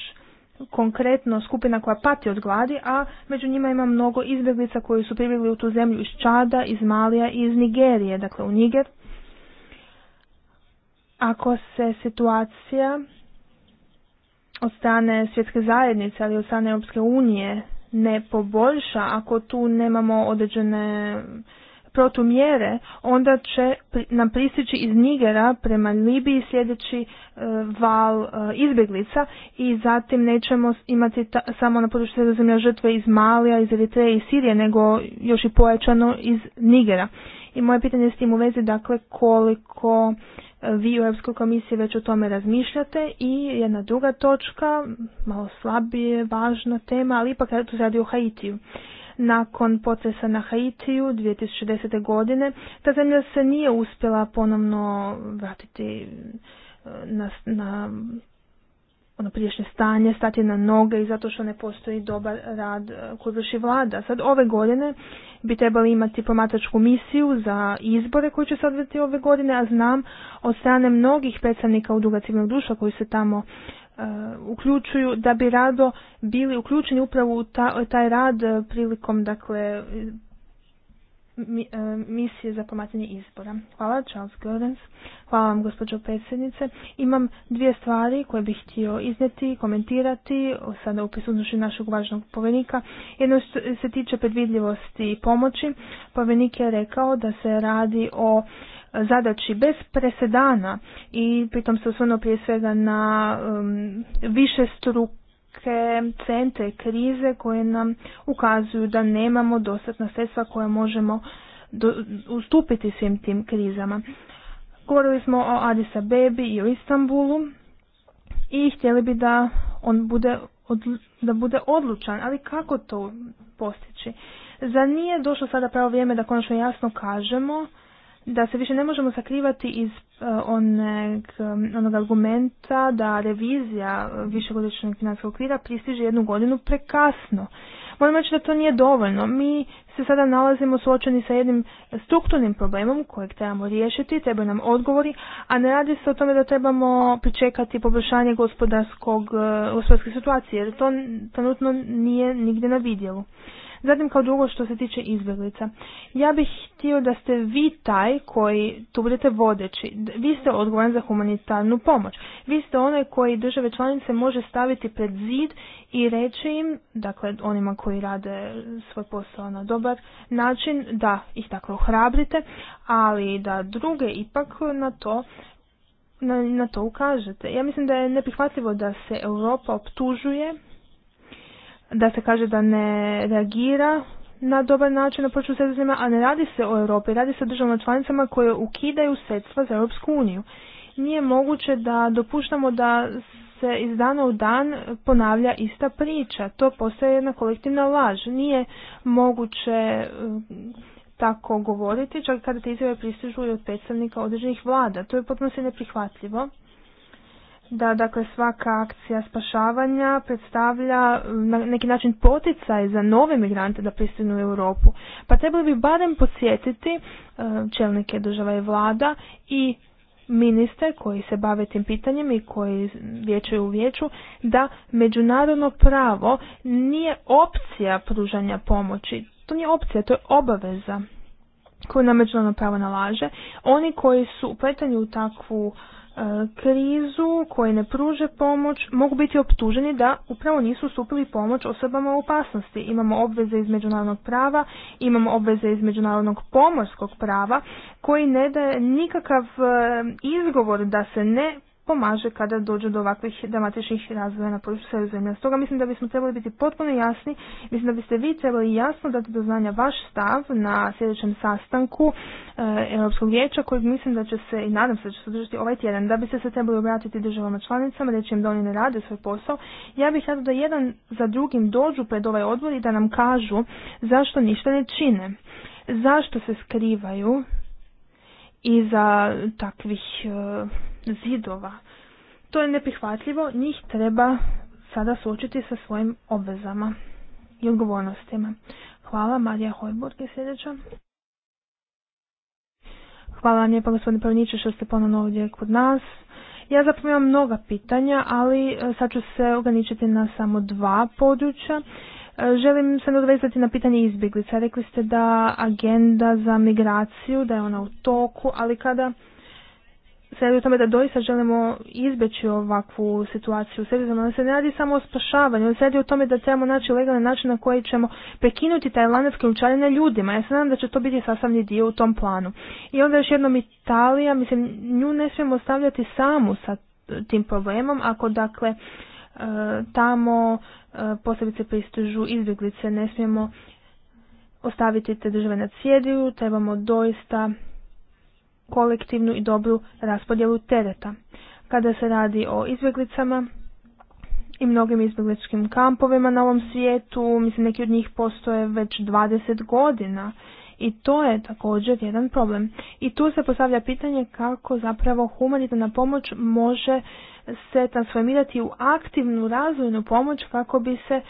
konkretno skupina koja pati od gladi, a među njima ima mnogo izbjeglica koji su pribjegli u tu zemlju iz Čada, iz Malija i iz Nigerije, dakle u Niger. Ako se situacija od strane svjetske zajednice, ali od strane Europske unije ne poboljša, ako tu nemamo određene protumjere, onda će nam pristići iz Nigera prema Libiji sljedeći e, val e, izbjeglica i zatim nećemo imati ta, samo na području sredozemlja žrtve iz Malija, iz Eritreje i Sirije, nego još i pojačano iz Nigera. I moje pitanje je s tim u vezi, dakle, koliko e, vi u Europskoj komisiji već o tome razmišljate i jedna druga točka, malo slabije, važna tema, ali ipak tu se radi o Haitiju. Nakon potresa na Haitiju 2010. godine ta zemlja se nije uspjela ponovno vratiti e, na, na ono priješnje stanje, stati na noge i zato što ne postoji dobar rad e, koji vrši vlada. Sad ove godine bi trebali imati promatačku misiju za izbore koji će se odvjeti ove godine, a znam od strane mnogih predstavnika u civilnog društva koji se tamo Eh, uključuju, da bi rado bili uključeni upravo u taj rad eh, prilikom dakle eh, misije za pomatanje izbora. Hvala, Charles Gordens. Hvala vam, gospođo predsjednice. Imam dvije stvari koje bih htio iznijeti, komentirati, sada u prisutnosti našeg važnog povenika Jedno se tiče predvidljivosti i pomoći. Povjerenik je rekao da se radi o zadaći bez presedana i pritom se osvrnuo prije svega na um, više struke centre krize koje nam ukazuju da nemamo dostatna sredstva koja možemo ustupiti svim tim krizama. Govorili smo o Addis bebi i o Istanbulu i htjeli bi da on bude da bude odlučan, ali kako to postići? Za nije došlo sada pravo vrijeme da konačno jasno kažemo da se više ne možemo sakrivati iz e, onog, e, onog argumenta da revizija e, višegodišnjeg financijskog okvira pristiže jednu godinu prekasno. Moram reći da to nije dovoljno. Mi se sada nalazimo suočeni sa jednim strukturnim problemom kojeg trebamo riješiti, trebaju nam odgovori, a ne radi se o tome da trebamo pričekati poboljšanje gospodarskog, gospodarske situacije, jer to trenutno nije nigdje na vidjelu. Zatim kao drugo što se tiče izbjeglica. Ja bih htio da ste vi taj koji tu budete vodeći. Vi ste odgovoran za humanitarnu pomoć. Vi ste onaj koji države članice može staviti pred zid i reći im, dakle onima koji rade svoj posao na dobar način, da ih tako ohrabrite, ali da druge ipak na to na, na to ukažete. Ja mislim da je neprihvatljivo da se Europa optužuje da se kaže da ne reagira na dobar način na počinu sredozemlja, a ne radi se o Europi, radi se o državama članicama koje ukidaju sredstva za Europsku uniju. Nije moguće da dopuštamo da se iz dana u dan ponavlja ista priča. To postaje jedna kolektivna laž. Nije moguće um, tako govoriti, čak kada te izjave pristižuju od predstavnika određenih vlada. To je potpuno se neprihvatljivo da dakle svaka akcija spašavanja predstavlja mm, na neki način poticaj za nove migrante da pristinu u Europu. Pa trebali bi barem podsjetiti e, čelnike država i vlada i ministre koji se bave tim pitanjem i koji vječaju u vijeću da međunarodno pravo nije opcija pružanja pomoći. To nije opcija, to je obaveza koju nam međunarodno pravo nalaže. Oni koji su upletani u takvu E, krizu koji ne pruže pomoć mogu biti optuženi da upravo nisu stupili pomoć osobama u opasnosti. Imamo obveze iz međunarodnog prava, imamo obveze iz međunarodnog pomorskog prava koji ne daje nikakav e, izgovor da se ne pomaže kada dođu do ovakvih dramatičnih razvoja na području zemlje Stoga mislim da bismo trebali biti potpuno jasni, mislim da biste vi trebali jasno dati do znanja vaš stav na sljedećem sastanku e, Europskog vijeća kojeg mislim da će se i nadam se da će se održati ovaj tjedan. Da biste se trebali obratiti državama članicama, reći im da oni ne rade svoj posao, ja bih rada da jedan za drugim dođu pred ovaj odbor i da nam kažu zašto ništa ne čine. Zašto se skrivaju iza takvih e, zidova. To je neprihvatljivo, njih treba sada suočiti sa svojim obvezama i odgovornostima. Hvala, Marija Hojburg je sljedeća. Hvala vam lijepa gospodine Pravniče što ste ponovno ovdje kod nas. Ja zapravo imam mnoga pitanja, ali e, sad ću se ograničiti na samo dva područja. E, želim se nadovezati na pitanje izbjeglica. Rekli ste da agenda za migraciju, da je ona u toku, ali kada se radi o tome da doista želimo izbjeći ovakvu situaciju u Srbiji, se ne radi samo o spašavanju, on se radi o tome da trebamo naći legalni način na koji ćemo prekinuti taj lanac ljudima. Ja se nadam da će to biti sastavni dio u tom planu. I onda još jednom Italija, mislim, nju ne smijemo ostavljati samu sa tim problemom, ako dakle e, tamo e, posebice pristižu izbjeglice, ne smijemo ostaviti te države na cijediju. trebamo doista kolektivnu i dobru raspodjelu tereta. Kada se radi o izbjeglicama i mnogim izbjegličkim kampovima na ovom svijetu, mislim neki od njih postoje već 20 godina i to je također jedan problem. I tu se postavlja pitanje kako zapravo humanitarna pomoć može se transformirati u aktivnu razvojnu pomoć kako bi se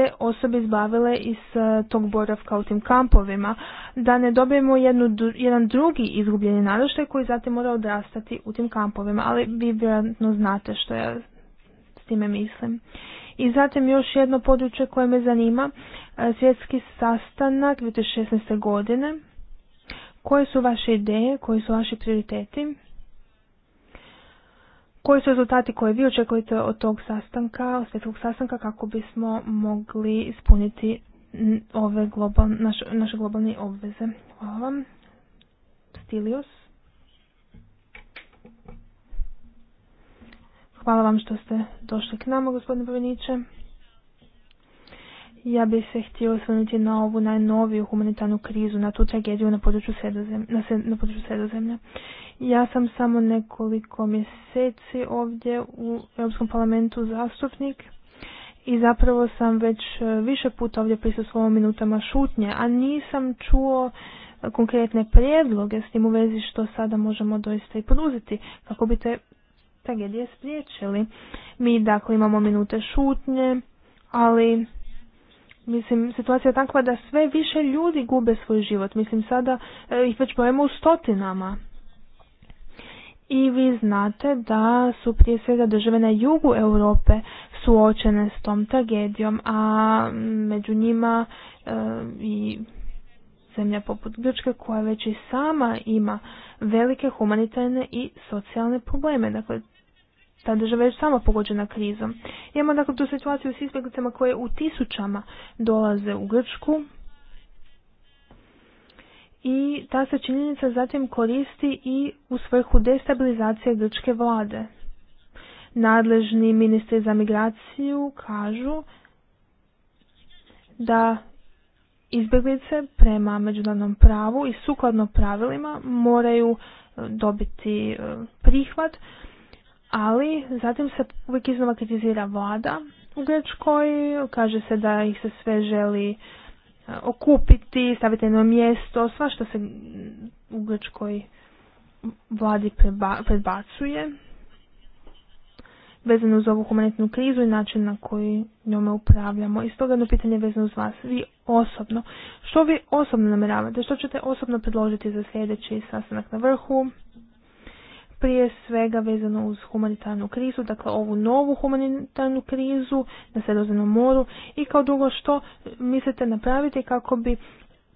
te osobe izbavile iz e, tog boravka u tim kampovima, da ne dobijemo jednu, jedan drugi izgubljeni naraštaj koji zatim mora odrastati u tim kampovima, ali vi vjerojatno znate što ja s time mislim. I zatim još jedno područje koje me zanima, e, svjetski sastanak 2016. godine. Koje su vaše ideje, koji su vaši prioriteti? koji su rezultati koje vi očekujete od tog sastanka, od svjetskog sastanka kako bismo mogli ispuniti ove global, naš, naše globalne obveze. Hvala vam. Stilius. Hvala vam što ste došli k nama, gospodine Poveniće. Ja bih se htio osvrnuti na ovu najnoviju humanitarnu krizu, na tu tragediju na području sredozemlja. Na, području sredozemlja. Ja sam samo nekoliko mjeseci ovdje u Europskom parlamentu zastupnik i zapravo sam već e, više puta ovdje prisustvovao minutama šutnje, a nisam čuo konkretne prijedloge s tim u vezi što sada možemo doista i poduzeti kako bi te tragedije spriječili. Mi dakle imamo minute šutnje, ali Mislim, situacija je takva da sve više ljudi gube svoj život. Mislim, sada e, ih već bojemo u stotinama. I vi znate da su prije svega države na jugu Europe suočene s tom tragedijom, a među njima e, i zemlja poput Grčke koja već i sama ima velike humanitarne i socijalne probleme. Dakle, ta država je sama pogođena krizom. Imamo dakle tu situaciju s izbjeglicama koje u tisućama dolaze u Grčku i ta se činjenica zatim koristi i u svrhu destabilizacije grčke vlade. Nadležni ministri za migraciju kažu da izbjeglice prema međunarodnom pravu i sukladno pravilima moraju e, dobiti e, prihvat, ali zatim se uvijek iznova kritizira vlada u Grčkoj, kaže se da ih se sve želi e, okupiti, staviti na mjesto, sva što se u Grečkoj vladi predbacuje vezano uz ovu humanitnu krizu i način na koji njome upravljamo. I stoga jedno pitanje vezano uz vas. Vi osobno, što vi osobno namjeravate? Što ćete osobno predložiti za sljedeći sastanak na vrhu? prije svega vezano uz humanitarnu krizu, dakle ovu novu humanitarnu krizu na Sredozemnom moru i kao drugo što mislite napraviti kako bi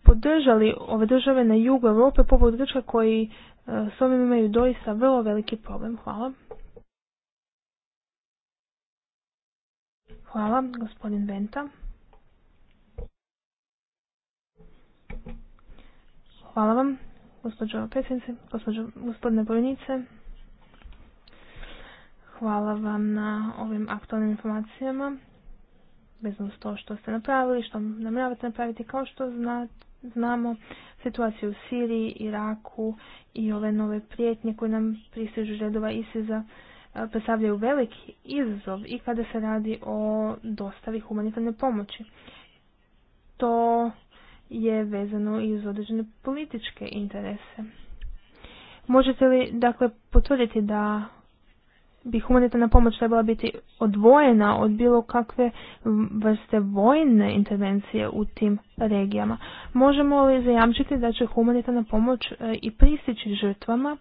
podržali ove države na jugu Europe poput Grčka koji e, s ovim imaju doista vrlo veliki problem. Hvala. Hvala, gospodin Venta. Hvala vam gospođo predsjednice, gospođo, gospodine Bojnice. Hvala vam na ovim aktualnim informacijama, vezano to što ste napravili, što namjeravate napraviti, kao što znamo situaciju u Siriji, Iraku i ove nove prijetnje koje nam pristižu redova ISIS-a predstavljaju veliki izazov i kada se radi o dostavi humanitarne pomoći. To je vezano i uz određene političke interese. Možete li dakle potvrditi da bi humanitarna pomoć trebala biti odvojena od bilo kakve vrste vojne intervencije u tim regijama. Možemo li zajamčiti da će humanitarna pomoć e, i pristići žrtvama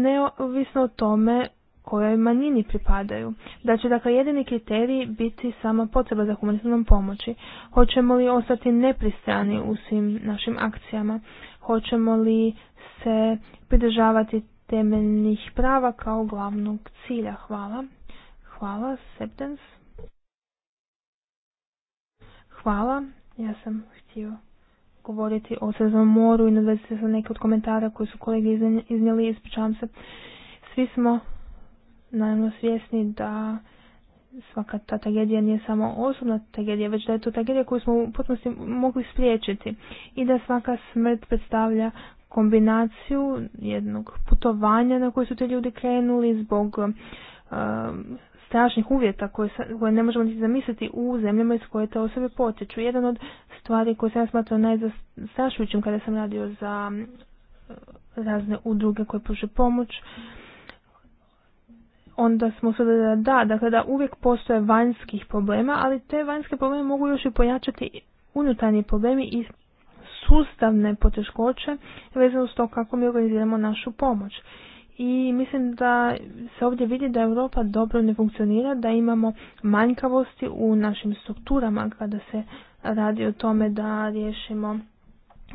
neovisno o tome kojoj manjini pripadaju. Da će dakle jedini kriterij biti samo potreba za humanitarnom pomoći. Hoćemo li ostati nepristrani u svim našim akcijama? Hoćemo li se pridržavati temeljnih prava kao glavnog cilja? Hvala. Hvala, Septens. Hvala, ja sam htio govoriti o Sredozemnom moru i nadvesti se neke od komentara koje su kolege iznijeli, ispričavam se. Svi smo naravno svjesni da svaka ta tragedija nije samo osobna tragedija, već da je to tragedija koju smo u potpunosti mogli spriječiti i da svaka smrt predstavlja kombinaciju jednog putovanja na koje su te ljudi krenuli zbog um, strašnih uvjeta koje, koje ne možemo niti zamisliti u zemljama iz koje te osobe potječu. Jedan od stvari koje sam ja smatrao najzastrašujućim kada sam radio za um, razne udruge koje pruže pomoć onda smo sada da da, dakle da uvijek postoje vanjskih problema, ali te vanjske probleme mogu još i pojačati unutarnji problemi i sustavne poteškoće vezano s to kako mi organiziramo našu pomoć. I mislim da se ovdje vidi da Europa dobro ne funkcionira, da imamo manjkavosti u našim strukturama kada se radi o tome da riješimo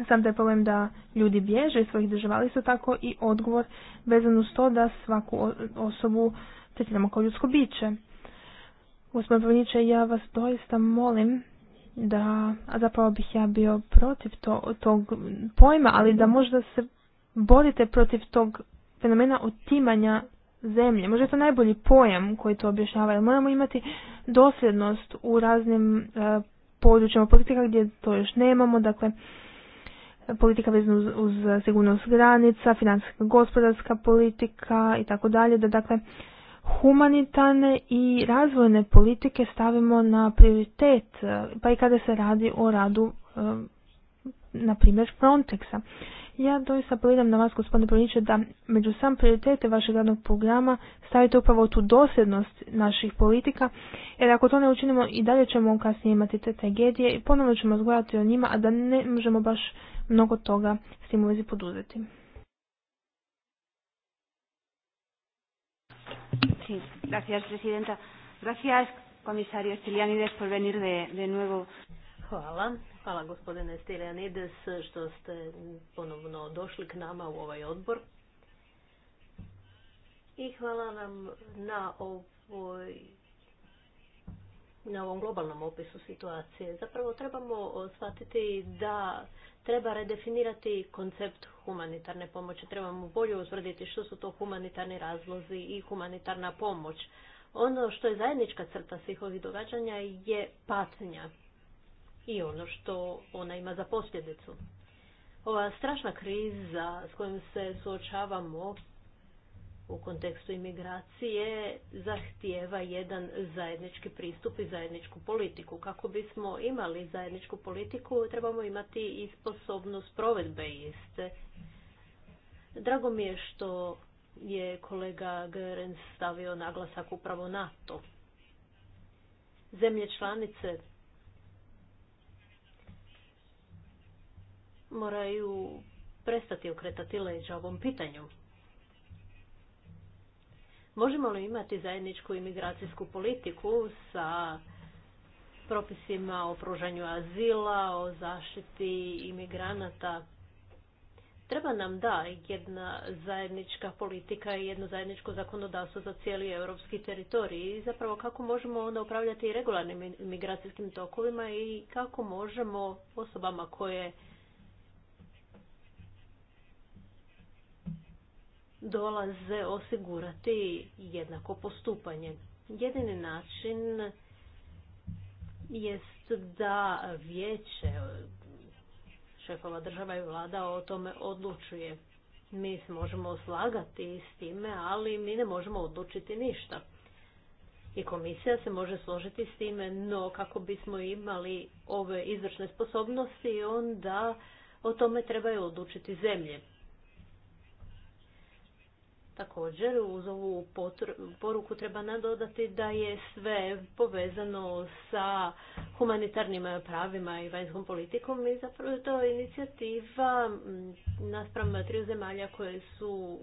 sam taj problem da ljudi bježe iz svojih država, ali isto tako i odgovor vezan uz to da svaku osobu tretiramo kao ljudsko biće. Gospodin Pavniče, ja vas doista molim da, a zapravo bih ja bio protiv to, tog pojma, ali da možda se borite protiv tog fenomena otimanja zemlje. Možda je to najbolji pojam koji to objašnjava, jer moramo imati dosljednost u raznim eh, područjima politika gdje to još nemamo, dakle politika vezana uz, uz sigurnost granica, financijska gospodarska politika i tako dalje, da dakle humanitarne i razvojne politike stavimo na prioritet, eh, pa i kada se radi o radu eh, na primjer Frontexa. Ja doista apeliram na vas, gospodine Proniče, da među sam prioritete vašeg radnog programa stavite upravo tu dosljednost naših politika, jer ako to ne učinimo i dalje ćemo kasnije imati te tragedije i ponovno ćemo razgovarati o njima, a da ne možemo baš mnogo toga s tim u poduzeti. Sí, gracias, presidenta. Gracias, Hvala, Hvala gospodine Stiljanides što ste ponovno došli k nama u ovaj odbor. I hvala nam na ovoj na ovom globalnom opisu situacije. Zapravo trebamo shvatiti da treba redefinirati koncept humanitarne pomoći. Trebamo bolje uzvrditi što su to humanitarni razlozi i humanitarna pomoć. Ono što je zajednička crta svih ovih događanja je patnja i ono što ona ima za posljedicu. Ova strašna kriza s kojom se suočavamo u kontekstu imigracije zahtijeva jedan zajednički pristup i zajedničku politiku. Kako bismo imali zajedničku politiku, trebamo imati i sposobnost provedbe iste. Drago mi je što je kolega Gerens stavio naglasak upravo na to. Zemlje članice moraju prestati okretati leđa ovom pitanju. Možemo li imati zajedničku imigracijsku politiku sa propisima o pružanju azila, o zaštiti imigranata? Treba nam da jedna zajednička politika i jedno zajedničko zakonodavstvo za cijeli europski teritorij i zapravo kako možemo onda upravljati i regularnim imigracijskim tokovima i kako možemo osobama koje dolaze osigurati jednako postupanje. Jedini način jest da vijeće šefova država i vlada o tome odlučuje. Mi se možemo slagati s time, ali mi ne možemo odlučiti ništa. I komisija se može složiti s time, no kako bismo imali ove izvršne sposobnosti, onda o tome trebaju odlučiti zemlje. Također, uz ovu poruku treba nadodati da je sve povezano sa humanitarnim pravima i vanjskom politikom i zapravo je to inicijativa naspram tri zemalja koje su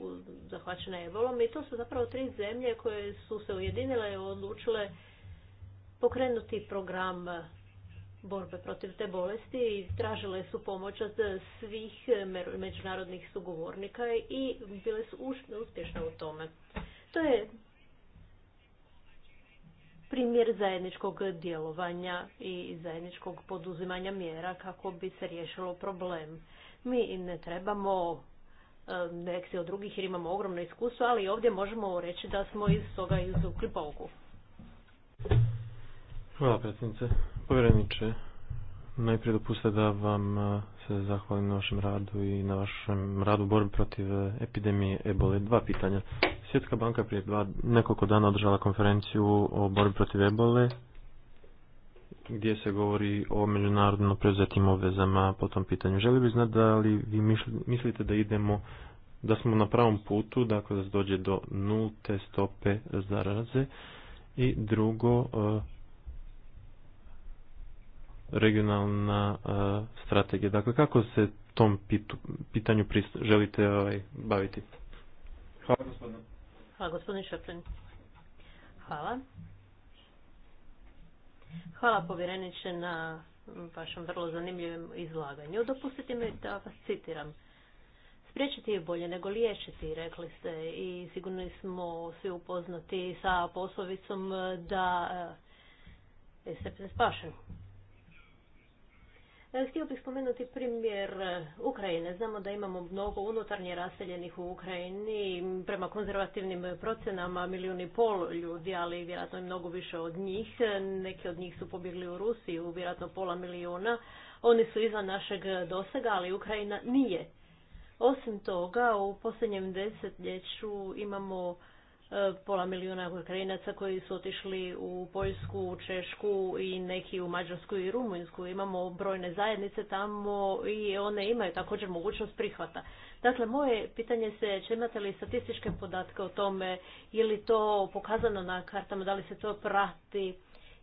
zahvaćene evolom i to su zapravo tri zemlje koje su se ujedinile i odlučile pokrenuti program borbe protiv te bolesti i tražile su pomoć od svih međunarodnih sugovornika i bile su uspješne u tome. To je primjer zajedničkog djelovanja i zajedničkog poduzimanja mjera kako bi se riješilo problem. Mi ne trebamo nek od drugih jer imamo ogromno iskustvo, ali ovdje možemo reći da smo iz toga izvukli pouku. Hvala predsjednice povjereniče, najprije dopustite da vam e, se zahvalim na vašem radu i na vašem radu borbi protiv e, epidemije ebole. Dva pitanja. Svjetska banka prije dva, nekoliko dana održala konferenciju o borbi protiv ebole gdje se govori o međunarodno preuzetim obvezama po tom pitanju. Želio bih znati da li vi mislite da idemo da smo na pravom putu, dakle da se dođe do nulte stope zaraze i drugo e, regionalna strategija. Dakle, kako se tom pitu, pitanju želite ovaj, baviti? Hvala gospodine. Hvala gospodine Šeprin. Hvala. Hvala povjereniče na vašem vrlo zanimljivom izlaganju. Dopustite mi da vas citiram. Spriječiti je bolje nego liječiti, rekli ste, i sigurno smo svi upoznati sa poslovicom da e, e, se spašen. E, htio bih spomenuti primjer e, Ukrajine. Znamo da imamo mnogo unutarnje raseljenih u Ukrajini. Prema konzervativnim procenama milijun i pol ljudi, ali vjerojatno i mnogo više od njih. E, neki od njih su pobjegli u Rusiju, vjerojatno pola milijuna. Oni su izvan našeg dosega, ali Ukrajina nije. Osim toga, u posljednjem desetljeću imamo E, pola milijuna Ukrajinaca koji su otišli u Poljsku, Češku i neki u Mađarsku i Rumunjsku. Imamo brojne zajednice tamo i one imaju također mogućnost prihvata. Dakle, moje pitanje se, će imate li statističke podatke o tome, je li to pokazano na kartama, da li se to prati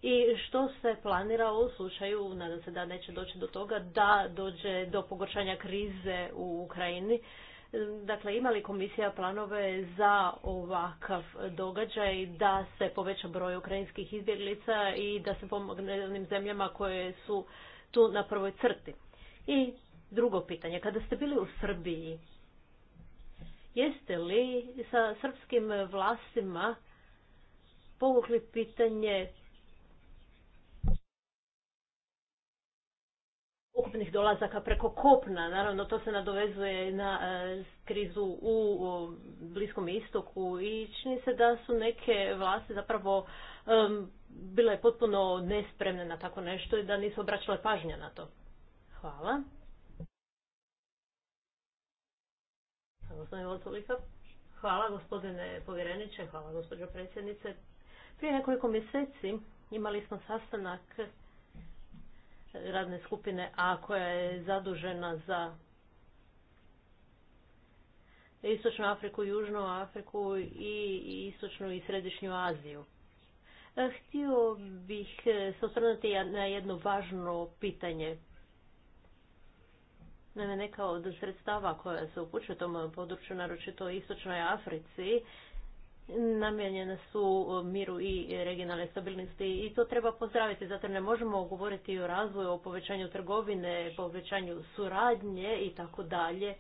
i što se planira u slučaju, nadam se da neće doći do toga, da dođe do pogoršanja krize u Ukrajini, Dakle, ima li komisija planove za ovakav događaj da se poveća broj ukrajinskih izbjeglica i da se pomogne onim zemljama koje su tu na prvoj crti? I drugo pitanje, kada ste bili u Srbiji, jeste li sa srpskim vlastima povukli pitanje ukupnih dolazaka preko kopna. Naravno, to se nadovezuje na e, krizu u Bliskom istoku i čini se da su neke vlasti zapravo bile potpuno nespremne na tako nešto i da nisu obraćale pažnja na to. Hvala. Hvala gospodine povjereniče, hvala gospođo predsjednice. Prije nekoliko mjeseci imali smo sastanak radne skupine A koja je zadužena za Istočnu Afriku, Južnu Afriku i Istočnu i Središnju Aziju. E, htio bih se osvrnuti na jedno važno pitanje. Naime, neka od sredstava koja se upućuje tom području, naročito Istočnoj Africi, namijenjene su e, miru i regionalne stabilnosti i to treba pozdraviti, zato ne možemo govoriti o razvoju, o povećanju trgovine, povećanju suradnje i tako dalje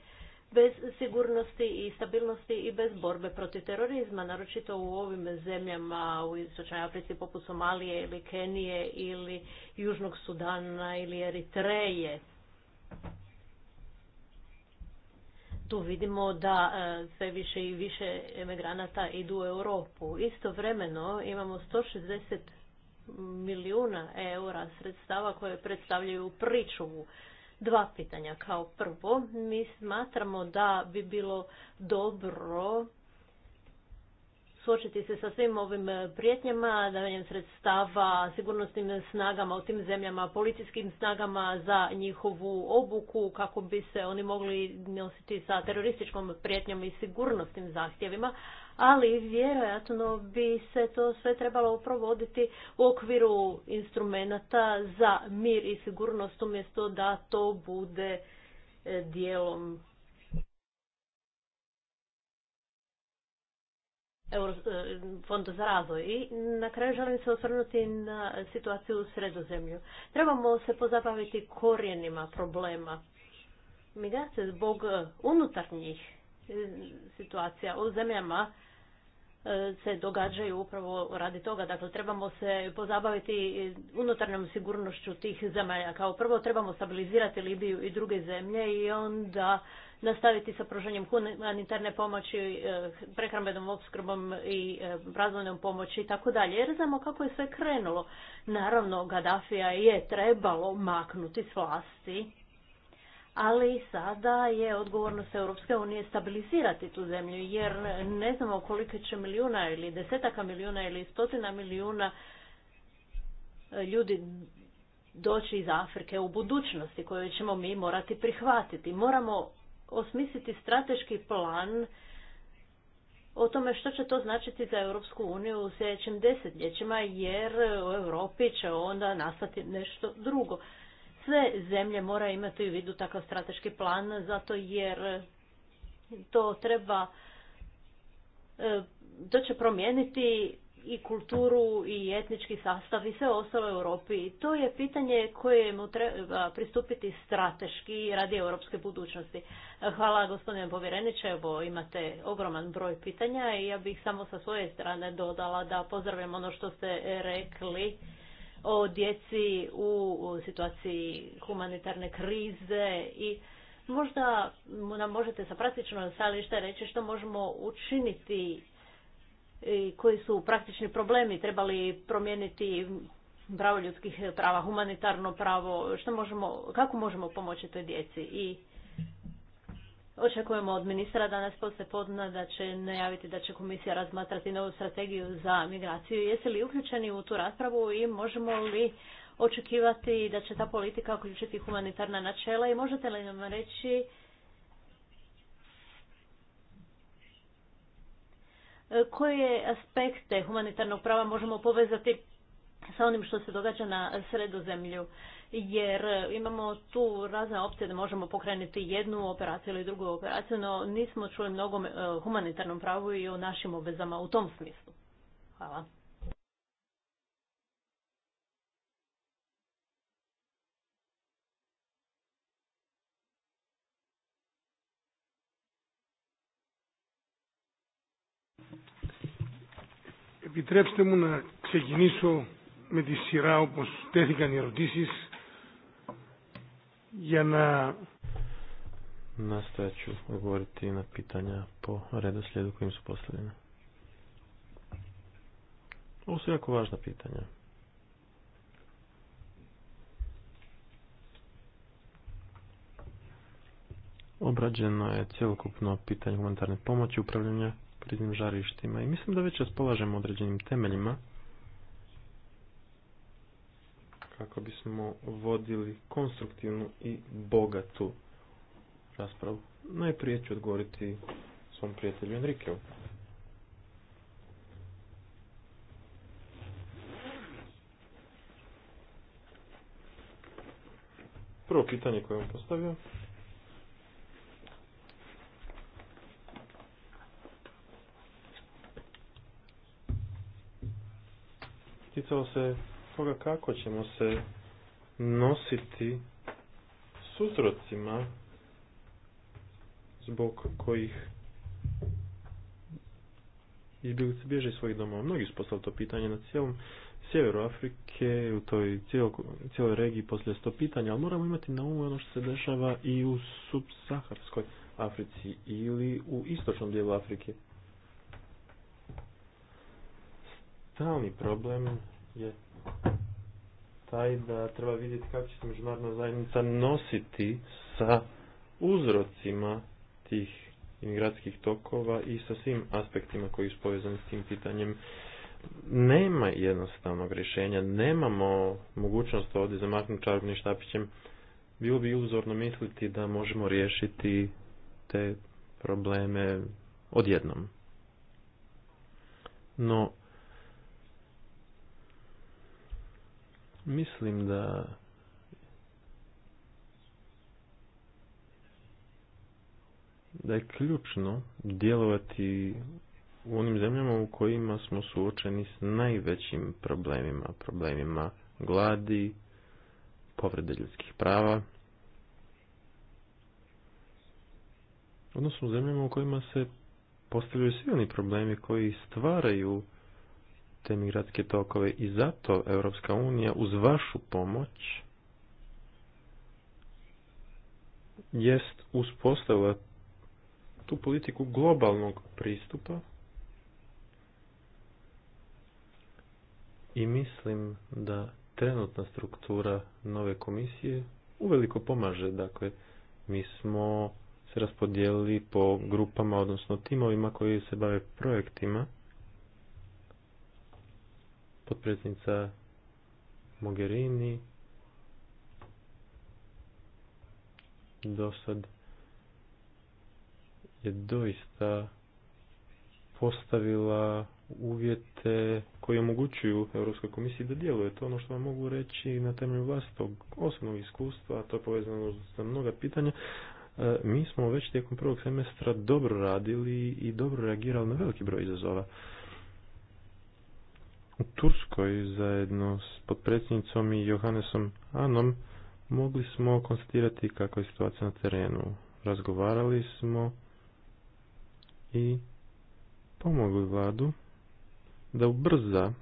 bez sigurnosti i stabilnosti i bez borbe protiv terorizma, naročito u ovim zemljama u Istočnoj Africi poput Somalije ili Kenije ili Južnog Sudana ili Eritreje tu vidimo da e, sve više i više emigranata idu u Europu. Istovremeno imamo 160 milijuna eura sredstava koje predstavljaju pričuvu. Dva pitanja. Kao prvo, mi smatramo da bi bilo dobro suočiti se sa svim ovim e, prijetnjama, davanjem sredstava sigurnosnim snagama u tim zemljama, policijskim snagama za njihovu obuku kako bi se oni mogli nositi sa terorističkom prijetnjom i sigurnosnim zahtjevima, ali vjerojatno bi se to sve trebalo provoditi u okviru instrumenata za mir i sigurnost umjesto da to bude e, dijelom E, fond za razvoj. I na kraju želim se osvrnuti na situaciju u sredozemlju. Trebamo se pozabaviti korijenima problema. se zbog e, unutarnjih e, situacija u zemljama se događaju upravo radi toga. Dakle, trebamo se pozabaviti unutarnjom sigurnošću tih zemalja. Kao prvo trebamo stabilizirati Libiju i druge zemlje i onda nastaviti sa pružanjem humanitarne pomoći, e, prehrambenom opskrbom i e, razvojnom pomoći i tako dalje. Jer znamo kako je sve krenulo. Naravno, Gaddafija je trebalo maknuti s vlasti, ali sada je odgovornost Europske unije stabilizirati tu zemlju, jer ne znamo kolike će milijuna ili desetaka milijuna ili stotina milijuna e, ljudi doći iz Afrike u budućnosti koju ćemo mi morati prihvatiti. Moramo osmisliti strateški plan o tome što će to značiti za Europsku uniju u sljedećim desetljećima, jer u Europi će onda nastati nešto drugo. Sve zemlje mora imati u vidu takav strateški plan, zato jer to treba, e, to će promijeniti i kulturu i etnički sastav i sve ostalo u Europi. to je pitanje koje mu treba pristupiti strateški radi europske budućnosti. Hvala gospodine povjereniče, evo imate ogroman broj pitanja i ja bih samo sa svoje strane dodala da pozdravim ono što ste rekli o djeci u situaciji humanitarne krize i možda nam možete sa praktičnog stajališta reći što možemo učiniti i koji su praktični problemi, trebali promijeniti pravo ljudskih prava, humanitarno pravo, što možemo, kako možemo pomoći toj djeci i Očekujemo od ministra danas posle podna da će najaviti da će komisija razmatrati novu strategiju za migraciju. Jeste li uključeni u tu raspravu i možemo li očekivati da će ta politika uključiti humanitarna načela i možete li nam reći koje aspekte humanitarnog prava možemo povezati sa onim što se događa na sredozemlju. Jer imamo tu razne opcije da možemo pokrenuti jednu operaciju ili drugu operaciju, no nismo čuli mnogo e, humanitarnom pravu i o našim obvezama u tom smislu. Hvala. Επιτρέψτε μου να ξεκινήσω με τη σειρά όπως τέθηκαν οι ερωτήσεις για Nastojat na pitanja po redoslijedu kojim su postavljene. Ovo su jako važna pitanja. Obrađeno je cjelokupno pitanje humanitarne pomoći upravljanja žarištima i mislim da već raspolažemo određenim temeljima kako bismo vodili konstruktivnu i bogatu raspravu. Najprije ću odgovoriti svom prijatelju Enrikeu. Prvo pitanje koje vam postavio ticalo se toga kako ćemo se nositi s zbog kojih izbjeglice bježe iz svojih domova. Mnogi su poslali to pitanje na cijelom sjeveru Afrike, u toj cijelo, cijeloj regiji poslije sto pitanja, ali moramo imati na umu ono što se dešava i u subsaharskoj Africi ili u istočnom dijelu Afrike. stalni problem je taj da treba vidjeti kako će se međunarodna zajednica nositi sa uzrocima tih imigratskih tokova i sa svim aspektima koji su povezani s tim pitanjem. Nema jednostavnog rješenja, nemamo mogućnost ovdje za čarobnim štapićem. Bilo bi uzorno misliti da možemo riješiti te probleme odjednom. No, Mislim da da je ključno djelovati u onim zemljama u kojima smo suočeni s najvećim problemima, problemima gladi, povrede ljudskih prava, odnosno u zemljama u kojima se postavljaju svi oni problemi koji stvaraju te tokove i zato Europska unija uz vašu pomoć jest uspostavila tu politiku globalnog pristupa i mislim da trenutna struktura nove komisije uveliko pomaže. Dakle, mi smo se raspodijelili po grupama, odnosno timovima koji se bave projektima potpredsjednica Mogherini do sad je doista postavila uvjete koji omogućuju Europskoj komisiji da djeluje. To ono što vam mogu reći na temelju vlastitog osobnog iskustva, to je povezano sa mnoga pitanja. E, mi smo već tijekom prvog semestra dobro radili i dobro reagirali na veliki broj izazova u Turskoj zajedno s podpredsjednicom i Johannesom Anom mogli smo konstatirati kakva je situacija na terenu. Razgovarali smo i pomogli vladu da ubrza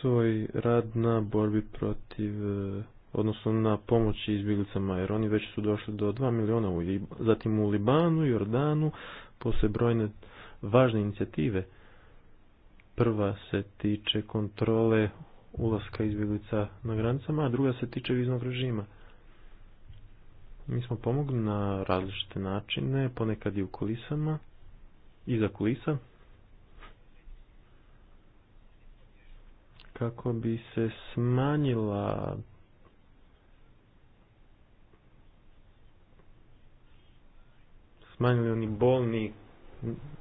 svoj rad na borbi protiv odnosno na pomoći izbjeglicama, jer oni već su došli do 2 miliona, u, zatim u Libanu, Jordanu, postoje brojne važne inicijative. Prva se tiče kontrole ulaska izbjeglica na granicama, a druga se tiče viznog režima. Mi smo pomogli na različite načine, ponekad i u kulisama, iza kulisa, kako bi se smanjila smanjili oni bolni,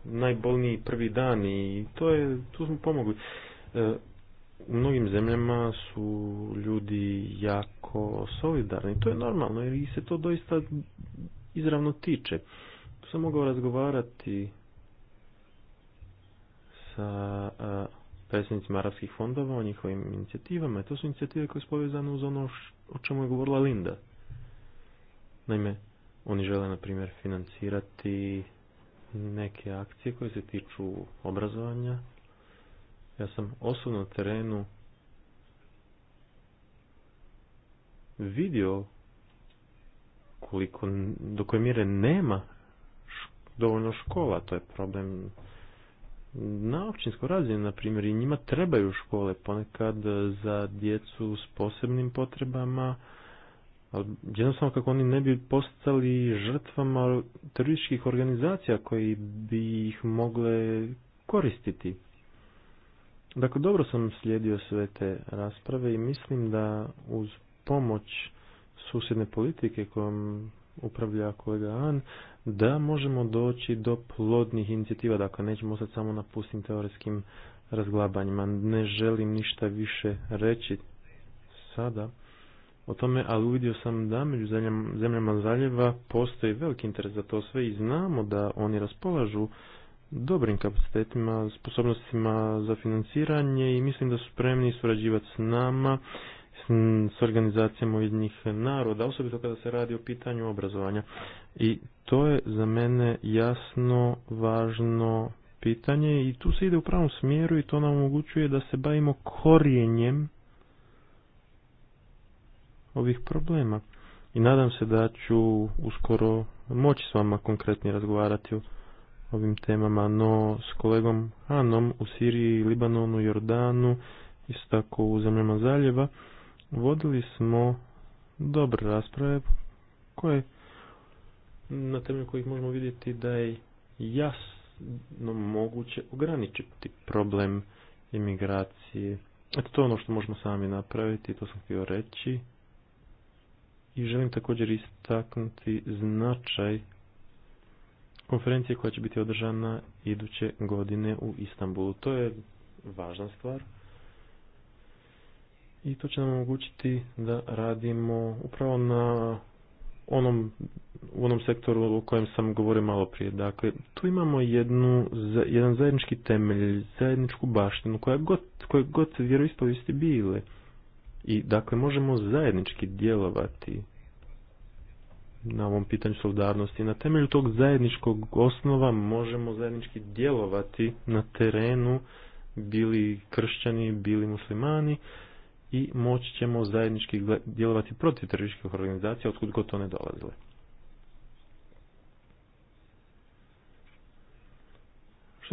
najbolniji prvi dan i to je, tu smo pomogli. E, u mnogim zemljama su ljudi jako solidarni. To je normalno jer ih se to doista izravno tiče. Tu sam mogao razgovarati sa e, predsjednicima arapskih fondova, o njihovim inicijativama. I to su inicijative koje su povezane uz ono o čemu je govorila Linda. Naime, oni žele, na primjer, financirati neke akcije koje se tiču obrazovanja. Ja sam osobno na terenu vidio koliko, do koje mjere nema dovoljno škola, to je problem na općinskoj razini, na primjer, i njima trebaju škole ponekad za djecu s posebnim potrebama, jednostavno kako oni ne bi postali žrtvama terorističkih organizacija koji bi ih mogle koristiti. Dakle, dobro sam slijedio sve te rasprave i mislim da uz pomoć susjedne politike kojom upravlja kolega An, da možemo doći do plodnih inicijativa. Dakle, nećemo sad samo na pustim teoretskim razglabanjima. Ne želim ništa više reći sada o tome, ali uvidio sam da među zemljama zaljeva postoji veliki interes za to sve i znamo da oni raspolažu dobrim kapacitetima, sposobnostima za financiranje i mislim da su spremni surađivati s nama, s organizacijama jednih naroda, osobito kada se radi o pitanju obrazovanja. I to je za mene jasno, važno pitanje i tu se ide u pravom smjeru i to nam omogućuje da se bavimo korijenjem ovih problema. I nadam se da ću uskoro moći s vama konkretnije razgovarati o ovim temama, no s kolegom Hanom u Siriji, Libanonu, Jordanu, isto tako u zemljama zaljeva, vodili smo dobre rasprave koje na temelju kojih možemo vidjeti da je jasno moguće ograničiti problem imigracije. to je ono što možemo sami napraviti, to sam htio reći i želim također istaknuti značaj konferencije koja će biti održana iduće godine u Istanbulu. To je važna stvar i to će nam omogućiti da radimo upravo na onom, u onom sektoru o kojem sam govorio malo prije. Dakle, tu imamo jednu, jedan zajednički temelj, zajedničku baštinu, koja god, koje god vjeroispovijesti bile. I dakle možemo zajednički djelovati na ovom pitanju solidarnosti. Na temelju tog zajedničkog osnova možemo zajednički djelovati na terenu, bili kršćani, bili muslimani i moći ćemo zajednički djelovati protiv terorističkih organizacija otkud god ne dolazile.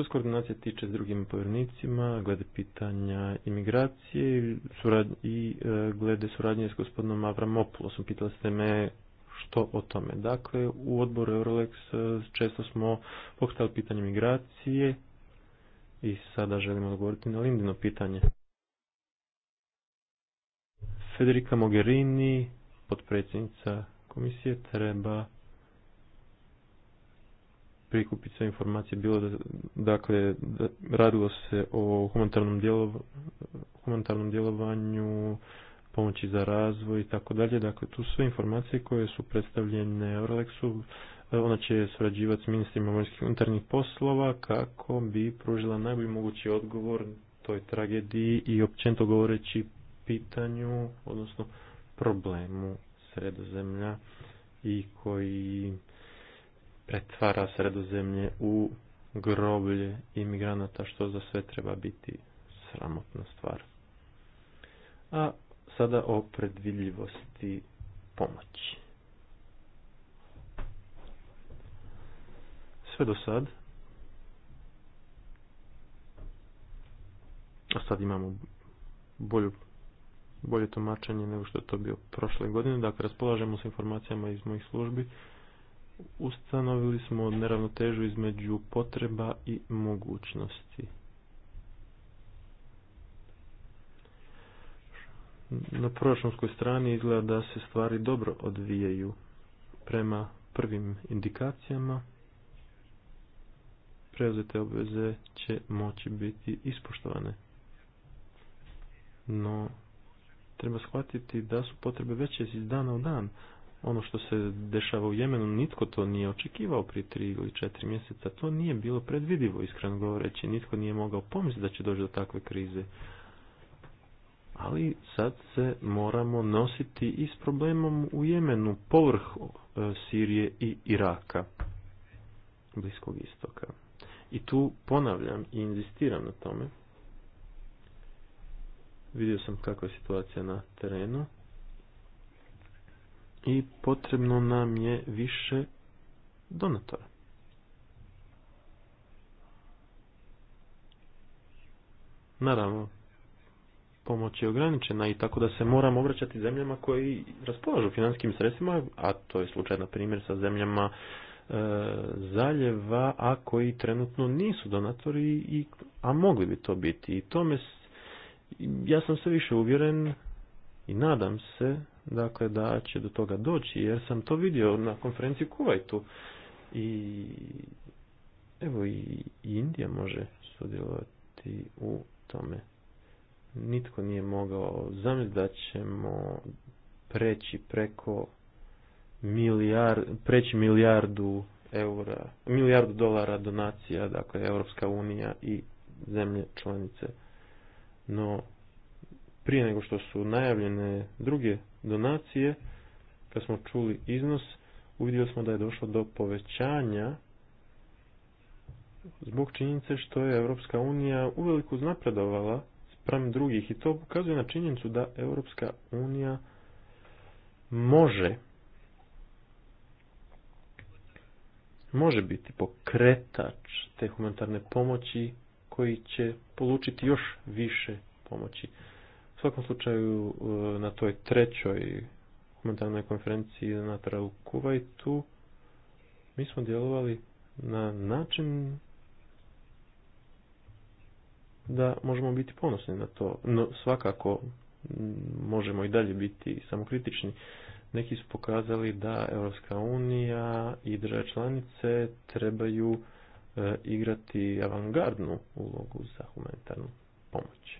Što se koordinacije tiče s drugim povjernicima, glede pitanja imigracije i e, glede suradnje s gospodinom Avramopulosom, pitali ste me što o tome. Dakle, u odboru Eurolex e, često smo pokretali pitanje migracije i sada želimo odgovoriti na Lindino pitanje. Federica Mogherini, potpredsjednica komisije, treba prikupiti sve informacije bilo da, dakle radilo se o humanitarnom djelovanju, djelovanju pomoći za razvoj i tako dalje. Dakle, tu su informacije koje su predstavljene Eurolexu. E, ona će surađivati s ministrima vanjskih unutarnjih poslova kako bi pružila najbolji mogući odgovor toj tragediji i općenito govoreći pitanju, odnosno problemu sredozemlja i koji pretvara sredozemlje u groblje imigranata, što za sve treba biti sramotna stvar. A sada o predvidljivosti pomoći. Sve do sad. A sad imamo bolju bolje tumačenje nego što je to bio prošle godine. Dakle, raspolažemo s informacijama iz mojih službi ustanovili smo neravnotežu između potreba i mogućnosti. Na proračunskoj strani izgleda da se stvari dobro odvijaju prema prvim indikacijama. Preuzete obveze će moći biti ispoštovane. No, treba shvatiti da su potrebe veće iz dana u dan, ono što se dešava u Jemenu, nitko to nije očekivao prije tri ili četiri mjeseca, to nije bilo predvidivo, iskreno govoreći, nitko nije mogao pomisliti da će doći do takve krize. Ali sad se moramo nositi i s problemom u Jemenu, povrh e, Sirije i Iraka, Bliskog istoka. I tu ponavljam i inzistiram na tome. Vidio sam kakva je situacija na terenu i potrebno nam je više donatora. Naravno, pomoć je ograničena i tako da se moramo obraćati zemljama koji raspolažu financijskim sredstvima, a to je slučaj na primjer sa zemljama e, zaljeva, a koji trenutno nisu donatori, i, a mogli bi to biti. I tome, ja sam sve više uvjeren i nadam se dakle da će do toga doći jer sam to vidio na konferenciji u Kuvajtu i evo i Indija može sudjelovati u tome. Nitko nije mogao zamisliti da ćemo preći preko preći milijardu eura, milijardu dolara donacija, dakle Europska unija i zemlje članice. No, prije nego što su najavljene druge donacije, kad smo čuli iznos, uvidjeli smo da je došlo do povećanja zbog činjenice što je Europska unija uveliko znapredovala spram drugih i to ukazuje na činjenicu da Europska unija može može biti pokretač te humanitarne pomoći koji će polučiti još više pomoći. U svakom slučaju e, na toj trećoj humanitarnoj konferenciji na u Kuvajtu mi smo djelovali na način da možemo biti ponosni na to. No svakako možemo i dalje biti samokritični. Neki su pokazali da Europska unija i države članice trebaju e, igrati avangardnu ulogu za humanitarnu pomoć.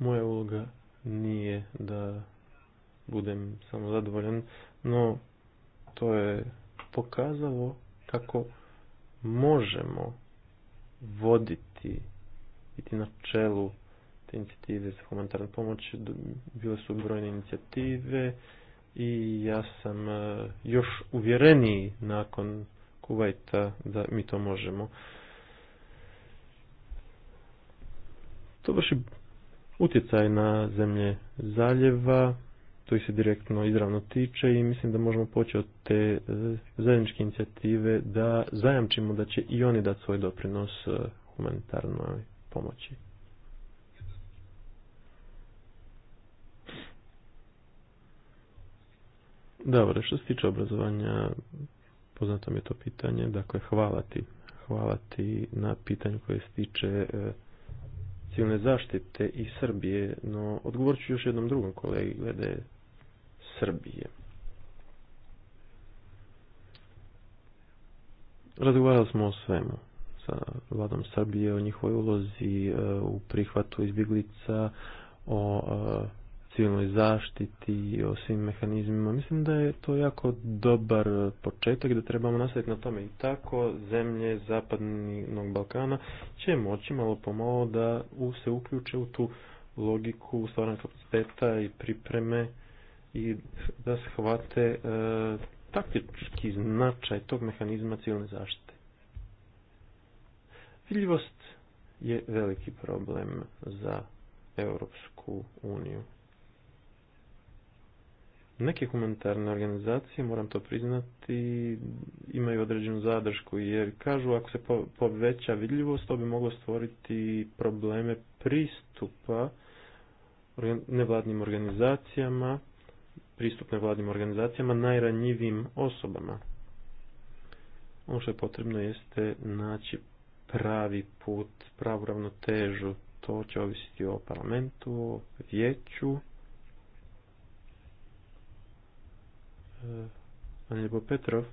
Moja uloga nije da budem samo zadovoljan, no to je pokazalo kako možemo voditi biti na čelu te inicijative za humanitarnu pomoć. Bile su brojne inicijative i ja sam e, još uvjereniji nakon Kuvajta da mi to možemo. To baš utjecaj na zemlje zaljeva, to ih se direktno izravno tiče i mislim da možemo poći od te e, zajedničke inicijative da zajamčimo da će i oni dati svoj doprinos e, humanitarnoj pomoći. Dobro, što se tiče obrazovanja, poznato mi je to pitanje, dakle hvala ti, hvala ti na pitanju koje se tiče e, civilne zaštite i Srbije, no odgovorit ću još jednom drugom kolegi glede Srbije. Razgovarali smo o svemu sa vladom Srbije, o njihovoj ulozi e, u prihvatu izbjeglica, o e, civilnoj zaštiti i o svim mehanizmima. Mislim da je to jako dobar početak da trebamo nastaviti na tome i tako zemlje Zapadnog Balkana će moći malo pomalo da se uključe u tu logiku stvarnog kapaciteta i pripreme i da shvate e, taktički značaj tog mehanizma civilne zaštite. Vidljivost je veliki problem za Europsku uniju. Neke humanitarne organizacije, moram to priznati, imaju određenu zadršku jer kažu ako se poveća vidljivost to bi moglo stvoriti probleme pristupa nevladnim organizacijama, pristup nevladnim organizacijama najranjivim osobama. Ono što je potrebno jeste naći pravi put, pravu ravnotežu. To će ovisiti o parlamentu, o vijeću E, alibo Petrov,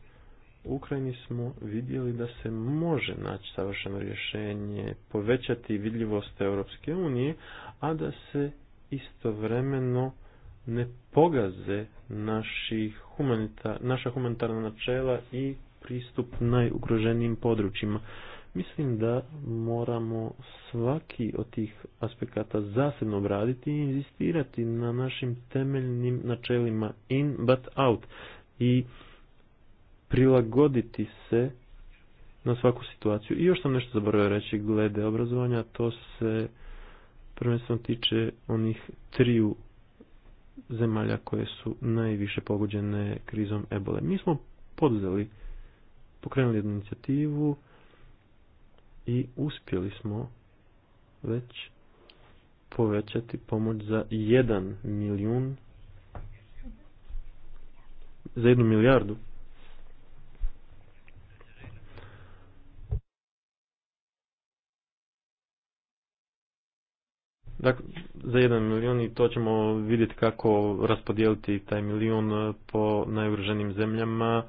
u Ukrajini smo vidjeli da se može naći savršeno rješenje, povećati vidljivost Europske unije, a da se istovremeno ne pogaze naši humanita naša humanitarna načela i pristup najugroženijim područjima. Mislim da moramo svaki od tih aspekata zasebno obraditi i inzistirati na našim temeljnim načelima in but out i prilagoditi se na svaku situaciju. I još sam nešto zaboravio reći glede obrazovanja, to se prvenstveno tiče onih triju zemalja koje su najviše pogođene krizom ebole. Mi smo poduzeli, pokrenuli jednu inicijativu i uspjeli smo već povećati pomoć za jedan milijun za jednu milijardu. Dakle, za jedan milijun i to ćemo vidjeti kako raspodijeliti taj milijun eh, po najugroženim zemljama.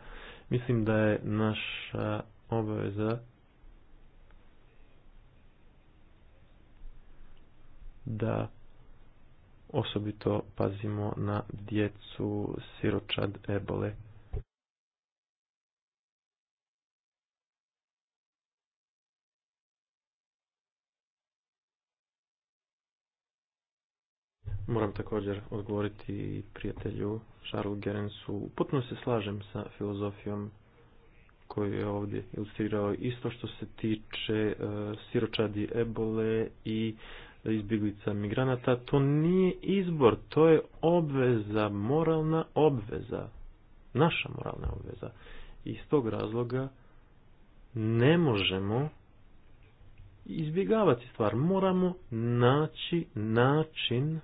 Mislim da je naša obaveza da osobito pazimo na djecu siročad ebole. Moram također odgovoriti prijatelju Charlesu Gerensu. Potpuno se slažem sa filozofijom koju je ovdje ilustrirao. Isto što se tiče e, siročadi ebole i izbjeglica migranata, to nije izbor, to je obveza, moralna obveza, naša moralna obveza. Iz tog razloga ne možemo izbjegavati stvar, moramo naći način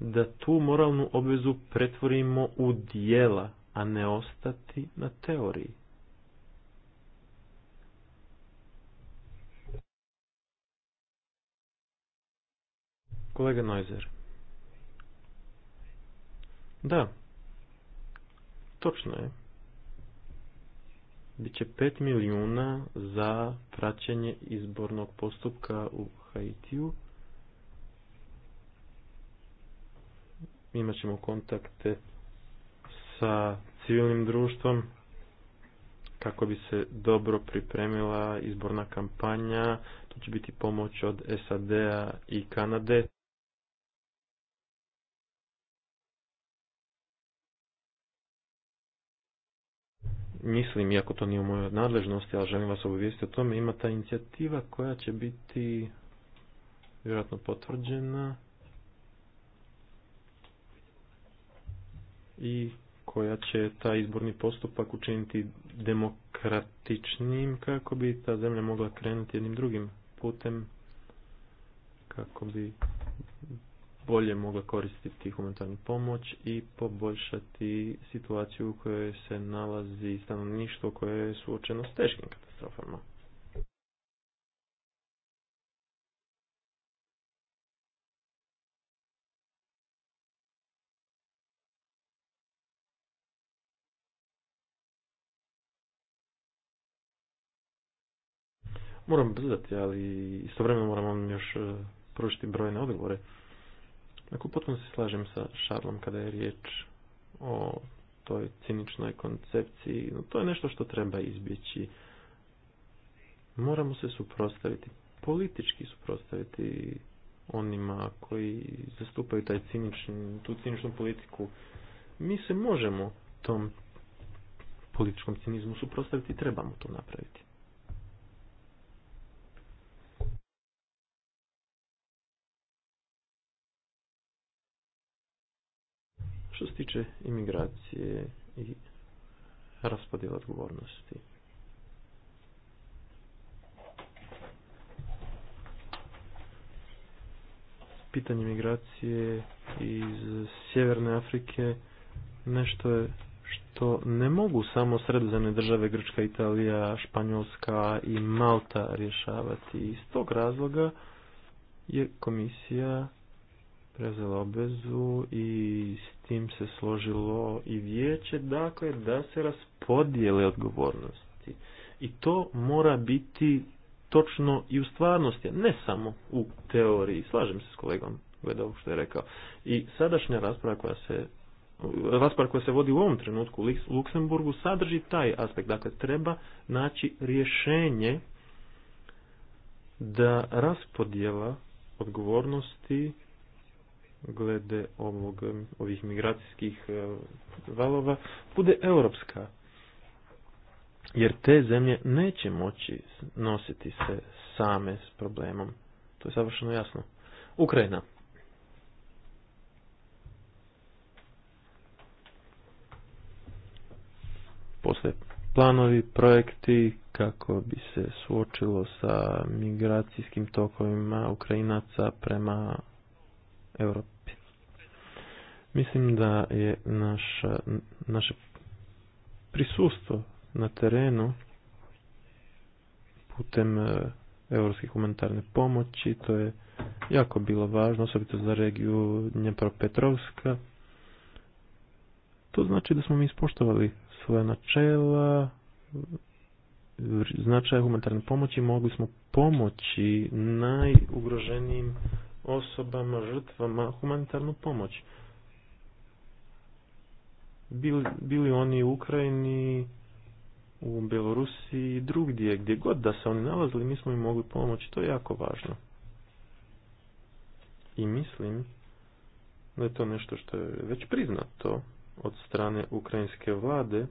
da tu moralnu obvezu pretvorimo u dijela, a ne ostati na teoriji. Kolega Neuser. Da. Točno je. Biće 5 milijuna za praćenje izbornog postupka u Haitiju. Imat ćemo kontakte sa civilnim društvom kako bi se dobro pripremila izborna kampanja. To će biti pomoć od SAD-a i Kanade. mislim, iako to nije u mojoj nadležnosti, ali želim vas obavijestiti o tome, ima ta inicijativa koja će biti vjerojatno potvrđena i koja će taj izborni postupak učiniti demokratičnim kako bi ta zemlja mogla krenuti jednim drugim putem kako bi bolje mogla koristiti humanitarnu pomoć i poboljšati situaciju u kojoj se nalazi stanovništvo koje je suočeno s teškim katastrofama. Moram brzati, ali istovremeno moram vam još eh, pružiti brojne odgovore. Dakle, potpuno se slažem sa Šarlom kada je riječ o toj ciničnoj koncepciji. No, to je nešto što treba izbjeći. Moramo se suprostaviti, politički suprostaviti onima koji zastupaju taj cinični, tu ciničnu politiku. Mi se možemo tom političkom cinizmu suprostaviti i trebamo to napraviti. Što se tiče imigracije i raspodjela odgovornosti. Pitanje migracije iz Sjeverne Afrike nešto je što ne mogu samo sredozemne države Grčka, Italija, Španjolska i Malta rješavati. Iz tog razloga je komisija prezela obvezu i s tim se složilo i vijeće, dakle da se raspodijele odgovornosti. I to mora biti točno i u stvarnosti, ne samo u teoriji. Slažem se s kolegom gleda što je rekao. I sadašnja rasprava koja se rasprava koja se vodi u ovom trenutku u Luksemburgu sadrži taj aspekt. Dakle, treba naći rješenje da raspodjela odgovornosti glede ovog, ovih migracijskih e, valova bude europska. Jer te zemlje neće moći nositi se same s problemom. To je savršeno jasno. Ukrajina. Postoje planovi, projekti kako bi se suočilo sa migracijskim tokovima Ukrajinaca prema Europi. Mislim da je naša, naše prisustvo na terenu putem e, europske humanitarne pomoći, to je jako bilo važno, osobito za regiju Dnjepropetrovska. To znači da smo mi ispoštovali svoje načela, značaj humanitarne pomoći, mogli smo pomoći najugroženijim osobama, žrtvama, humanitarnu pomoć. Bili, bili oni u Ukrajini, u Belorusiji i drugdje, gdje god da se oni nalazili, mi smo im mogli pomoći, to je jako važno. I mislim da je to nešto što je već priznato od strane ukrajinske vlade,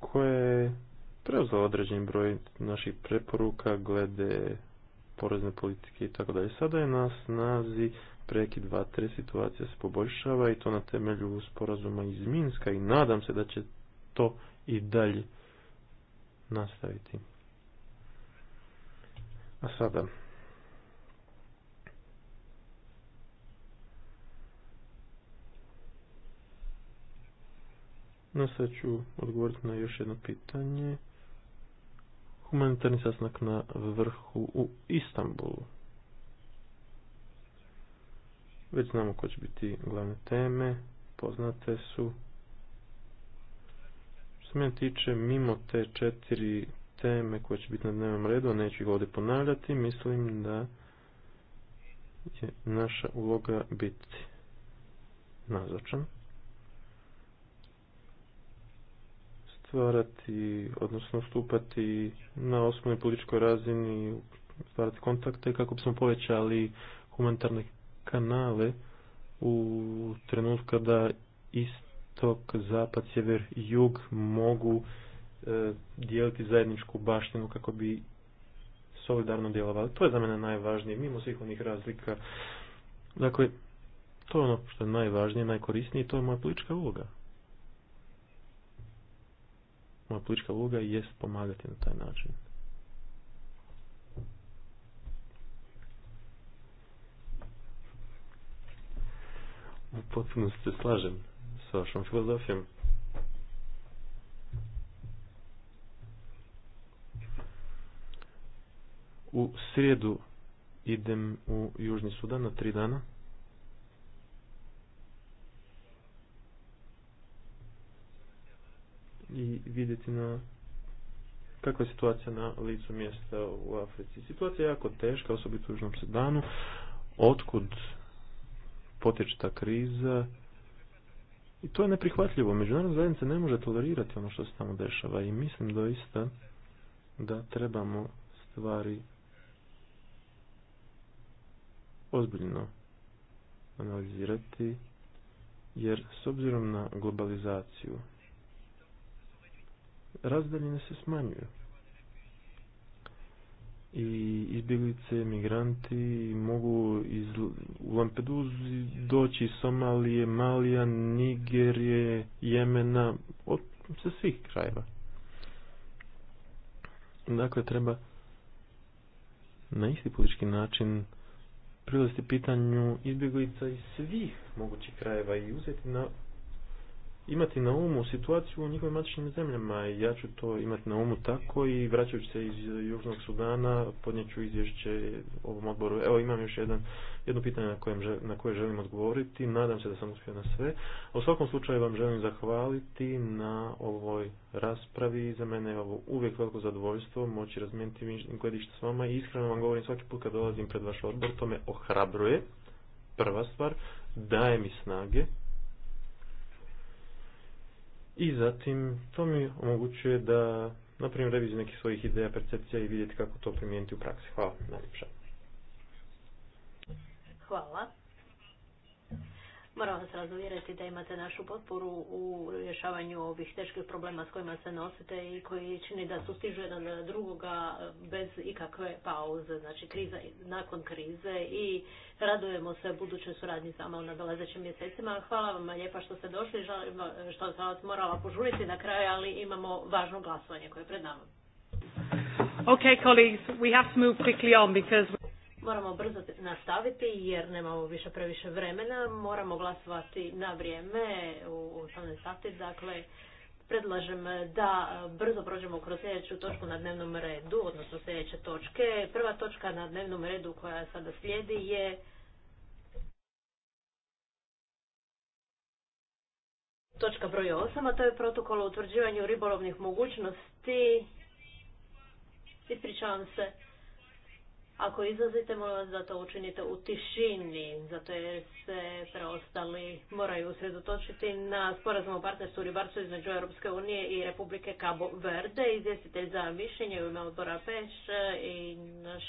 koje je preuzela određen broj naših preporuka glede porezne politike i tako dalje. Sada je na snazi prekid vatre, situacija se poboljšava i to na temelju sporazuma iz Minska i nadam se da će to i dalje nastaviti. A sada, ću odgovoriti na još jedno pitanje humanitarni sastanak na vrhu u Istanbulu. Već znamo ko će biti glavne teme, poznate su. Što se mene tiče, mimo te četiri teme koje će biti na dnevnom redu, a neću ih ovdje ponavljati, mislim da će naša uloga biti nazočan. stvarati, odnosno stupati na osnovnoj političkoj razini, stvarati kontakte kako bismo povećali humanitarne kanale u trenutku kada istok, zapad, sjever i jug mogu e, dijeliti zajedničku baštinu kako bi solidarno djelovali. To je za mene najvažnije, mimo svih onih razlika. Dakle, to je ono što je najvažnije, najkorisnije i to je moja politička uloga moja politička uloga jest pomagati na taj način. U potpunosti se slažem sa vašom filozofijom. U srijedu idem u Južni Sudan na tri dana. i vidjeti na kakva je situacija na licu mjesta u Africi. Situacija je jako teška, osobito u Južnom Sudanu. Otkud potječe ta kriza? I to je neprihvatljivo. Međunarodna zajednica ne može tolerirati ono što se tamo dešava i mislim doista da trebamo stvari ozbiljno analizirati jer s obzirom na globalizaciju razdaljine se smanjuju. I izbjeglice, migranti mogu iz Lampeduzi doći iz Somalije, Malija, Nigerije, Jemena, od, sa svih krajeva. Dakle, treba na isti politički način prilaziti pitanju izbjeglica iz svih mogućih krajeva i uzeti na imati na umu situaciju u njihovim matičnim zemljama i ja ću to imati na umu tako i vraćajući se iz Južnog Sudana podnijeću izvješće ovom odboru. Evo imam još jedan, jedno pitanje na, kojem, na koje želim odgovoriti. Nadam se da sam uspio na sve. U svakom slučaju vam želim zahvaliti na ovoj raspravi. Za mene je ovo uvijek veliko zadovoljstvo moći razmijeniti gledište s vama i iskreno vam govorim svaki put kad dolazim pred vaš odbor. To me ohrabruje. Prva stvar, daje mi snage i zatim to mi omogućuje da napravim reviziju nekih svojih ideja, percepcija i vidjeti kako to primijeniti u praksi. Hvala najljepša. Hvala. Moram vas razuvjeriti da imate našu potporu u rješavanju ovih teških problema s kojima se nosite i koji čini da sustižu jedan drugoga bez ikakve pauze, znači kriza nakon krize i radujemo se budućoj suradnji s vama u nadalazećim mjesecima. Hvala vam lijepa što ste došli, što sam vas morala požuriti na kraju, ali imamo važno glasovanje koje je pred nama. Okay, colleagues, we have to move quickly on because Moramo brzo nastaviti jer nemamo više previše vremena. Moramo glasovati na vrijeme u 18 sati. Dakle, predlažem da brzo prođemo kroz sljedeću točku na dnevnom redu, odnosno sljedeće točke. Prva točka na dnevnom redu koja sada slijedi je točka broj 8, a to je protokol o utvrđivanju ribolovnih mogućnosti. Ispričavam se. Ako izlazite, molim vas da to učinite u tišini, zato jer se preostali moraju usredotočiti na sporazum o partnerstvu u ribarstvu između Europske unije i Republike Cabo Verde. Izvjestitelj za mišljenje u ime odbora Peš e, i naš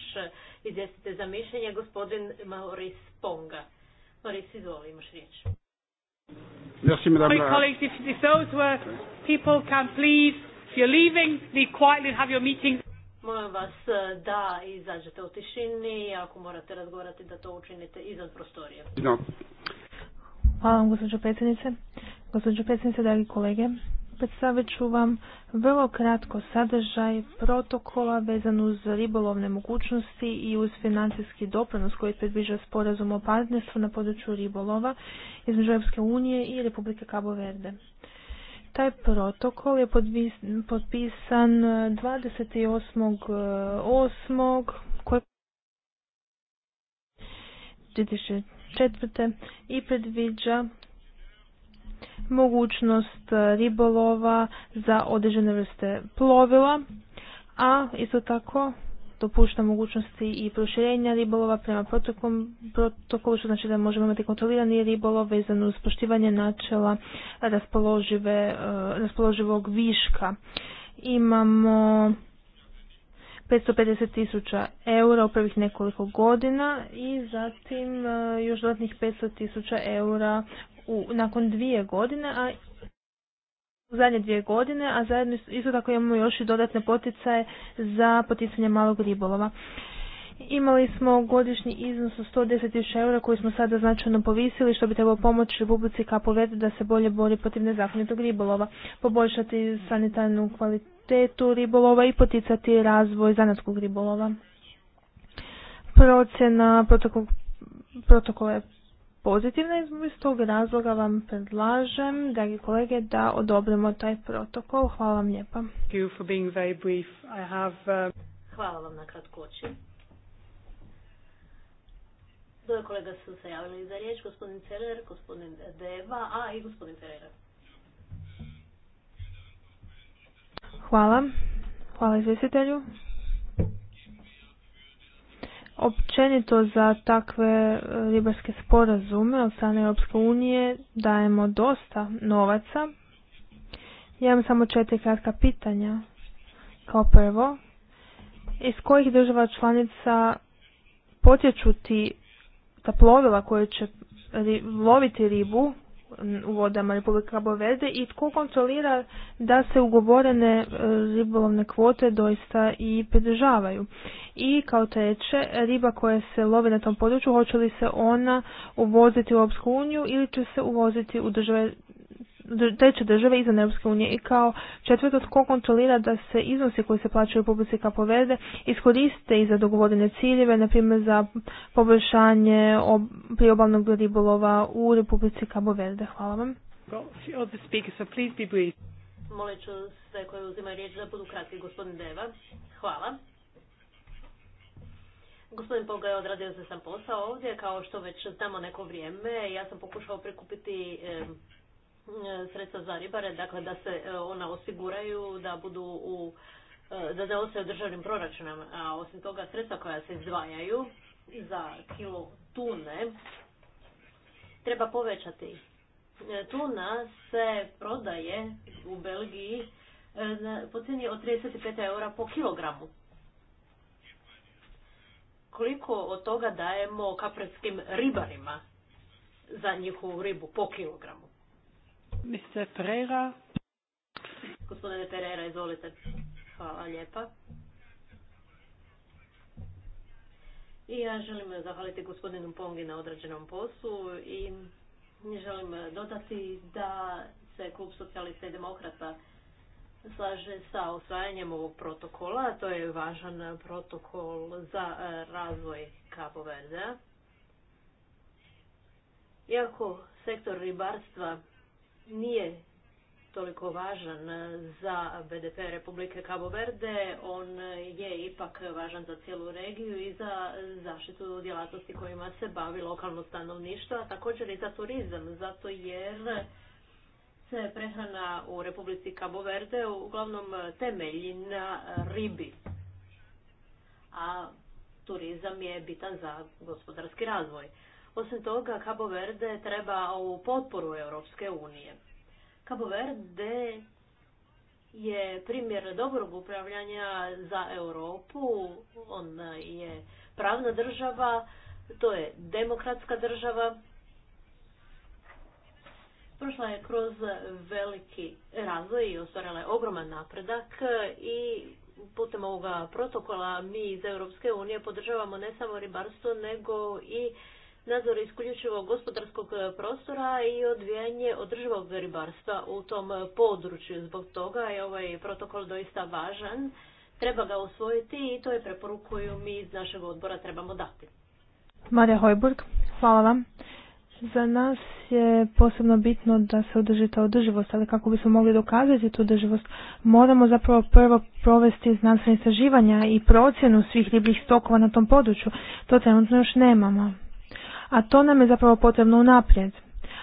izvjestitelj za mišljenje, gospodin Maurice Ponga. Maurice, izvoli, imaš riječ. Merci, madame. My colleagues, if, if those were people can please, if you're leaving, be quiet and have your meetings. Molim vas e, da izađete u tišini, ako morate razgovarati da to učinite izvan prostorije. No. Hvala vam, gospođo predsjednice. Gospođo predsjednice, dragi kolege, predstavit ću vam vrlo kratko sadržaj protokola vezan uz ribolovne mogućnosti i uz financijski doprinos koji predviđa sporazum o partnerstvu na području ribolova između Europske unije i Republike Cabo Verde. Taj protokol je potpisan 28.8. Eh, 2004. Eh, i predviđa mogućnost eh, ribolova za određene vrste plovila, a isto tako dopušta mogućnosti i proširenja ribolova prema protokom, protokolu, što znači da možemo imati kontrolirani ribolov vezan uz poštivanje načela e, raspoloživog viška. Imamo 550 tisuća eura u prvih nekoliko godina i zatim e, još dodatnih 500 tisuća eura nakon dvije godine, a u zadnje dvije godine, a zajedno isto tako imamo još i dodatne poticaje za poticanje malog ribolova. Imali smo godišnji iznos od 110.000 eura koji smo sada značajno povisili što bi trebalo pomoći Republici povedu da se bolje bori protiv nezakonitog ribolova, poboljšati sanitarnu kvalitetu ribolova i poticati razvoj zanatskog ribolova. Procjena protokola je pozitivna i iz tog razloga vam predlažem, dragi kolege, da odobrimo taj protokol. Hvala vam lijepa. Uh, Hvala vam na kratkoći. Dvoje kolega su se javili za riječ, gospodin Celer, gospodin Deva, a i gospodin Ferreira. Hvala. Hvala izvjestitelju. Općenito za takve e, ribarske sporazume od strane Europske unije dajemo dosta novaca. Ja imam samo četiri kratka pitanja. Kao prvo, iz kojih država članica potječu ti ta plovila koje će loviti ribu u vodama Republike Cabo i tko kontrolira da se ugovorene e, ribolovne kvote doista i pridržavaju. I kao treće, riba koja se love na tom području, hoće li se ona uvoziti u Opsku uniju ili će se uvoziti u države treće države izvan Europske unije i kao četvrto tko kontrolira da se iznosi koji se plaćaju u Republici Kapo Verde iskoriste i za dogovorene ciljeve, na primjer za poboljšanje priobalnog ribolova u Republici Cabo Verde. Hvala vam. Molit ću sve koje uzimaju riječ da budu kratki, gospodin Deva. Hvala. Gospodin Poga je odradio se sam posao ovdje, kao što već znamo neko vrijeme. Ja sam pokušao prikupiti E, sredstva za ribare, dakle da se e, ona osiguraju da budu u e, da ne ostaju državnim proračunom, a osim toga sredstva koja se izdvajaju za kilo tune treba povećati. Tuna se prodaje u Belgiji po cijeni od 35 eura po kilogramu. Koliko od toga dajemo kapretskim ribarima za njihovu ribu po kilogramu? Mr. Pereira. Gospodine Pereira, izvolite. Hvala lijepa. I ja želim zahvaliti gospodinu Pongi na odrađenom poslu i želim dodati da se klub socijalista i demokrata slaže sa osvajanjem ovog protokola. To je važan protokol za e, razvoj Kapo Iako sektor ribarstva nije toliko važan za BDP Republike Cabo Verde, on je ipak važan za cijelu regiju i za zaštitu djelatnosti kojima se bavi lokalno stanovništvo, a također i za turizam, zato jer se prehrana u Republici Cabo Verde uglavnom temelji na ribi. A turizam je bitan za gospodarski razvoj. Osim toga, Cabo Verde treba u potporu Europske unije. Cabo Verde je primjer dobrog upravljanja za Europu. On je pravna država, to je demokratska država. Prošla je kroz veliki razvoj i ostvarila je ogroman napredak i putem ovoga protokola mi iz Europske unije podržavamo ne samo ribarstvo nego i nadzor isključivog gospodarskog e, prostora i odvijanje održivog ribarstva u tom e, području. Zbog toga je ovaj protokol doista važan, treba ga usvojiti i to je preporukuju mi iz našeg odbora trebamo dati. Marija Hojburg, hvala vam. Za nas je posebno bitno da se održi ta održivost, ali kako bismo mogli dokazati tu održivost, moramo zapravo prvo provesti znanstvene istraživanja i procjenu svih ribljih stokova na tom području. To trenutno još nemamo. A to nam je zapravo potrebno unaprijed.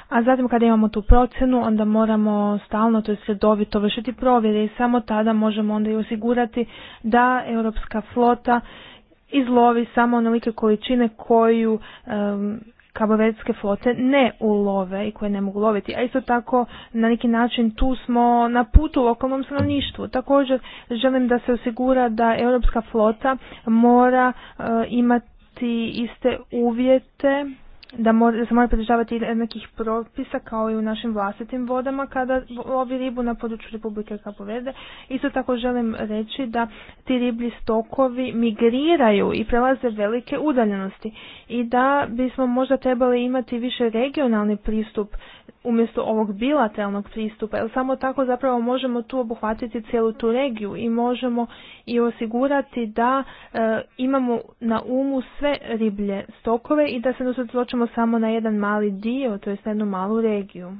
A zatim kada imamo tu procjenu, onda moramo stalno, to je sredovito, vršiti provjere i samo tada možemo onda i osigurati da europska flota izlovi samo onolike količine koju um, flote ne ulove i koje ne mogu loviti. A isto tako na neki način tu smo na putu u lokalnom stanovništvu. Također želim da se osigura da europska flota mora eh, imati i iste uvjete, da, mora, se mora pridržavati jednakih propisa kao i u našim vlastitim vodama kada lovi ribu na području Republike Kapoverde. Isto tako želim reći da ti riblji stokovi migriraju i prelaze velike udaljenosti i da bismo možda trebali imati više regionalni pristup umjesto ovog bilateralnog pristupa, jer samo tako zapravo možemo tu obuhvatiti cijelu tu regiju i možemo i osigurati da e, imamo na umu sve riblje stokove i da se ne samo na jedan mali dio, to jest na jednu malu regiju.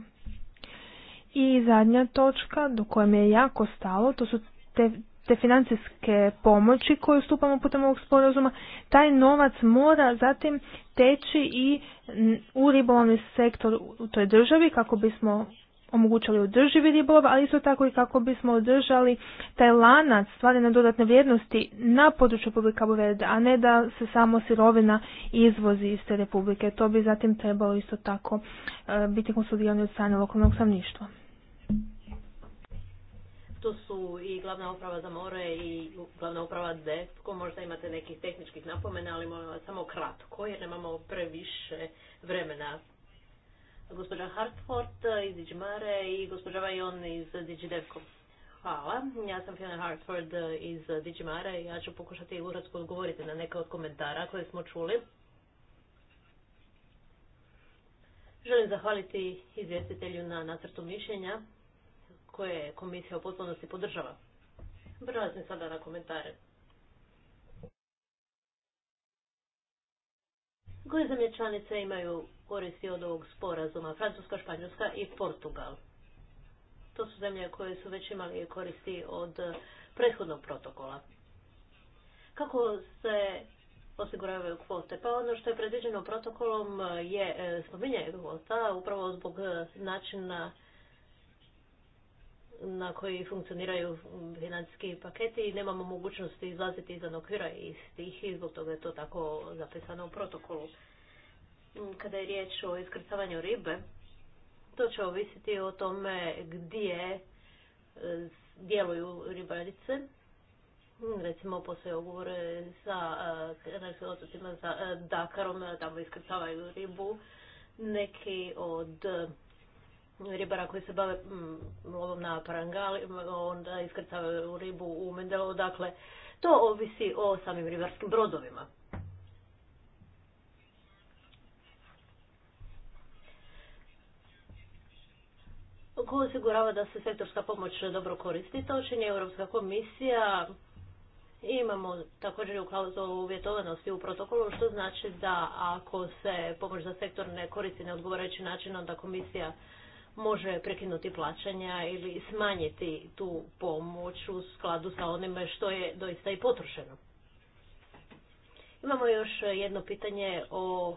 I zadnja točka do koje mi je jako stalo, to su te te financijske pomoći koju stupamo putem ovog sporazuma, taj novac mora zatim teći i u ribolovni sektor u toj državi kako bismo omogućali održivi ribolov, ali isto tako i kako bismo održali taj lanac stvarne dodatne vrijednosti na području Republika Verde, a ne da se samo sirovina izvozi iz te republike. To bi zatim trebalo isto tako e, biti konsultirani od strane lokalnog samništva. To su i glavna uprava za more i glavna uprava DEFCO. Možda imate nekih tehničkih napomena, ali molim samo kratko jer nemamo previše vremena. Gospođa Hartford iz Digimare i gospođa Vajon iz Digidevco. Hvala. Ja sam Fiona Hartford iz Digimare i ja ću pokušati ukratko odgovoriti na neke od komentara koje smo čuli. Želim zahvaliti izvjestitelju na nacrtu mišljenja koje komisija u potpunosti podržava. Prelazim sada na komentare. Koje zemlje članice imaju koristi od ovog sporazuma? Francuska, Španjolska i Portugal. To su zemlje koje su već imali koristi od prethodnog protokola. Kako se osiguravaju kvote? Pa ono što je predviđeno protokolom je e, spominjanje kvota upravo zbog e, načina na koji funkcioniraju financijski paketi i nemamo mogućnosti izlaziti izvan okvira tih i zbog toga je to tako zapisano u protokolu. Mm, Kada je riječ o iskrcavanju ribe, to će ovisiti o tome gdje e, djeluju ribarice. Mm, Recimo, poslije ugovore sa e, kanarskim otocima, sa e, Dakarom, tamo iskrcavaju ribu. Neki od ribara koji se bave mm, lovom na parangali onda iskrcavaju ribu u Mendelo, dakle to ovisi o samim ribarskim brodovima. Ko osigurava da se sektorska pomoć dobro koristi, to čini Europska komisija. Imamo također u klauzulu uvjetovanosti u protokolu, što znači da ako se pomoć za sektor ne koristi na odgovarajući način, onda komisija može prekinuti plaćanja ili smanjiti tu pomoć u skladu sa onime što je doista i potrošeno. Imamo još jedno pitanje o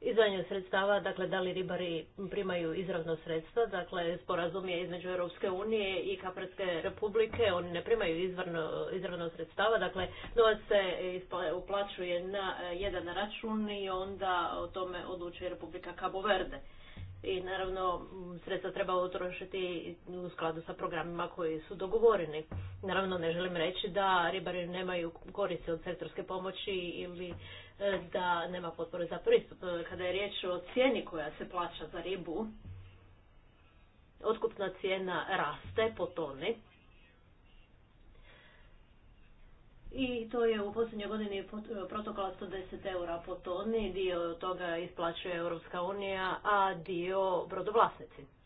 izdanju sredstava, dakle da li ribari primaju izravno sredstva, dakle sporazum je između Europske unije i Kapretske republike, oni ne primaju izvrno, izravno sredstava, dakle novac se uplaćuje na jedan račun i onda o tome odlučuje Republika Cabo Verde. I naravno sredstva treba utrošiti u skladu sa programima koji su dogovoreni. Naravno ne želim reći da ribari nemaju koristi od sektorske pomoći ili da nema potpore za pristup. E, kada je riječ o cijeni koja se plaća za ribu, otkupna cijena raste po toni. I to je u posljednjoj godini protokola 110 eura po toni, dio toga isplaćuje Europska unija, a dio brodovlasnici.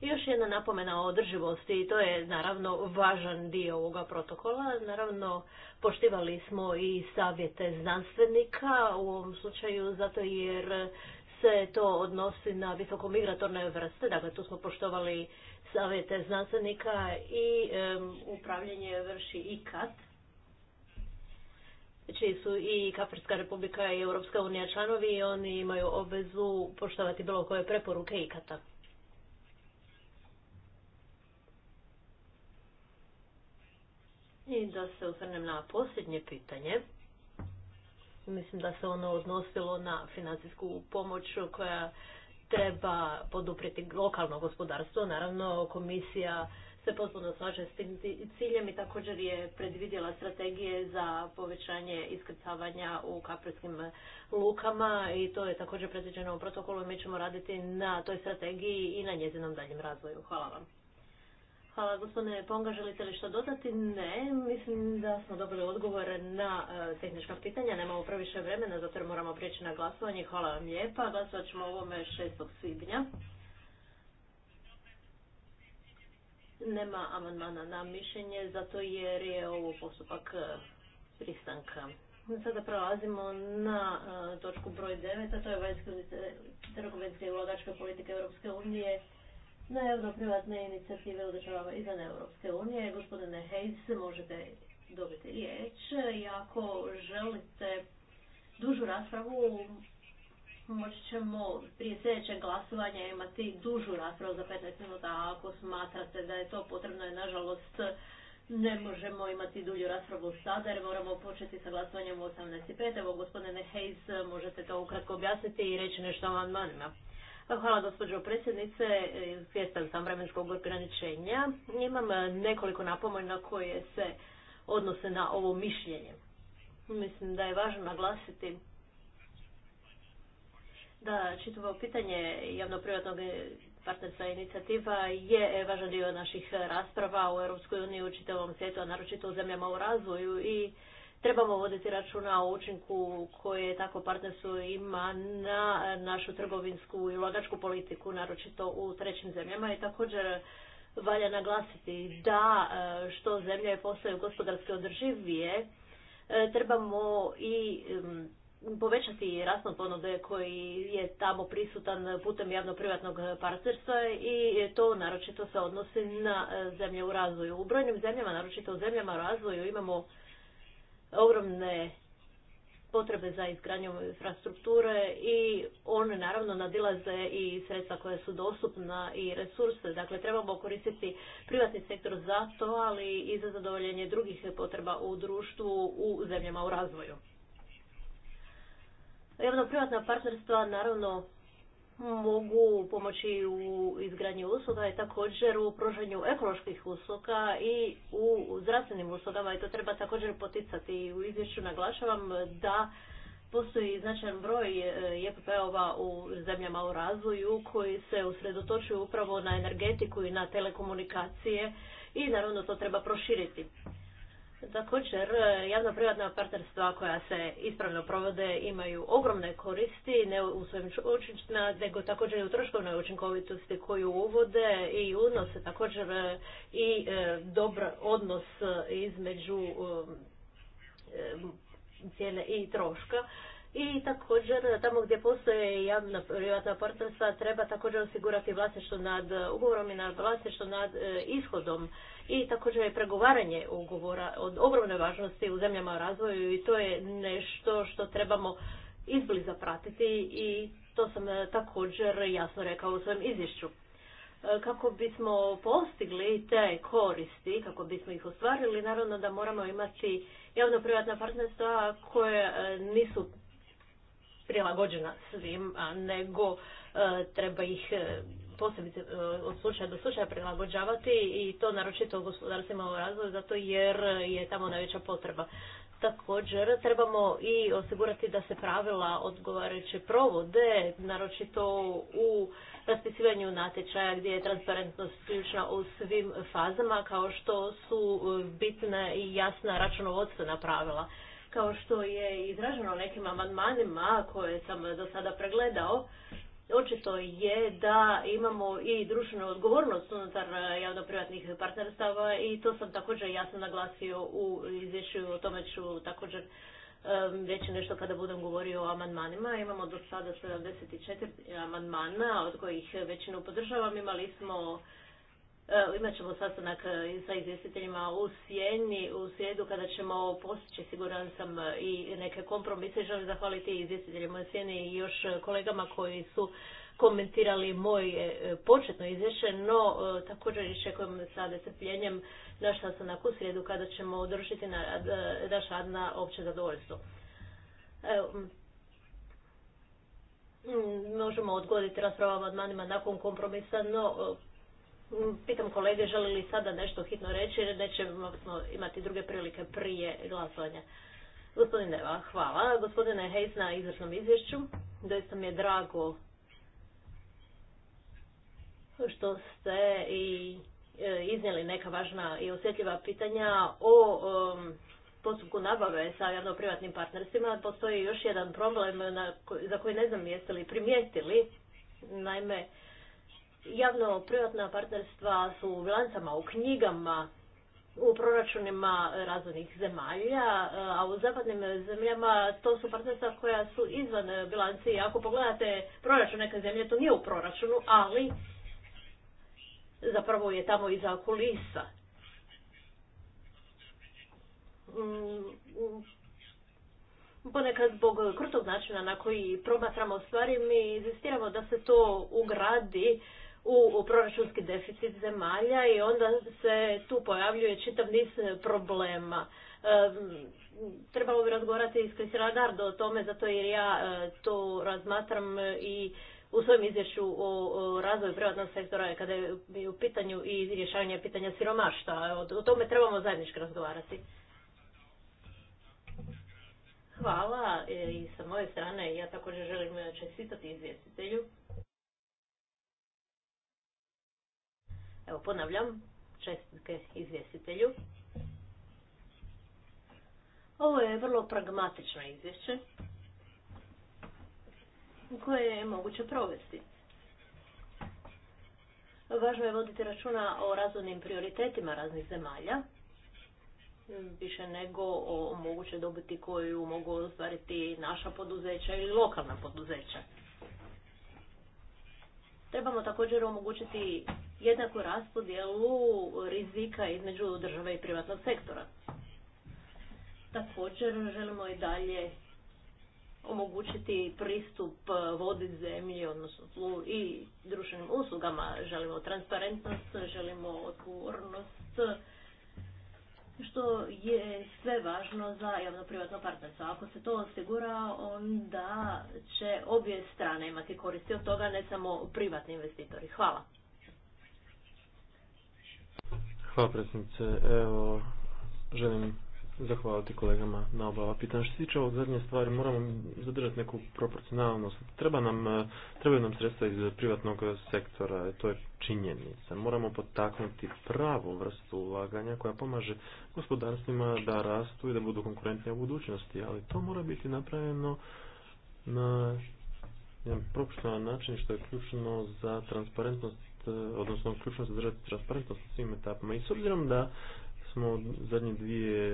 Još jedna napomena o održivosti i to je naravno važan dio ovoga protokola. Naravno poštivali smo i savjete znanstvenika u ovom slučaju zato jer se to odnosi na migratorne vrste, dakle tu smo poštovali savjete znanstvenika i upravljanje vrši ICAT, čiji su i Kaprska republika i Europska unija članovi i oni imaju obvezu poštovati bilo koje preporuke ICAT-a. I da se osvrnem na posljednje pitanje. Mislim da se ono odnosilo na financijsku pomoć koja treba poduprijeti lokalno gospodarstvo. Naravno, komisija se potpuno slaže s tim ciljem i također je predvidjela strategije za povećanje iskrcavanja u kaprskim lukama i to je također predviđeno u protokolu i mi ćemo raditi na toj strategiji i na njezinom daljem razvoju. Hvala vam. Hvala gospodine Ponga, želite li što dodati? Ne, mislim da smo dobili odgovore na e, tehnička pitanja, nemamo previše vremena, zato moramo prijeći na glasovanje. Hvala vam lijepa, glasovat ćemo ovome 6. svibnja. Nema amandmana na mišljenje, zato jer je ovo postupak e, pristanka. Sada prelazimo na e, točku broj 9, a to je vanjske trgovinske i ulagačke politike Europske unije na europrivatne inicijative u državama izvan Europske unije. Gospodine Hayes, možete dobiti riječ. I ako želite dužu raspravu, moći ćemo prije sljedećeg glasovanja imati dužu raspravu za 15 minuta, a ako smatrate da je to potrebno, je nažalost ne možemo imati dulju raspravu sada jer moramo početi sa glasovanjem u 18.5. Evo gospodine Hayes, možete to ukratko objasniti i reći nešto o amandmanima. Pa hvala gospođo predsjednice, svjestan sam vremenskog ograničenja. Imam nekoliko napomena koje se odnose na ovo mišljenje. Mislim da je važno naglasiti da čitavo pitanje javno-privatnog partnerstva inicijativa je e, važan dio naših rasprava u Europskoj uniji, u čitavom svijetu, a naročito u zemljama u razvoju i trebamo voditi računa o učinku koje tako partnerstvo ima na našu trgovinsku i ulagačku politiku, naročito u trećim zemljama i također valja naglasiti da e, što zemlje postaju gospodarske održivije, e, trebamo i povećati rasno ponude koji je tamo prisutan putem javno-privatnog partnerstva i to naročito se odnosi na e, zemlje u razvoju. U brojnim zemljama, naročito u zemljama u razvoju, imamo ogromne potrebe za izgradnjom infrastrukture i one naravno nadilaze i sredstva koja su dostupna i resurse. Dakle, trebamo koristiti privatni sektor za to, ali i za zadovoljenje drugih potreba u društvu u zemljama u razvoju. Javno-privatna partnerstva naravno mogu pomoći u izgradnji usluga i također u pružanju ekoloških usluga i u zdravstvenim uslugama i to treba također poticati. U izvješću naglašavam da postoji značajan broj e, JPP-ova u zemljama u razvoju koji se usredotočuju upravo na energetiku i na telekomunikacije i naravno to treba proširiti. Također, e, javno-privatna partnerstva koja se ispravno provode imaju ogromne koristi, ne u svojim učincima, nego također i u troškovnoj učinkovitosti koju uvode i unose također e, i e, dobar odnos između cijene i troška i također tamo gdje postoje javna privatna partnerstva treba također osigurati vlasništvo nad eh, ugovorom i nad vlasništvo nad eh, ishodom i također je pregovaranje ugovora od ogromne važnosti u zemljama u razvoju i to je nešto što trebamo izbliza pratiti i to sam eh, također jasno rekao u svojem izvješću. Kako bismo postigli te koristi, kako bismo ih ostvarili, naravno da moramo imati javno-privatna partnerstva koje nisu prilagođena svima, nego e, treba ih e, posebice e, od slučaja do slučaja prilagođavati i to naročito u gospodarstvima u razvoju zato jer je tamo najveća potreba. Također trebamo i osigurati da se pravila odgovarajuće provode, naročito u raspisivanju natječaja gdje je transparentnost ključna u svim fazama kao što su bitna i jasna računovodstvena pravila kao što je izraženo nekim amandmanima koje sam do sada pregledao, očito je da imamo i društvenu odgovornost unutar javno partnerstava i to sam također jasno naglasio u izvješću, o tome ću također reći nešto kada budem govorio o amandmanima. Imamo do sada 74 amandmana, od kojih većinu podržavam. Imali smo E, imat ćemo sastanak e, sa izvjestiteljima u Sjeni u srijedu kada ćemo postići siguran sam e, i neke kompromise. Želim zahvaliti izvjestiteljima u Sjeni i još kolegama koji su komentirali moj početno izvješće, no također iščekujem sa nestrpljenjem naš sastanak u srijedu kada ćemo održiti naš rad na opće zadovoljstvo. Evo, možemo odgoditi raspravu o amandmanima nakon kompromisa, no Mm, pitam kolege, želi li sada nešto hitno reći jer nećemo imati druge prilike prije glasovanja. Gospodin Neva, hvala. Gospodine Hejs na izvršnom izvješću. Doista mi je drago što ste i e, iznijeli neka važna i osjetljiva pitanja o um, postupku nabave sa javno-privatnim partnerstvima. Postoji još jedan problem za koji ne znam jeste li primijetili. Naime, Javno-privatna partnerstva su u u knjigama, u proračunima razvojnih zemalja, a u zapadnim zemljama to su partnerstva koja su izvan bilanci. Ako pogledate proračun neke zemlje, to nije u proračunu, ali zapravo je tamo iza kulisa. Mm, ponekad zbog krutog načina na koji promatramo stvari, mi insistiramo da se to ugradi u proračunski deficit zemalja i onda se tu pojavljuje čitav niz problema. trebalo bi razgovarati s Kristina o tome, zato jer ja e, to razmatram i u svojem izvješću o, razvoju privatnog sektora kada je u pitanju i rješavanje pitanja siromašta. O, o tome trebamo zajednički razgovarati. Hvala e, i sa moje strane ja također želim čestitati izvjestitelju. Evo, ponavljam, čestitke izvjestitelju. Ovo je vrlo pragmatično izvješće koje je moguće provesti. Važno je voditi računa o razumnim prioritetima raznih zemalja, više nego o moguće dobiti koju mogu ostvariti naša poduzeća ili lokalna poduzeća. Trebamo također omogućiti jednako raspodjelu rizika između države i privatnog sektora. Također želimo i dalje omogućiti pristup e, vodi, zemlji, odnosno i društvenim uslugama. Želimo transparentnost, želimo odgovornost, što je sve važno za javno-privatno partnerstvo. Ako se to osigura, onda će obje strane imati koristi od toga, ne samo privatni investitori. Hvala. Hvala predsjednice. Evo, želim zahvaliti kolegama na obava pitanja. Što se tiče ovog zadnje stvari, moramo zadržati neku proporcionalnost. Treba nam, e, trebaju nam sredstva iz privatnog sektora, to je činjenica. Moramo potaknuti pravu vrstu ulaganja koja pomaže gospodarstvima da rastu i da budu konkurentni u budućnosti, ali to mora biti napravljeno na jedan proporcionalan način što je ključno za transparentnost E, odnosno ključno se držati transparentnost u svim etapama. I s obzirom da smo zadnje dvije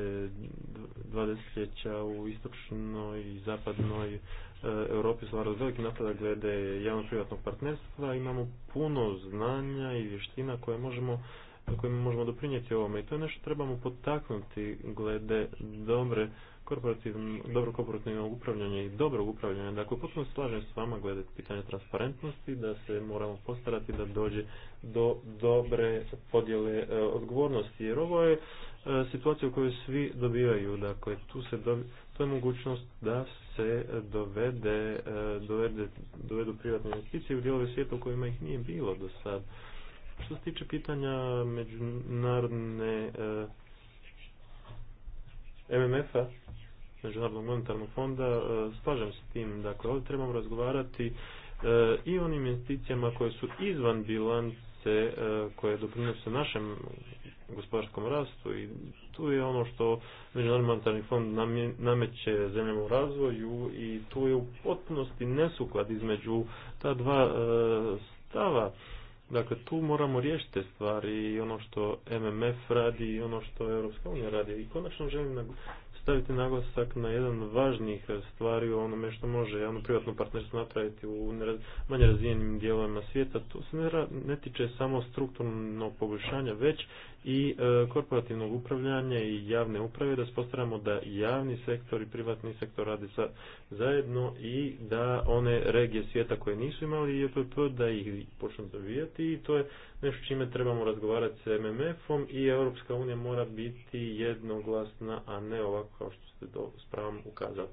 dva u istočnoj i zapadnoj e, Europi stvarali veliki napredak glede javno-privatnog partnerstva. Imamo puno znanja i vještina koje možemo kojima možemo doprinijeti ovome i to je nešto trebamo potaknuti glede dobre korporativno, dobro korporativno upravljanje i dobro upravljanje. Dakle, potpuno slažem s vama glede pitanje transparentnosti, da se moramo postarati da dođe do dobre podjele e, odgovornosti, jer ovo je e, situacija u kojoj svi dobivaju. Dakle, tu se to je mogućnost da se dovede, e, dovede, dovedu privatne investicije u dijelove svijeta u kojima ih nije bilo do sad. Što se tiče pitanja međunarodne e, MMF-a, Međunarodnog monetarnog fonda, e, slažem se s tim. Dakle, ovdje trebamo razgovarati e, i onim investicijama koje su izvan bilance, e, koje doprinose našem gospodarskom rastu i tu je ono što Međunarodni monetarni fond nameće zemljama u razvoju i tu je u potpunosti nesuklad između ta dva stava. Dakle, tu moramo riješiti stvari i ono što MMF radi i ono što Europska unija radi. I konačno želim staviti naglasak na jedan važnih stvari u onome što može javno-privatno partnerstvo napraviti u manje razvijenim dijelovima svijeta. To se ne, ne tiče samo strukturnog poboljšanja, već i e, korporativnog upravljanja i javne uprave da spostaramo da javni sektor i privatni sektor rade sa, zajedno i da one regije svijeta koje nisu imali JPP da ih počnu zavijati i to je nešto čime trebamo razgovarati sa MMF-om i Europska unija mora biti jednoglasna, a ne ovako kao što ste to s pravom ukazali.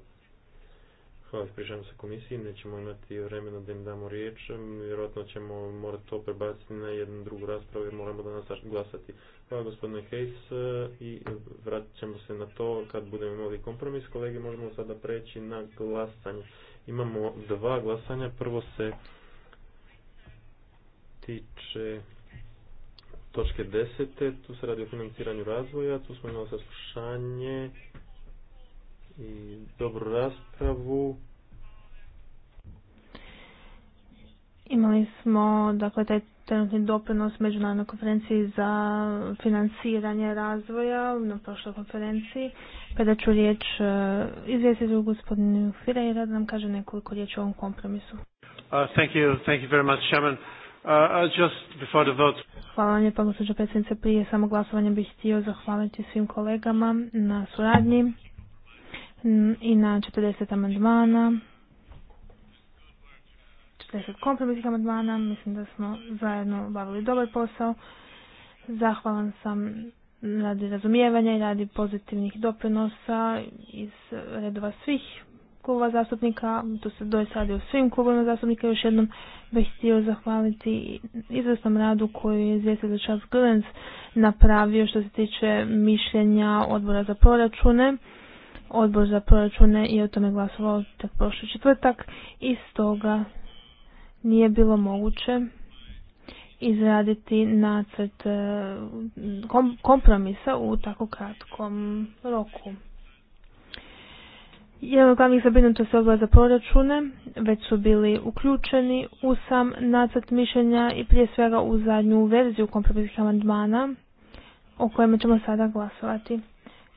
Hvala, ispričavam se komisiji, nećemo imati vremena da im damo riječ, vjerojatno ćemo morati to prebaciti na jednu drugu raspravu jer moramo danas glasati. Hvala gospodine Hejs e, i vratit ćemo se na to kad budemo imali kompromis. Kolege, možemo sada preći na glasanje. Imamo dva glasanja. Prvo se tiče točke desete. Tu se radi o financiranju razvoja. Tu smo imali saslušanje i dobru raspravu. Imali smo dakle taj trenutni doprinos Međunarodnoj konferenciji za financiranje razvoja na prošloj konferenciji. Kada ću riječ e, izvjestitelju gospodinu i da nam kaže nekoliko riječi o ovom kompromisu. Uh, thank Hvala vam lijepa, gospođo predsjednice. Prije samo glasovanja bih htio zahvaliti svim kolegama na suradnji mm, i na 40 amandmana 40 kompromisnih amandmana. Mislim da smo zajedno obavili dobar posao. Zahvalan sam radi razumijevanja i radi pozitivnih doprinosa iz redova svih klubova zastupnika. Tu se doista radi o svim klubovima zastupnika. Još jednom bih htio zahvaliti izvrsnom radu koju je za Charles Gurens napravio što se tiče mišljenja odbora za proračune. Odbor za proračune je o tome glasovao tek prošli četvrtak i stoga nije bilo moguće izraditi nacrt e, kompromisa u tako kratkom roku. Jedan od glavnih se odgleda za proračune već su bili uključeni u sam nacrt mišljenja i prije svega u zadnju verziju kompromisnih amandmana o kojima ćemo sada glasovati.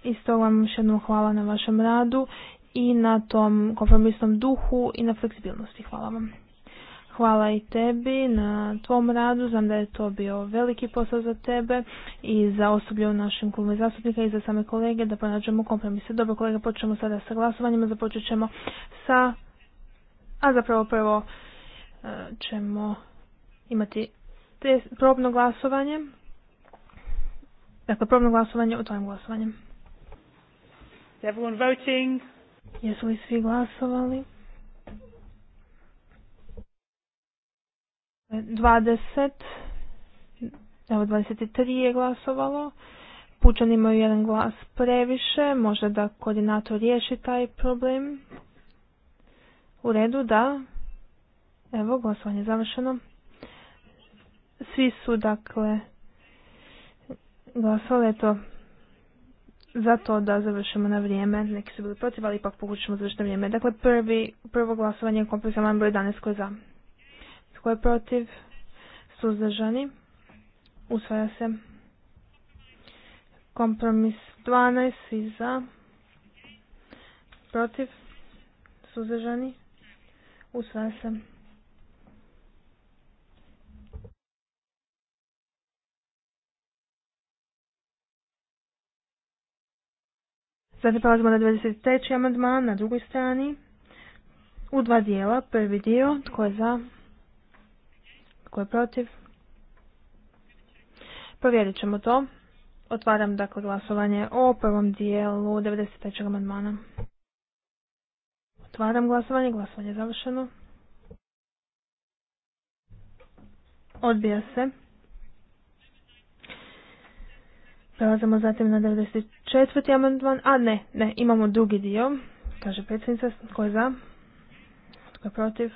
Isto vam još jednom hvala na vašem radu i na tom kompromisnom duhu i na fleksibilnosti. Hvala vam. Hvala i tebi na tvom radu, znam da je to bio veliki posao za tebe i za osoblje u našem klubu zastupnika i za same kolege da pronađemo kompromise. Dobro kolega, počnemo sada sa glasovanjima, započet ćemo sa, a zapravo prvo e, ćemo imati probno glasovanje. Dakle, probno glasovanje o tom glasovanjem. voting? Jesu li svi glasovali? 20, evo 23 je glasovalo. Pučani imaju jedan glas previše, može da koordinator riješi taj problem. U redu, da. Evo, glasovanje je završeno. Svi su, dakle, glasovali, eto, za to da završimo na vrijeme. Neki su bili protiv, ali ipak pokušamo završiti na vrijeme. Dakle, prvi, prvo glasovanje je kompleksan broj 11 koji je za. Tko je protiv? Suzdržani? Usvaja se. Kompromis 12 i za. Protiv? Suzdržani? Usvaja se. Zatim prelazimo na 23. amandman na drugoj strani. U dva dijela. Prvi dio, tko je za, tko je protiv? Provjerit ćemo to. Otvaram dakle glasovanje o prvom dijelu 93. amandmana. Otvaram glasovanje, glasovanje je završeno. Odbija se. Prelazimo zatim na 94. amandman. A ne, ne, imamo drugi dio. Kaže predsjednica, tko je za? Tko je protiv?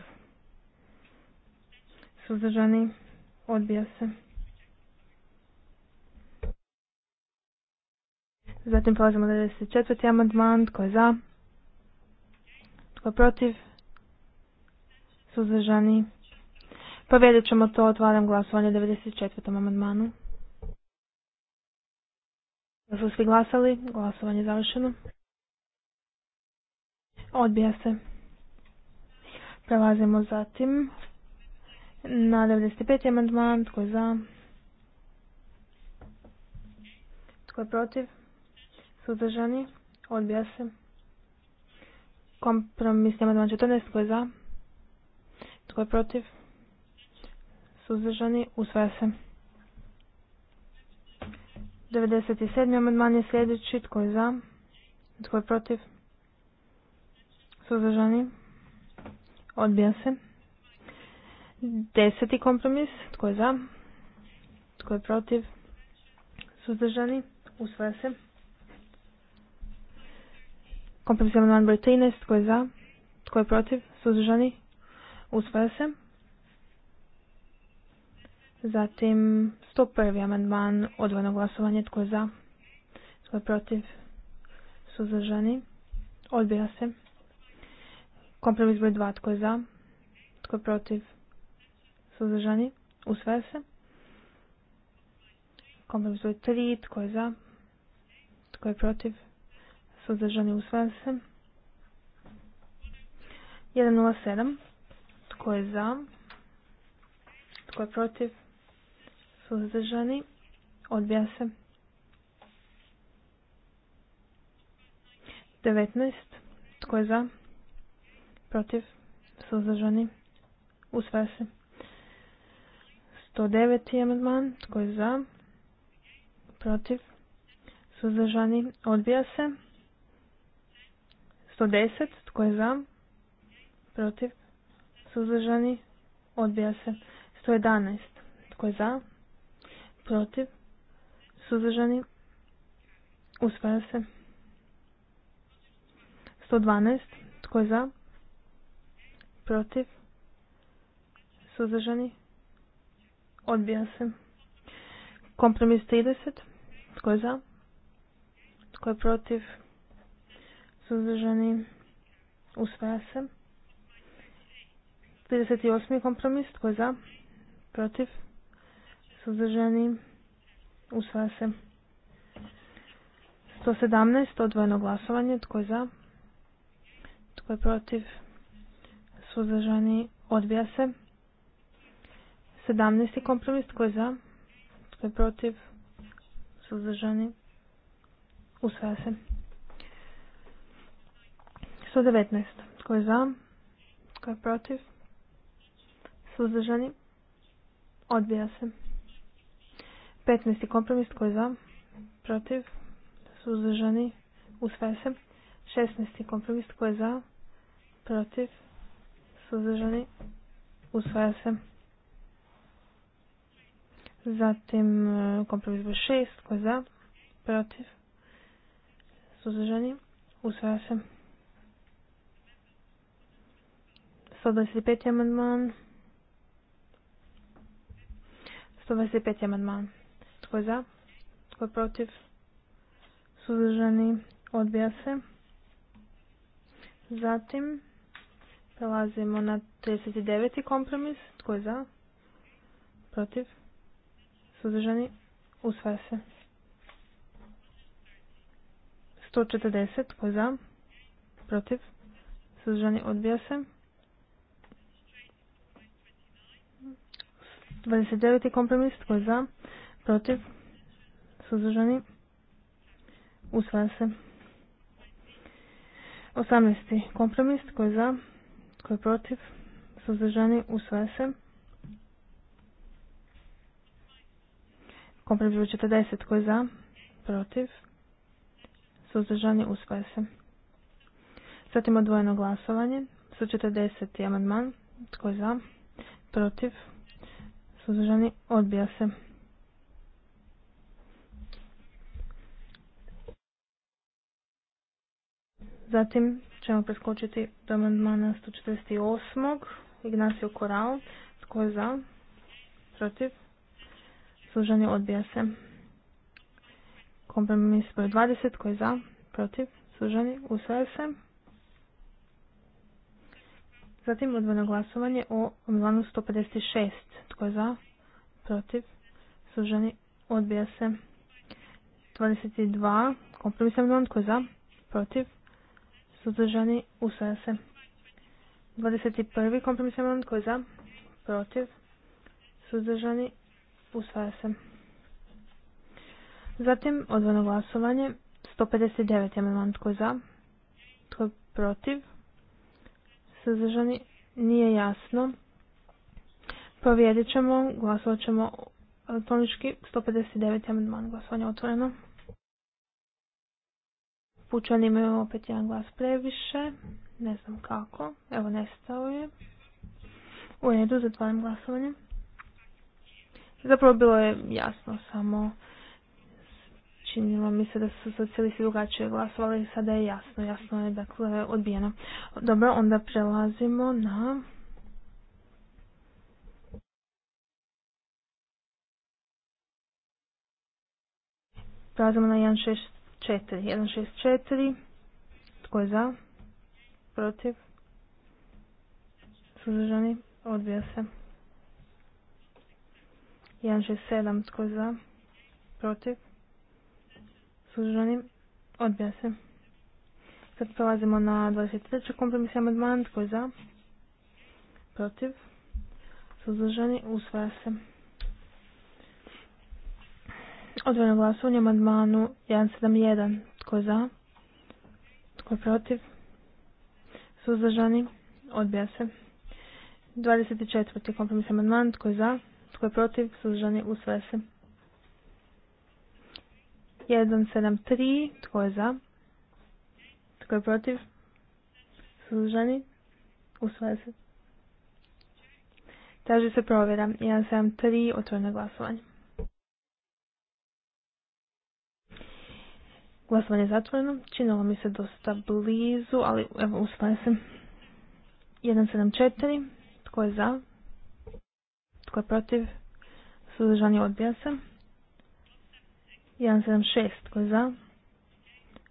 suzdržani, odbija se. Zatim prelazimo na 94. amandman, tko je za, tko je protiv, suzdržani. vidjet ćemo to, otvaram glasovanje 94. amandmanu. Da su svi glasali, glasovanje je završeno. Odbija se. Prelazimo zatim na 95. amandman, tko je za? Tko je protiv? Suzdržani? Odbija se. Kompromisni amandman 14. Tko je za? Tko je protiv? Suzdržani? Usvaja se. 97. amandman je sljedeći. Tko je za? Tko je protiv? Suzdržani? Odbija se. Deseti kompromis. Tko je za? Tko je protiv? Suzdržani? Usvaja se. Kompromis amandman broj 13. Tko je za? Tko je protiv? Suzdržani? Usvaja se. Zatim 101. amandman odvojeno glasovanje. Tko je za? Tko je protiv? Suzdržani? Odbija se. Kompromis broj 2. Tko je za? Tko je protiv? suzdržani, usvaja se. Kompromis broj tko je za, tko je protiv, suzdržani, usvaja se. 107, tko je za, tko je protiv, suzdržani, odbija se. 19, tko je za, protiv, suzdržani, usvaja se. 109. amandman. Tko je za? Protiv? Suzdržani? Odbija se. 110. Tko je za? Protiv? Suzdržani? Odbija se. 111. Tko je za? Protiv? Suzdržani? Usvaja se. 112. Tko je za? Protiv? Suzdržani? Odbija se. Kompromis 30. Tko je za? Tko je protiv? Suzdržani? Usvaja se. 38. kompromis. Tko je za? Protiv? Suzdržani? Usvaja se. 117. Odvojeno glasovanje. Tko je za? Tko je protiv? Suzdržani? Odbija se. 17. kompromis, tko je za? Tko je protiv? Suzdržani? Usvaja se. 119. Tko je za? Tko je protiv? Suzdržani? Odbija se. 15. kompromis, tko je za? Protiv? Suzdržani? Usvaja se. 16. kompromis, tko je za? Protiv? Suzdržani? Usvaja se. Zatim e, kompromis broj šest. ko je za, protiv, suzdržani, usvaja se. 125. amandman. 125. amandman. Tko je za? Tko je protiv? Suzdržani, odbija se. Zatim prelazimo na 39. kompromis. Tko je za? Protiv? Suzdržani? Usvaja se. 140. Ko je za? Protiv? Suzdržani? Odbija se. 29. kompromis. Ko je za? Protiv? Suzdržani? Usvaja se. 18. kompromis. Ko je za? ko je protiv? Suzdržani? Usvaja se. Kompromis broj 40. Tko je za? Protiv? Suzdržani usvaja se. Zatim odvojeno glasovanje. 140. amandman. Tko je za? Protiv? Suzdržani odbija se. Zatim ćemo preskočiti do amandmana 148. Ignacio Koral. Tko je za? Protiv? Služanje odbija se. Kompromis broj 20 koji je za, protiv, Služanje usvaja se. Zatim odvojeno glasovanje o amandmanu 156. Tko je za? Protiv? Služanje Odbija se. 22. Kompromis amandman. Tko je za? Protiv? Suzdržani? Usvaja se. 21. Kompromis amandman. Tko je za? Protiv? Suzdržani? Usvaja se. Zatim odvojno glasovanje 159 amandman tko je za, tko je protiv, suzdržani, nije jasno. Provjerit ćemo, glasovat ćemo elektronički 159 amandman glasovanje otvoreno. Pučani imaju opet jedan glas previše, ne znam kako, evo nestao je. U redu, zatvaram glasovanje. Zapravo bilo je jasno, samo činilo mi se da su socijalisti drugačije glasovali, sada je jasno, jasno je, dakle, odbijeno. Dobro, onda prelazimo na... Prelazimo na 164. 164. Tko je za? Protiv? Suzdržani? Odbija se. 167 tko je za? Protiv? Suzdržani? Odbija se. Sad prelazimo na 23. kompromis amandman. Tko je za? Protiv? Suzdržani? Usvaja se. Odvojeno glasovanje amandmanu 171. Tko je za? Tko je protiv? Suzdržani? Odbija se. 24. kompromis amandman. Tko je za? Tko je protiv? Suzdržani? Usvaja se. 173. Tko je za? Tko je protiv? Suzdržani? Usvaja se. Traži se provjera. 173. Otvoreno glasovanje. Glasovanje je zatvoreno. Činilo mi se dosta blizu, ali evo usvaja se. 174. Tko je za? Tko je protiv? Suzdržani odbija se. 176. Tko je za?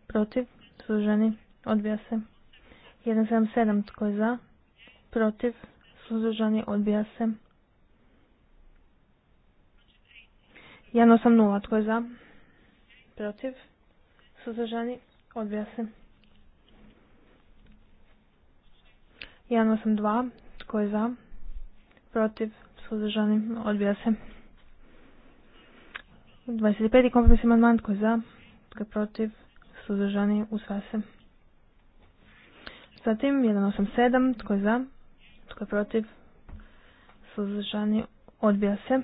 Protiv? Suzdržani odbija se. 177. Tko je za? Protiv? Suzdržani odbija se. 180. Tko je za? Protiv? Suzdržani odbija se. 182. Tko je za? Protiv? suzdržani, odbija se. 25. kompromis amandman tko je za, tko je protiv, suzdržani, usvaja se. Zatim 187, tko je za, tko je protiv, suzdržani, odbija se.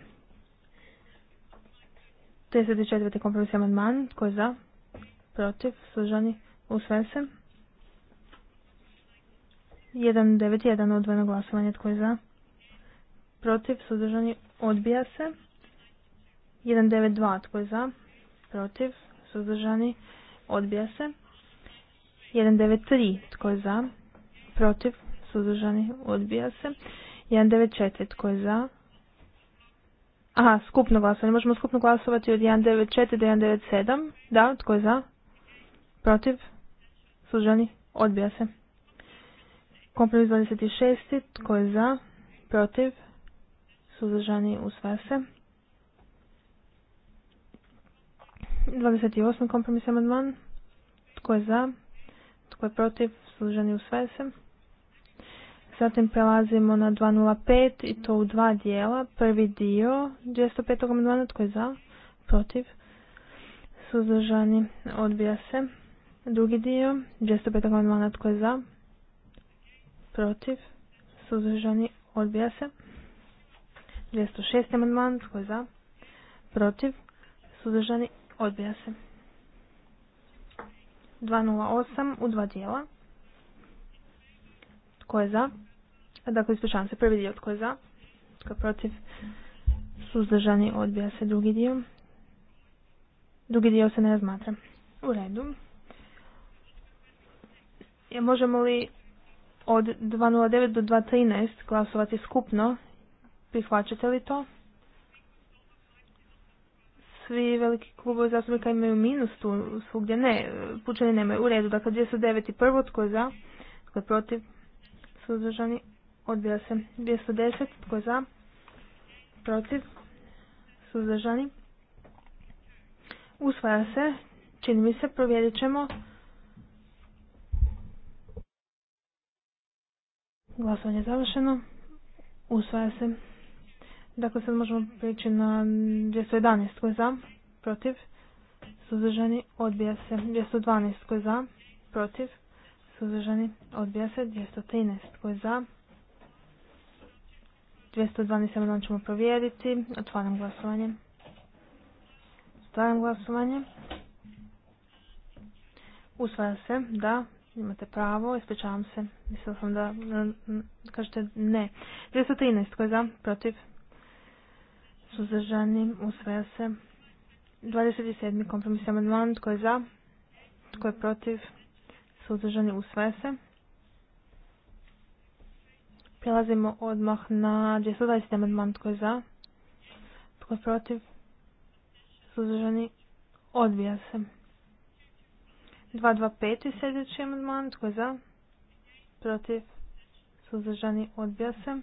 34. kompromis amandman tko je za, protiv, suzdržani, usvaja se. 191 odvojeno glasovanje tko je za, protiv, suzdržani, odbija se. 192 tko je za, protiv, suzdržani, odbija se. 193 tko je za, protiv, suzdržani, odbija se. 194 tko je za. Aha, skupno glasovanje. Možemo skupno glasovati od 194 do 197. Da, tko je za? Protiv? Suzdržani, odbija se. Kompromis 26. Tko je za? Protiv? suzdržani, usvaja se. 28. kompromis amandman. Tko je za? Tko je protiv? Suzdržani, usvaja se. Zatim prelazimo na 205 i to u dva dijela. Prvi dio 205. amandmana. Tko je za? Protiv? Suzdržani, odbija se. Drugi dio 205. amandmana. Tko je za? Protiv? Suzdržani, odbija se. 206. amandman, tko je za? Protiv? Suzdržani? Odbija se. 208 u dva dijela. Tko je za? Dakle, ispričavam se, prvi dio tko je za? Tko je protiv? Suzdržani? Odbija se drugi dio. Drugi dio se ne razmatra. U redu. možemo li od 209 do 213 glasovati skupno Prihvaćate li to? Svi veliki klubovi zastupnika imaju minus tu, svugdje ne, pučani nemaju u redu. Dakle, 209 i prvo, tko je za, tko je protiv, suzdržani, odbija se. 210, tko je za, protiv, suzdržani, usvaja se, čini mi se, provjerit ćemo. Glasovanje je završeno. Usvaja se. Dakle, sad možemo prići na 211 koji je za, protiv, suzdržani, odbija se. 212 koji je za, protiv, suzdržani, odbija se. 213 koji je za, 212 amandman ćemo provjeriti. Otvaram glasovanje. Otvaram glasovanje. Usvaja se, da, imate pravo, ispričavam se. Mislila sam da kažete ne. 213 koji je za, protiv, Suzdržani, usvaja se. 27. kompromis amandman, tko je za? Tko je protiv? Suzdržani, usvaja se. Prelazimo odmah na 220. amandman, tko je za? Tko je protiv? Suzdržani, odbija se. 225. sljedeći amandman, tko je za? Protiv? Suzdržani, odbija se.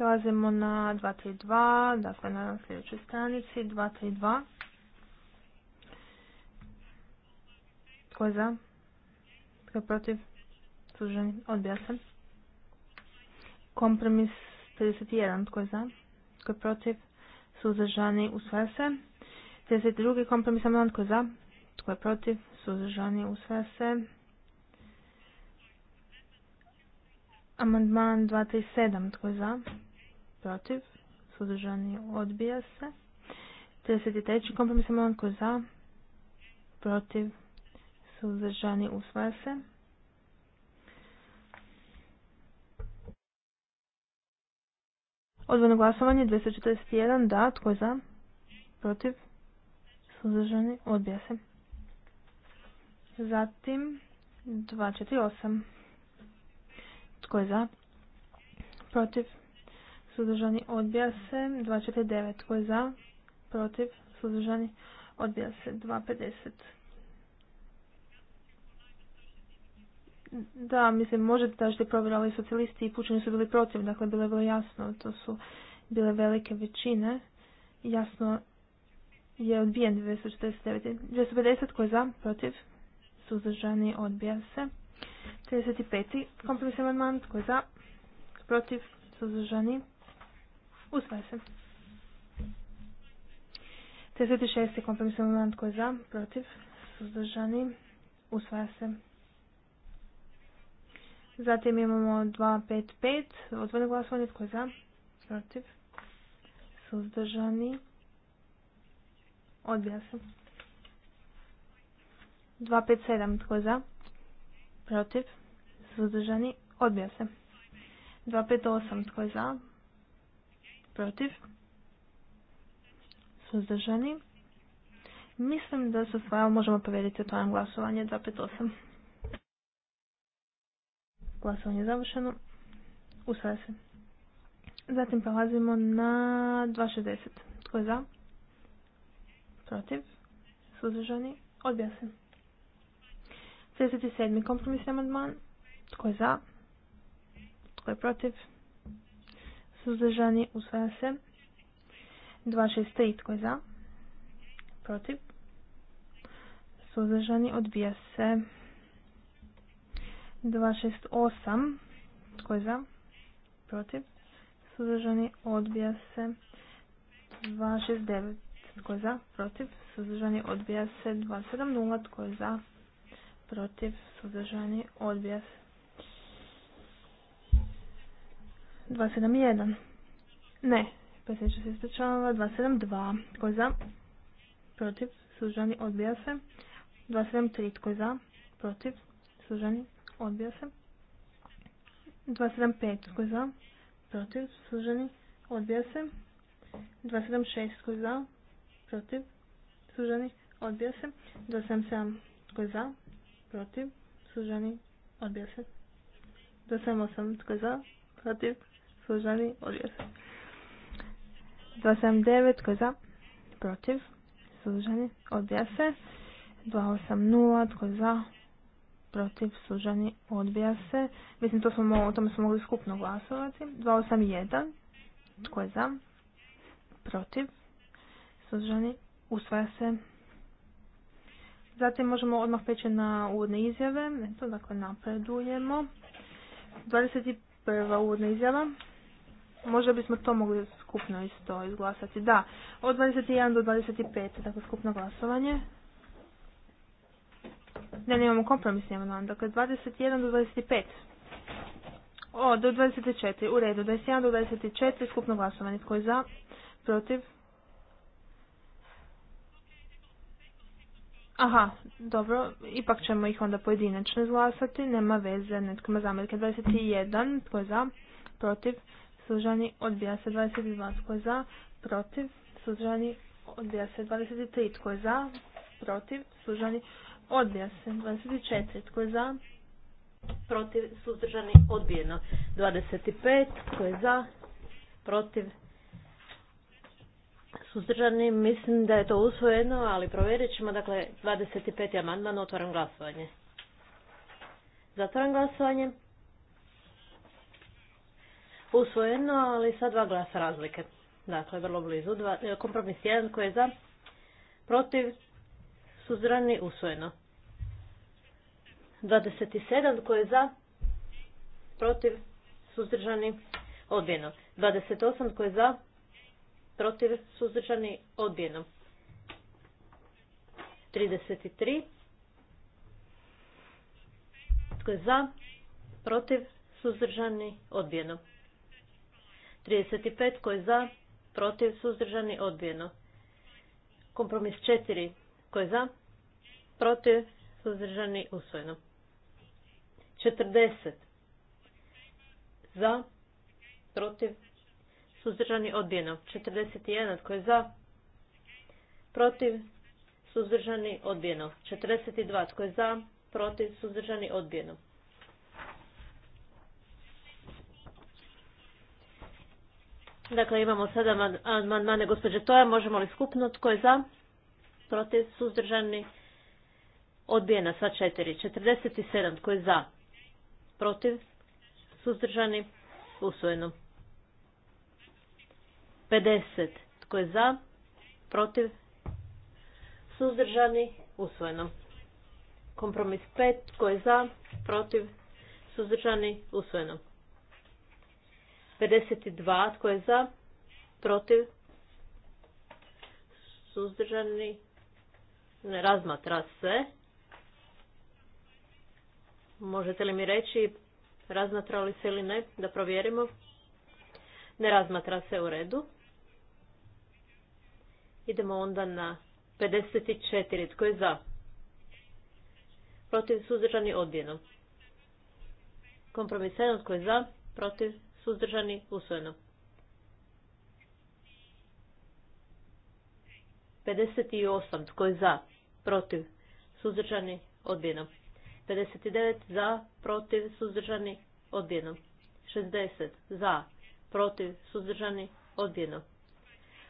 Prelazimo na 232, dakle na sljedećoj stranici, 232. Tko je za? Tko je protiv? Suženi, odbija se. Kompromis 31, tko je za? Tko je protiv? Suzdržani, usvaja se. 32. kompromis amandman, tko je za? Tko je protiv? Suzdržani, usvaja se. Amandman 237, tko je za? protiv, suzdržani, odbija se. 33. kompromis amandman Tko za, protiv, suzdržani, usvaja se. Odvojno glasovanje 241, da, tko je za, protiv, suzdržani, odbija se. Zatim 248, tko je za, protiv, suzdržani, odbija se. 249 tko je za, protiv, suzdržani, odbija se. 250. Da, mislim, možete tražiti provjeru, ali socijalisti i pučani su bili protiv, dakle, bilo je vrlo jasno, to su bile velike većine. Jasno je odbijen 249. 250 tko je za, protiv, suzdržani, odbija se. 35. kompromis amandman, tko je za, protiv, suzdržani, Usvaja se. 36. kompromisni moment. tko je za, protiv, suzdržani, usvaja se. Zatim imamo 255, odvojeno glasovanje, tko je za, protiv, suzdržani, odbija se. 257, tko je za, protiv, suzdržani, odbija se. 258, tko je za, Protiv? Suzdržani? Mislim da se usvaja, možemo povjeriti tojem glasovanje 258. Glasovanje je završeno. Usvaja se. Zatim prelazimo na 260. Tko je za? Protiv? Suzdržani? Odbija se. 37. kompromisni amandman. Tko je za? Tko je protiv? suzdržani, usvaja se. 263 tko je za, protiv, suzdržani, odbija se. 268 tko je za, protiv, suzdržani, odbija se. 269 tko je za, protiv, suzdržani, odbija se. 270 tko je za, protiv, suzdržani, odbija se. 271. Ne, predsjedniče se ispričava. 272. Tko je za? Protiv. Suđani odbija se. 273. Tko je za? Protiv. Suđani odbija se. 275. Tko je za? Protiv. Suđani odbija se. 276. Tko je za? Protiv. Suđani odbija se. 277. Tko je za? Protiv. Suđani odbija se. 278. Tko je za? Protiv suzdržani, odbija se. 279 tko je za, protiv, sužani, odbija se. 280 tko je za, protiv, sužani, odbija se. Mislim, to smo, o tome smo mogli skupno glasovati. 281 tko je za, protiv, sužani, usvaja se. Zatim možemo odmah peći na uvodne izjave. Eto, dakle, napredujemo. 21. uvodna izjava. Možda bismo to mogli skupno isto izglasati. Da, od 21 do 25, dakle skupno glasovanje. Ne, nemamo kompromisni nam. dakle 21 do 25. O, do 24, u redu, 21 do 24, skupno glasovanje. Tko je za? Protiv? Aha, dobro, ipak ćemo ih onda pojedinačno izglasati, nema veze, netko ima zamjerke. 21, tko je za? Protiv? suzdržani, odbija se 22. Tko je za? Protiv, suzdržani, odbija se 23. Tko je za? Protiv, suzdržani, odbija se 24. Tko je za? Protiv, suzdržani, odbijeno 25. Tko je za? Protiv, suzdržani, mislim da je to usvojeno, ali provjerit ćemo. Dakle, 25. amandman, otvaram glasovanje. Zatvaram glasovanje usvojeno, ali sa dva glasa razlike. Dakle, vrlo blizu. Dva, e, kompromis 1 koji je za, protiv, suzdrani, usvojeno. 27 koji je za, protiv, suzdržani, odbijeno. 28 koji je za, protiv, suzdržani, odbijeno. 33 tko je za, protiv, suzdržani, odbijeno. 35 tko je za, protiv, suzdržani, odbijeno. Kompromis 4 tko je za, protiv, suzdržani, usvojeno. 40 za, protiv, suzdržani, odbijeno. 41 tko je za, protiv, suzdržani, odbijeno. 42 tko je za, protiv, suzdržani, odbijeno. Dakle, imamo sada amandmane gospođe Toja. Možemo li skupno? Tko je za? Protiv? Suzdržani? Odbijena sva četiri. 47. Tko je za? Protiv? Suzdržani? Usvojeno. 50. Tko je za? Protiv? Suzdržani? Usvojeno. Kompromis 5. Tko je za? Protiv? Suzdržani? Usvojeno. 52. Tko je za? Protiv? Suzdržani? Ne razmatra se. Možete li mi reći razmatra li se ili ne? Da provjerimo. Ne razmatra se u redu. Idemo onda na 54. Tko je za? Protiv suzdržani odbijeno. Kompromisajno. Tko je za? Protiv suzdržani, usvojeno. 58. Tko je za? Protiv. Suzdržani. Odbijeno. 59. Za. Protiv. Suzdržani. Odbijeno. 60. Za. Protiv. Suzdržani. Odbijeno.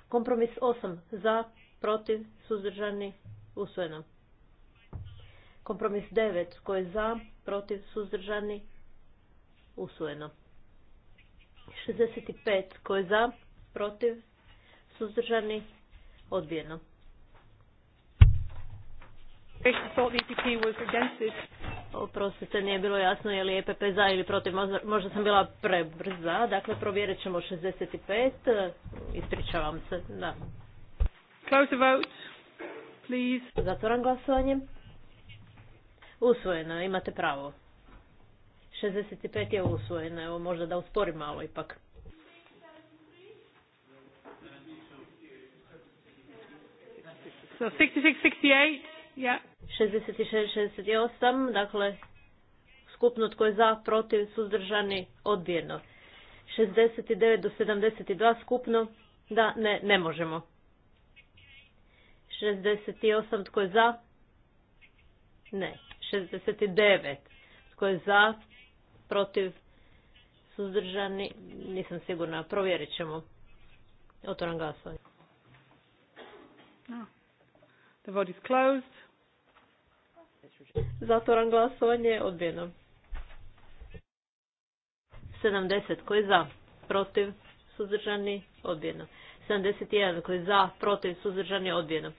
Kompromis 8. Za. Protiv. Suzdržani. Usvojeno. Kompromis 9. Tko je za? Protiv. Suzdržani. Usvojeno. 65. Tko je za? Protiv? Suzdržani? Odbijeno. Oprostite, nije bilo jasno je li EPP za ili protiv, možda sam bila prebrza, dakle provjerit ćemo 65, ispričavam se, da. Close vote, please. Zatvoram glasovanje. Usvojeno, imate pravo. 65 je usvojeno, evo možda da usporim malo ipak. So 66, 68, yeah. 66, 68, dakle skupno tko je za, protiv, suzdržani, odbijeno. 69 do 72 skupno, da, ne, ne možemo. 68 tko je za, ne. 69 tko je za, protiv, suzdržani, nisam sigurna, provjerit ćemo. Otvoram glasovanje. The vote is closed. Zatvoram glasovanje, odbijeno. 70 koji za, protiv, suzdržani, odbijeno. 71 koji za, protiv, suzdržani, odbijeno.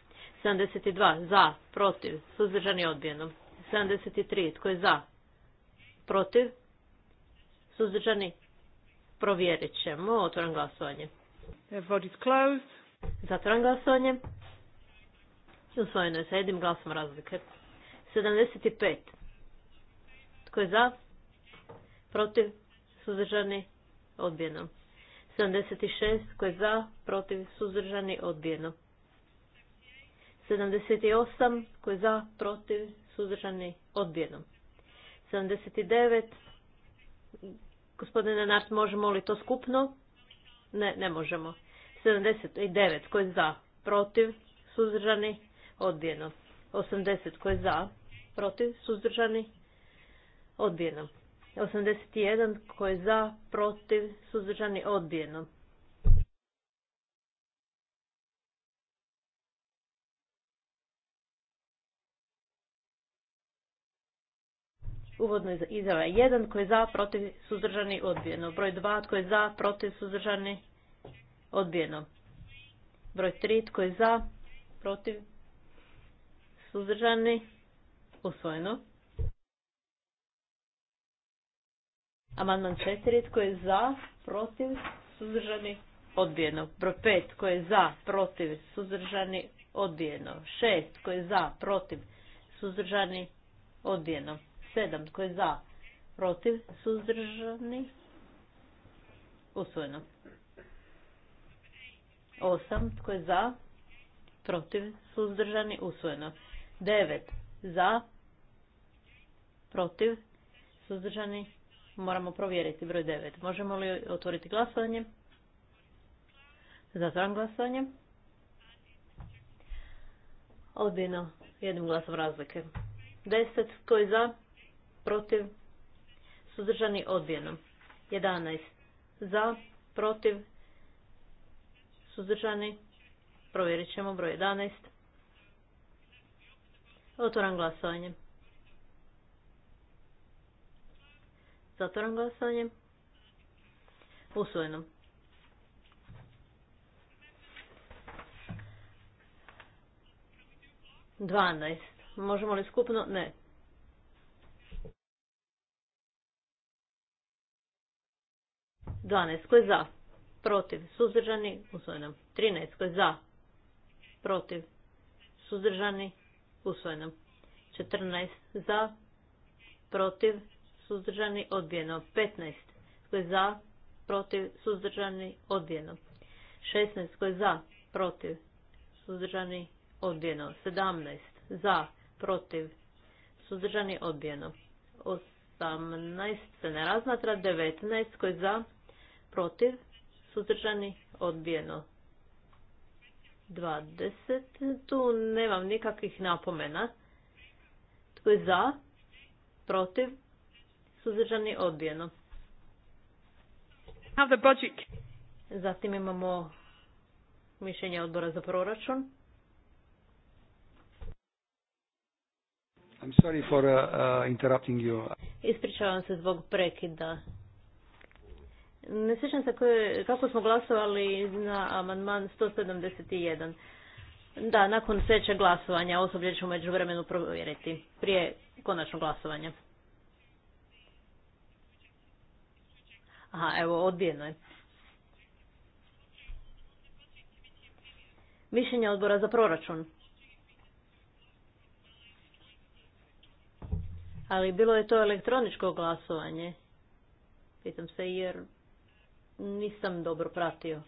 72 za, protiv, suzdržani, odbijeno. 73 koji je za, protiv, Suzdržani? Provjerit ćemo. Otvoram glasovanje. Vote is closed. Zatvoram glasovanje. Usvojeno je sa jednim glasom razlike. 75. Tko je za? Protiv? Suzdržani? Odbijeno. 76. Tko je za? Protiv? Suzdržani? Odbijeno. 78. Tko je za? Protiv? Suzdržani? Odbijeno. 79. Gospodine Nart, možemo li to skupno? Ne, ne možemo. 79 koji je za, protiv, suzdržani, odbijeno. 80 koji je za, protiv, suzdržani, odbijeno. 81 koji je za, protiv, suzdržani, odbijeno. Uvodno izjava 1, tko je za, protiv, suzdržani, odbijeno. Broj 2, tko je za, protiv, suzdržani, odbijeno. Broj 3, tko je za, protiv, suzdržani, usvojeno. Amandman 4, tko je za, protiv, suzdržani, odbijeno. Broj 5, tko je za, protiv, suzdržani, odbijeno. 6, tko je za, protiv, suzdržani, odbijeno. 7. Tko je za? Protiv? Suzdržani? Usvojeno. Osam, Tko je za? Protiv? Suzdržani? Usvojeno. Devet, Za? Protiv? Suzdržani? Moramo provjeriti broj devet. Možemo li otvoriti glasovanje? Zatvaram glasovanje. Odbijeno. Jednim glasom razlike. Deset, Tko je za? protiv, suzdržani odbijeno. 11 za, protiv, suzdržani, provjerit ćemo broj 11. Otvoram glasovanje. Zatvoram glasovanje. Usvojeno. Dvanaest. Možemo li skupno? Ne. 12 je za, protiv, suzdržani, usvojeno. 13 je za, protiv, suzdržani, usvojeno. 14 za, protiv, suzdržani, odbijeno. 15 je za, protiv, suzdržani, odbijeno. 16 je za, protiv, suzdržani, odbijeno. 17 za, protiv, suzdržani, odbijeno. 18 se ne razmatra, 19 koji za, protiv, suzdržani, odbijeno. 20. Tu nemam nikakvih napomena. Tko je za, protiv, suzdržani, odbijeno. Zatim imamo mišljenje odbora za proračun. Uh, uh, Ispričavam se zbog prekida. Ne sjećam se kako smo glasovali na amandman 171. Da, nakon sljedećeg glasovanja osoblje ću među vremenu provjeriti prije konačnog glasovanja. Aha, evo, odbijeno je. Mišljenje odbora za proračun. Ali bilo je to elektroničko glasovanje. Pitam se jer nisam dobro pratio.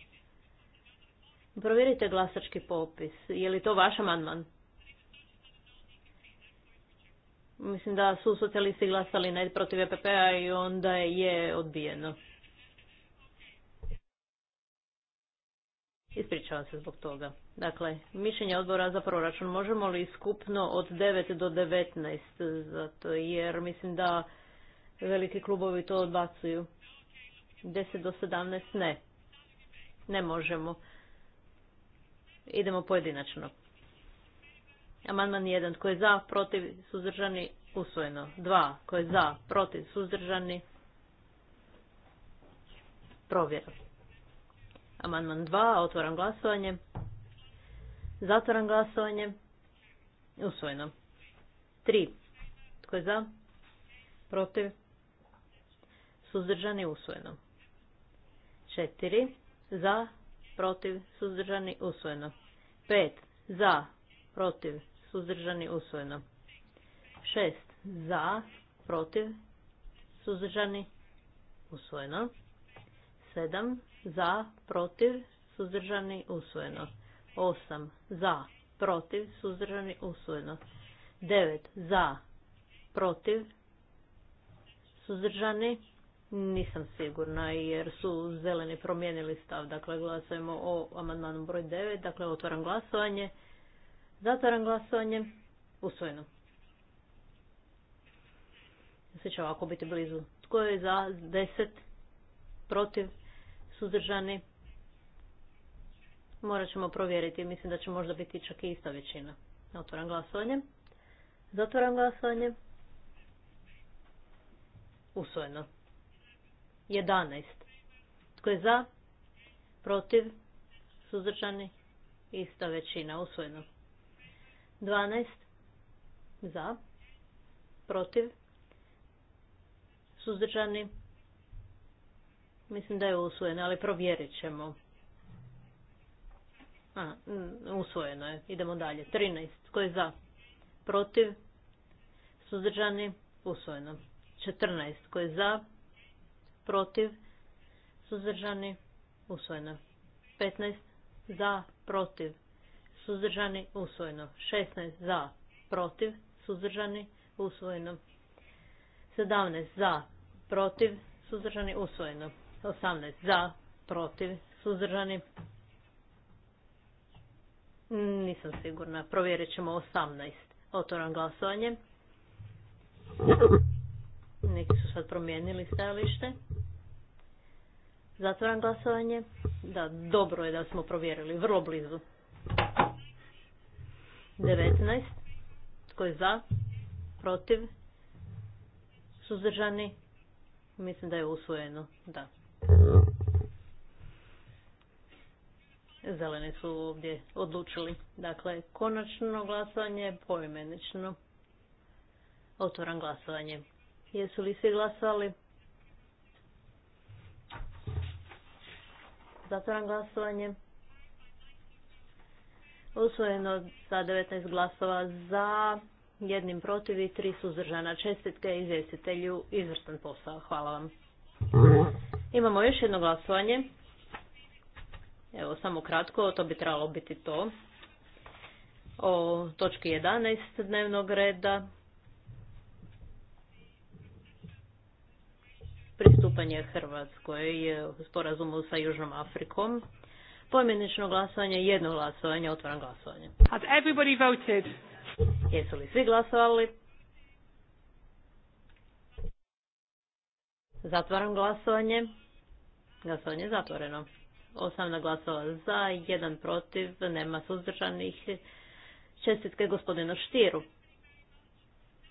Provjerite glasački popis. Je li to vaš amandman? Mislim da su socijalisti glasali ne protiv EPP-a i onda je odbijeno. Ispričavam se zbog toga. Dakle, mišljenje odbora za proračun možemo li skupno od 9 do 19, zato jer mislim da veliki klubovi to odbacuju. Deset do sedamnaest, ne. Ne možemo. Idemo pojedinačno. Amandman 1. Tko je za, protiv, suzdržani, usvojeno. Dva, Tko je za, protiv, suzdržani, provjera. Amandman dva, Otvoram glasovanje. Zatvoram glasovanje. Usvojeno. 3. Tko je za, protiv, suzdržani, usvojeno. 4 za, protiv, suzdržani, usvojeno. 5 za, protiv, suzdržani, usvojeno. 6 za, protiv, suzdržani, usvojeno. 7 za, protiv, suzdržani, usvojeno. 8 za, protiv, suzdržani, usvojeno. 9 za, protiv, suzdržani, usvojeno nisam sigurna jer su zeleni promijenili stav. Dakle, glasujemo o amandmanu broj 9. Dakle, otvaram glasovanje. Zatvaram glasovanje. Usvojeno. Sve će ovako biti blizu. Tko je za 10? Protiv? Suzdržani? Morat ćemo provjeriti. Mislim da će možda biti čak i ista većina. Otvaram glasovanje. Zatvaram glasovanje. Usvojeno. 11. Tko je za? Protiv? Suzdržani? Ista većina. Usvojeno. 12. Za? Protiv? Suzdržani? Mislim da je usvojeno, ali provjerit ćemo. A, mm, usvojeno je. Idemo dalje. Trinaest, Tko je za? Protiv? Suzdržani? Usvojeno. Četrnaest, Tko je za? protiv, suzdržani, usvojeno. 15 za, protiv, suzdržani, usvojeno. 16 za, protiv, suzdržani, usvojeno. 17 za, protiv, suzdržani, usvojeno. 18 za, protiv, suzdržani. Nisam sigurna. Provjerit ćemo 18. Otvoram glasovanje. Neki su sad promijenili stajalište. Zatvoram glasovanje. Da, dobro je da smo provjerili. Vrlo blizu. 19. Tko je za? Protiv? Suzdržani? Mislim da je usvojeno. Da. Zeleni su ovdje odlučili. Dakle, konačno glasovanje poimenično. Otvoram glasovanje. Jesu li svi glasovali? Zatvoram glasovanje. Usvojeno sa 19 glasova za, jednim protiv i tri suzdržana. Čestitke izvjestitelju, izvrstan posao. Hvala vam. Imamo još jedno glasovanje. Evo, samo kratko, to bi trebalo biti to. O točki 11 dnevnog reda. pristupanje Hrvatskoj u sporazumu sa Južnom Afrikom. Pojmenično glasovanje, jedno glasovanje, otvoran glasovanje. Has everybody voted? Jesu li svi glasovali? Zatvaram glasovanje. Glasovanje je zatvoreno. Osamna glasova za, jedan protiv, nema suzdržanih. Čestitke gospodinu Štiru.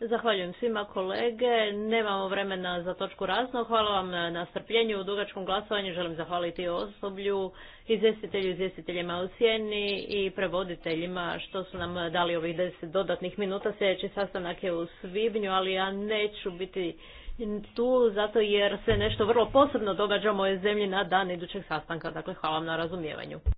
Zahvaljujem svima kolege. Nemamo vremena za točku razno. Hvala vam na strpljenju u dugačkom glasovanju. Želim zahvaliti osoblju, izvjestitelju, izvjestiteljima u sjeni i prevoditeljima što su nam dali ovih 10 dodatnih minuta. Sljedeći sastanak je u svibnju, ali ja neću biti tu zato jer se nešto vrlo posebno događa u mojoj zemlji na dan idućeg sastanka. Dakle, hvala vam na razumijevanju.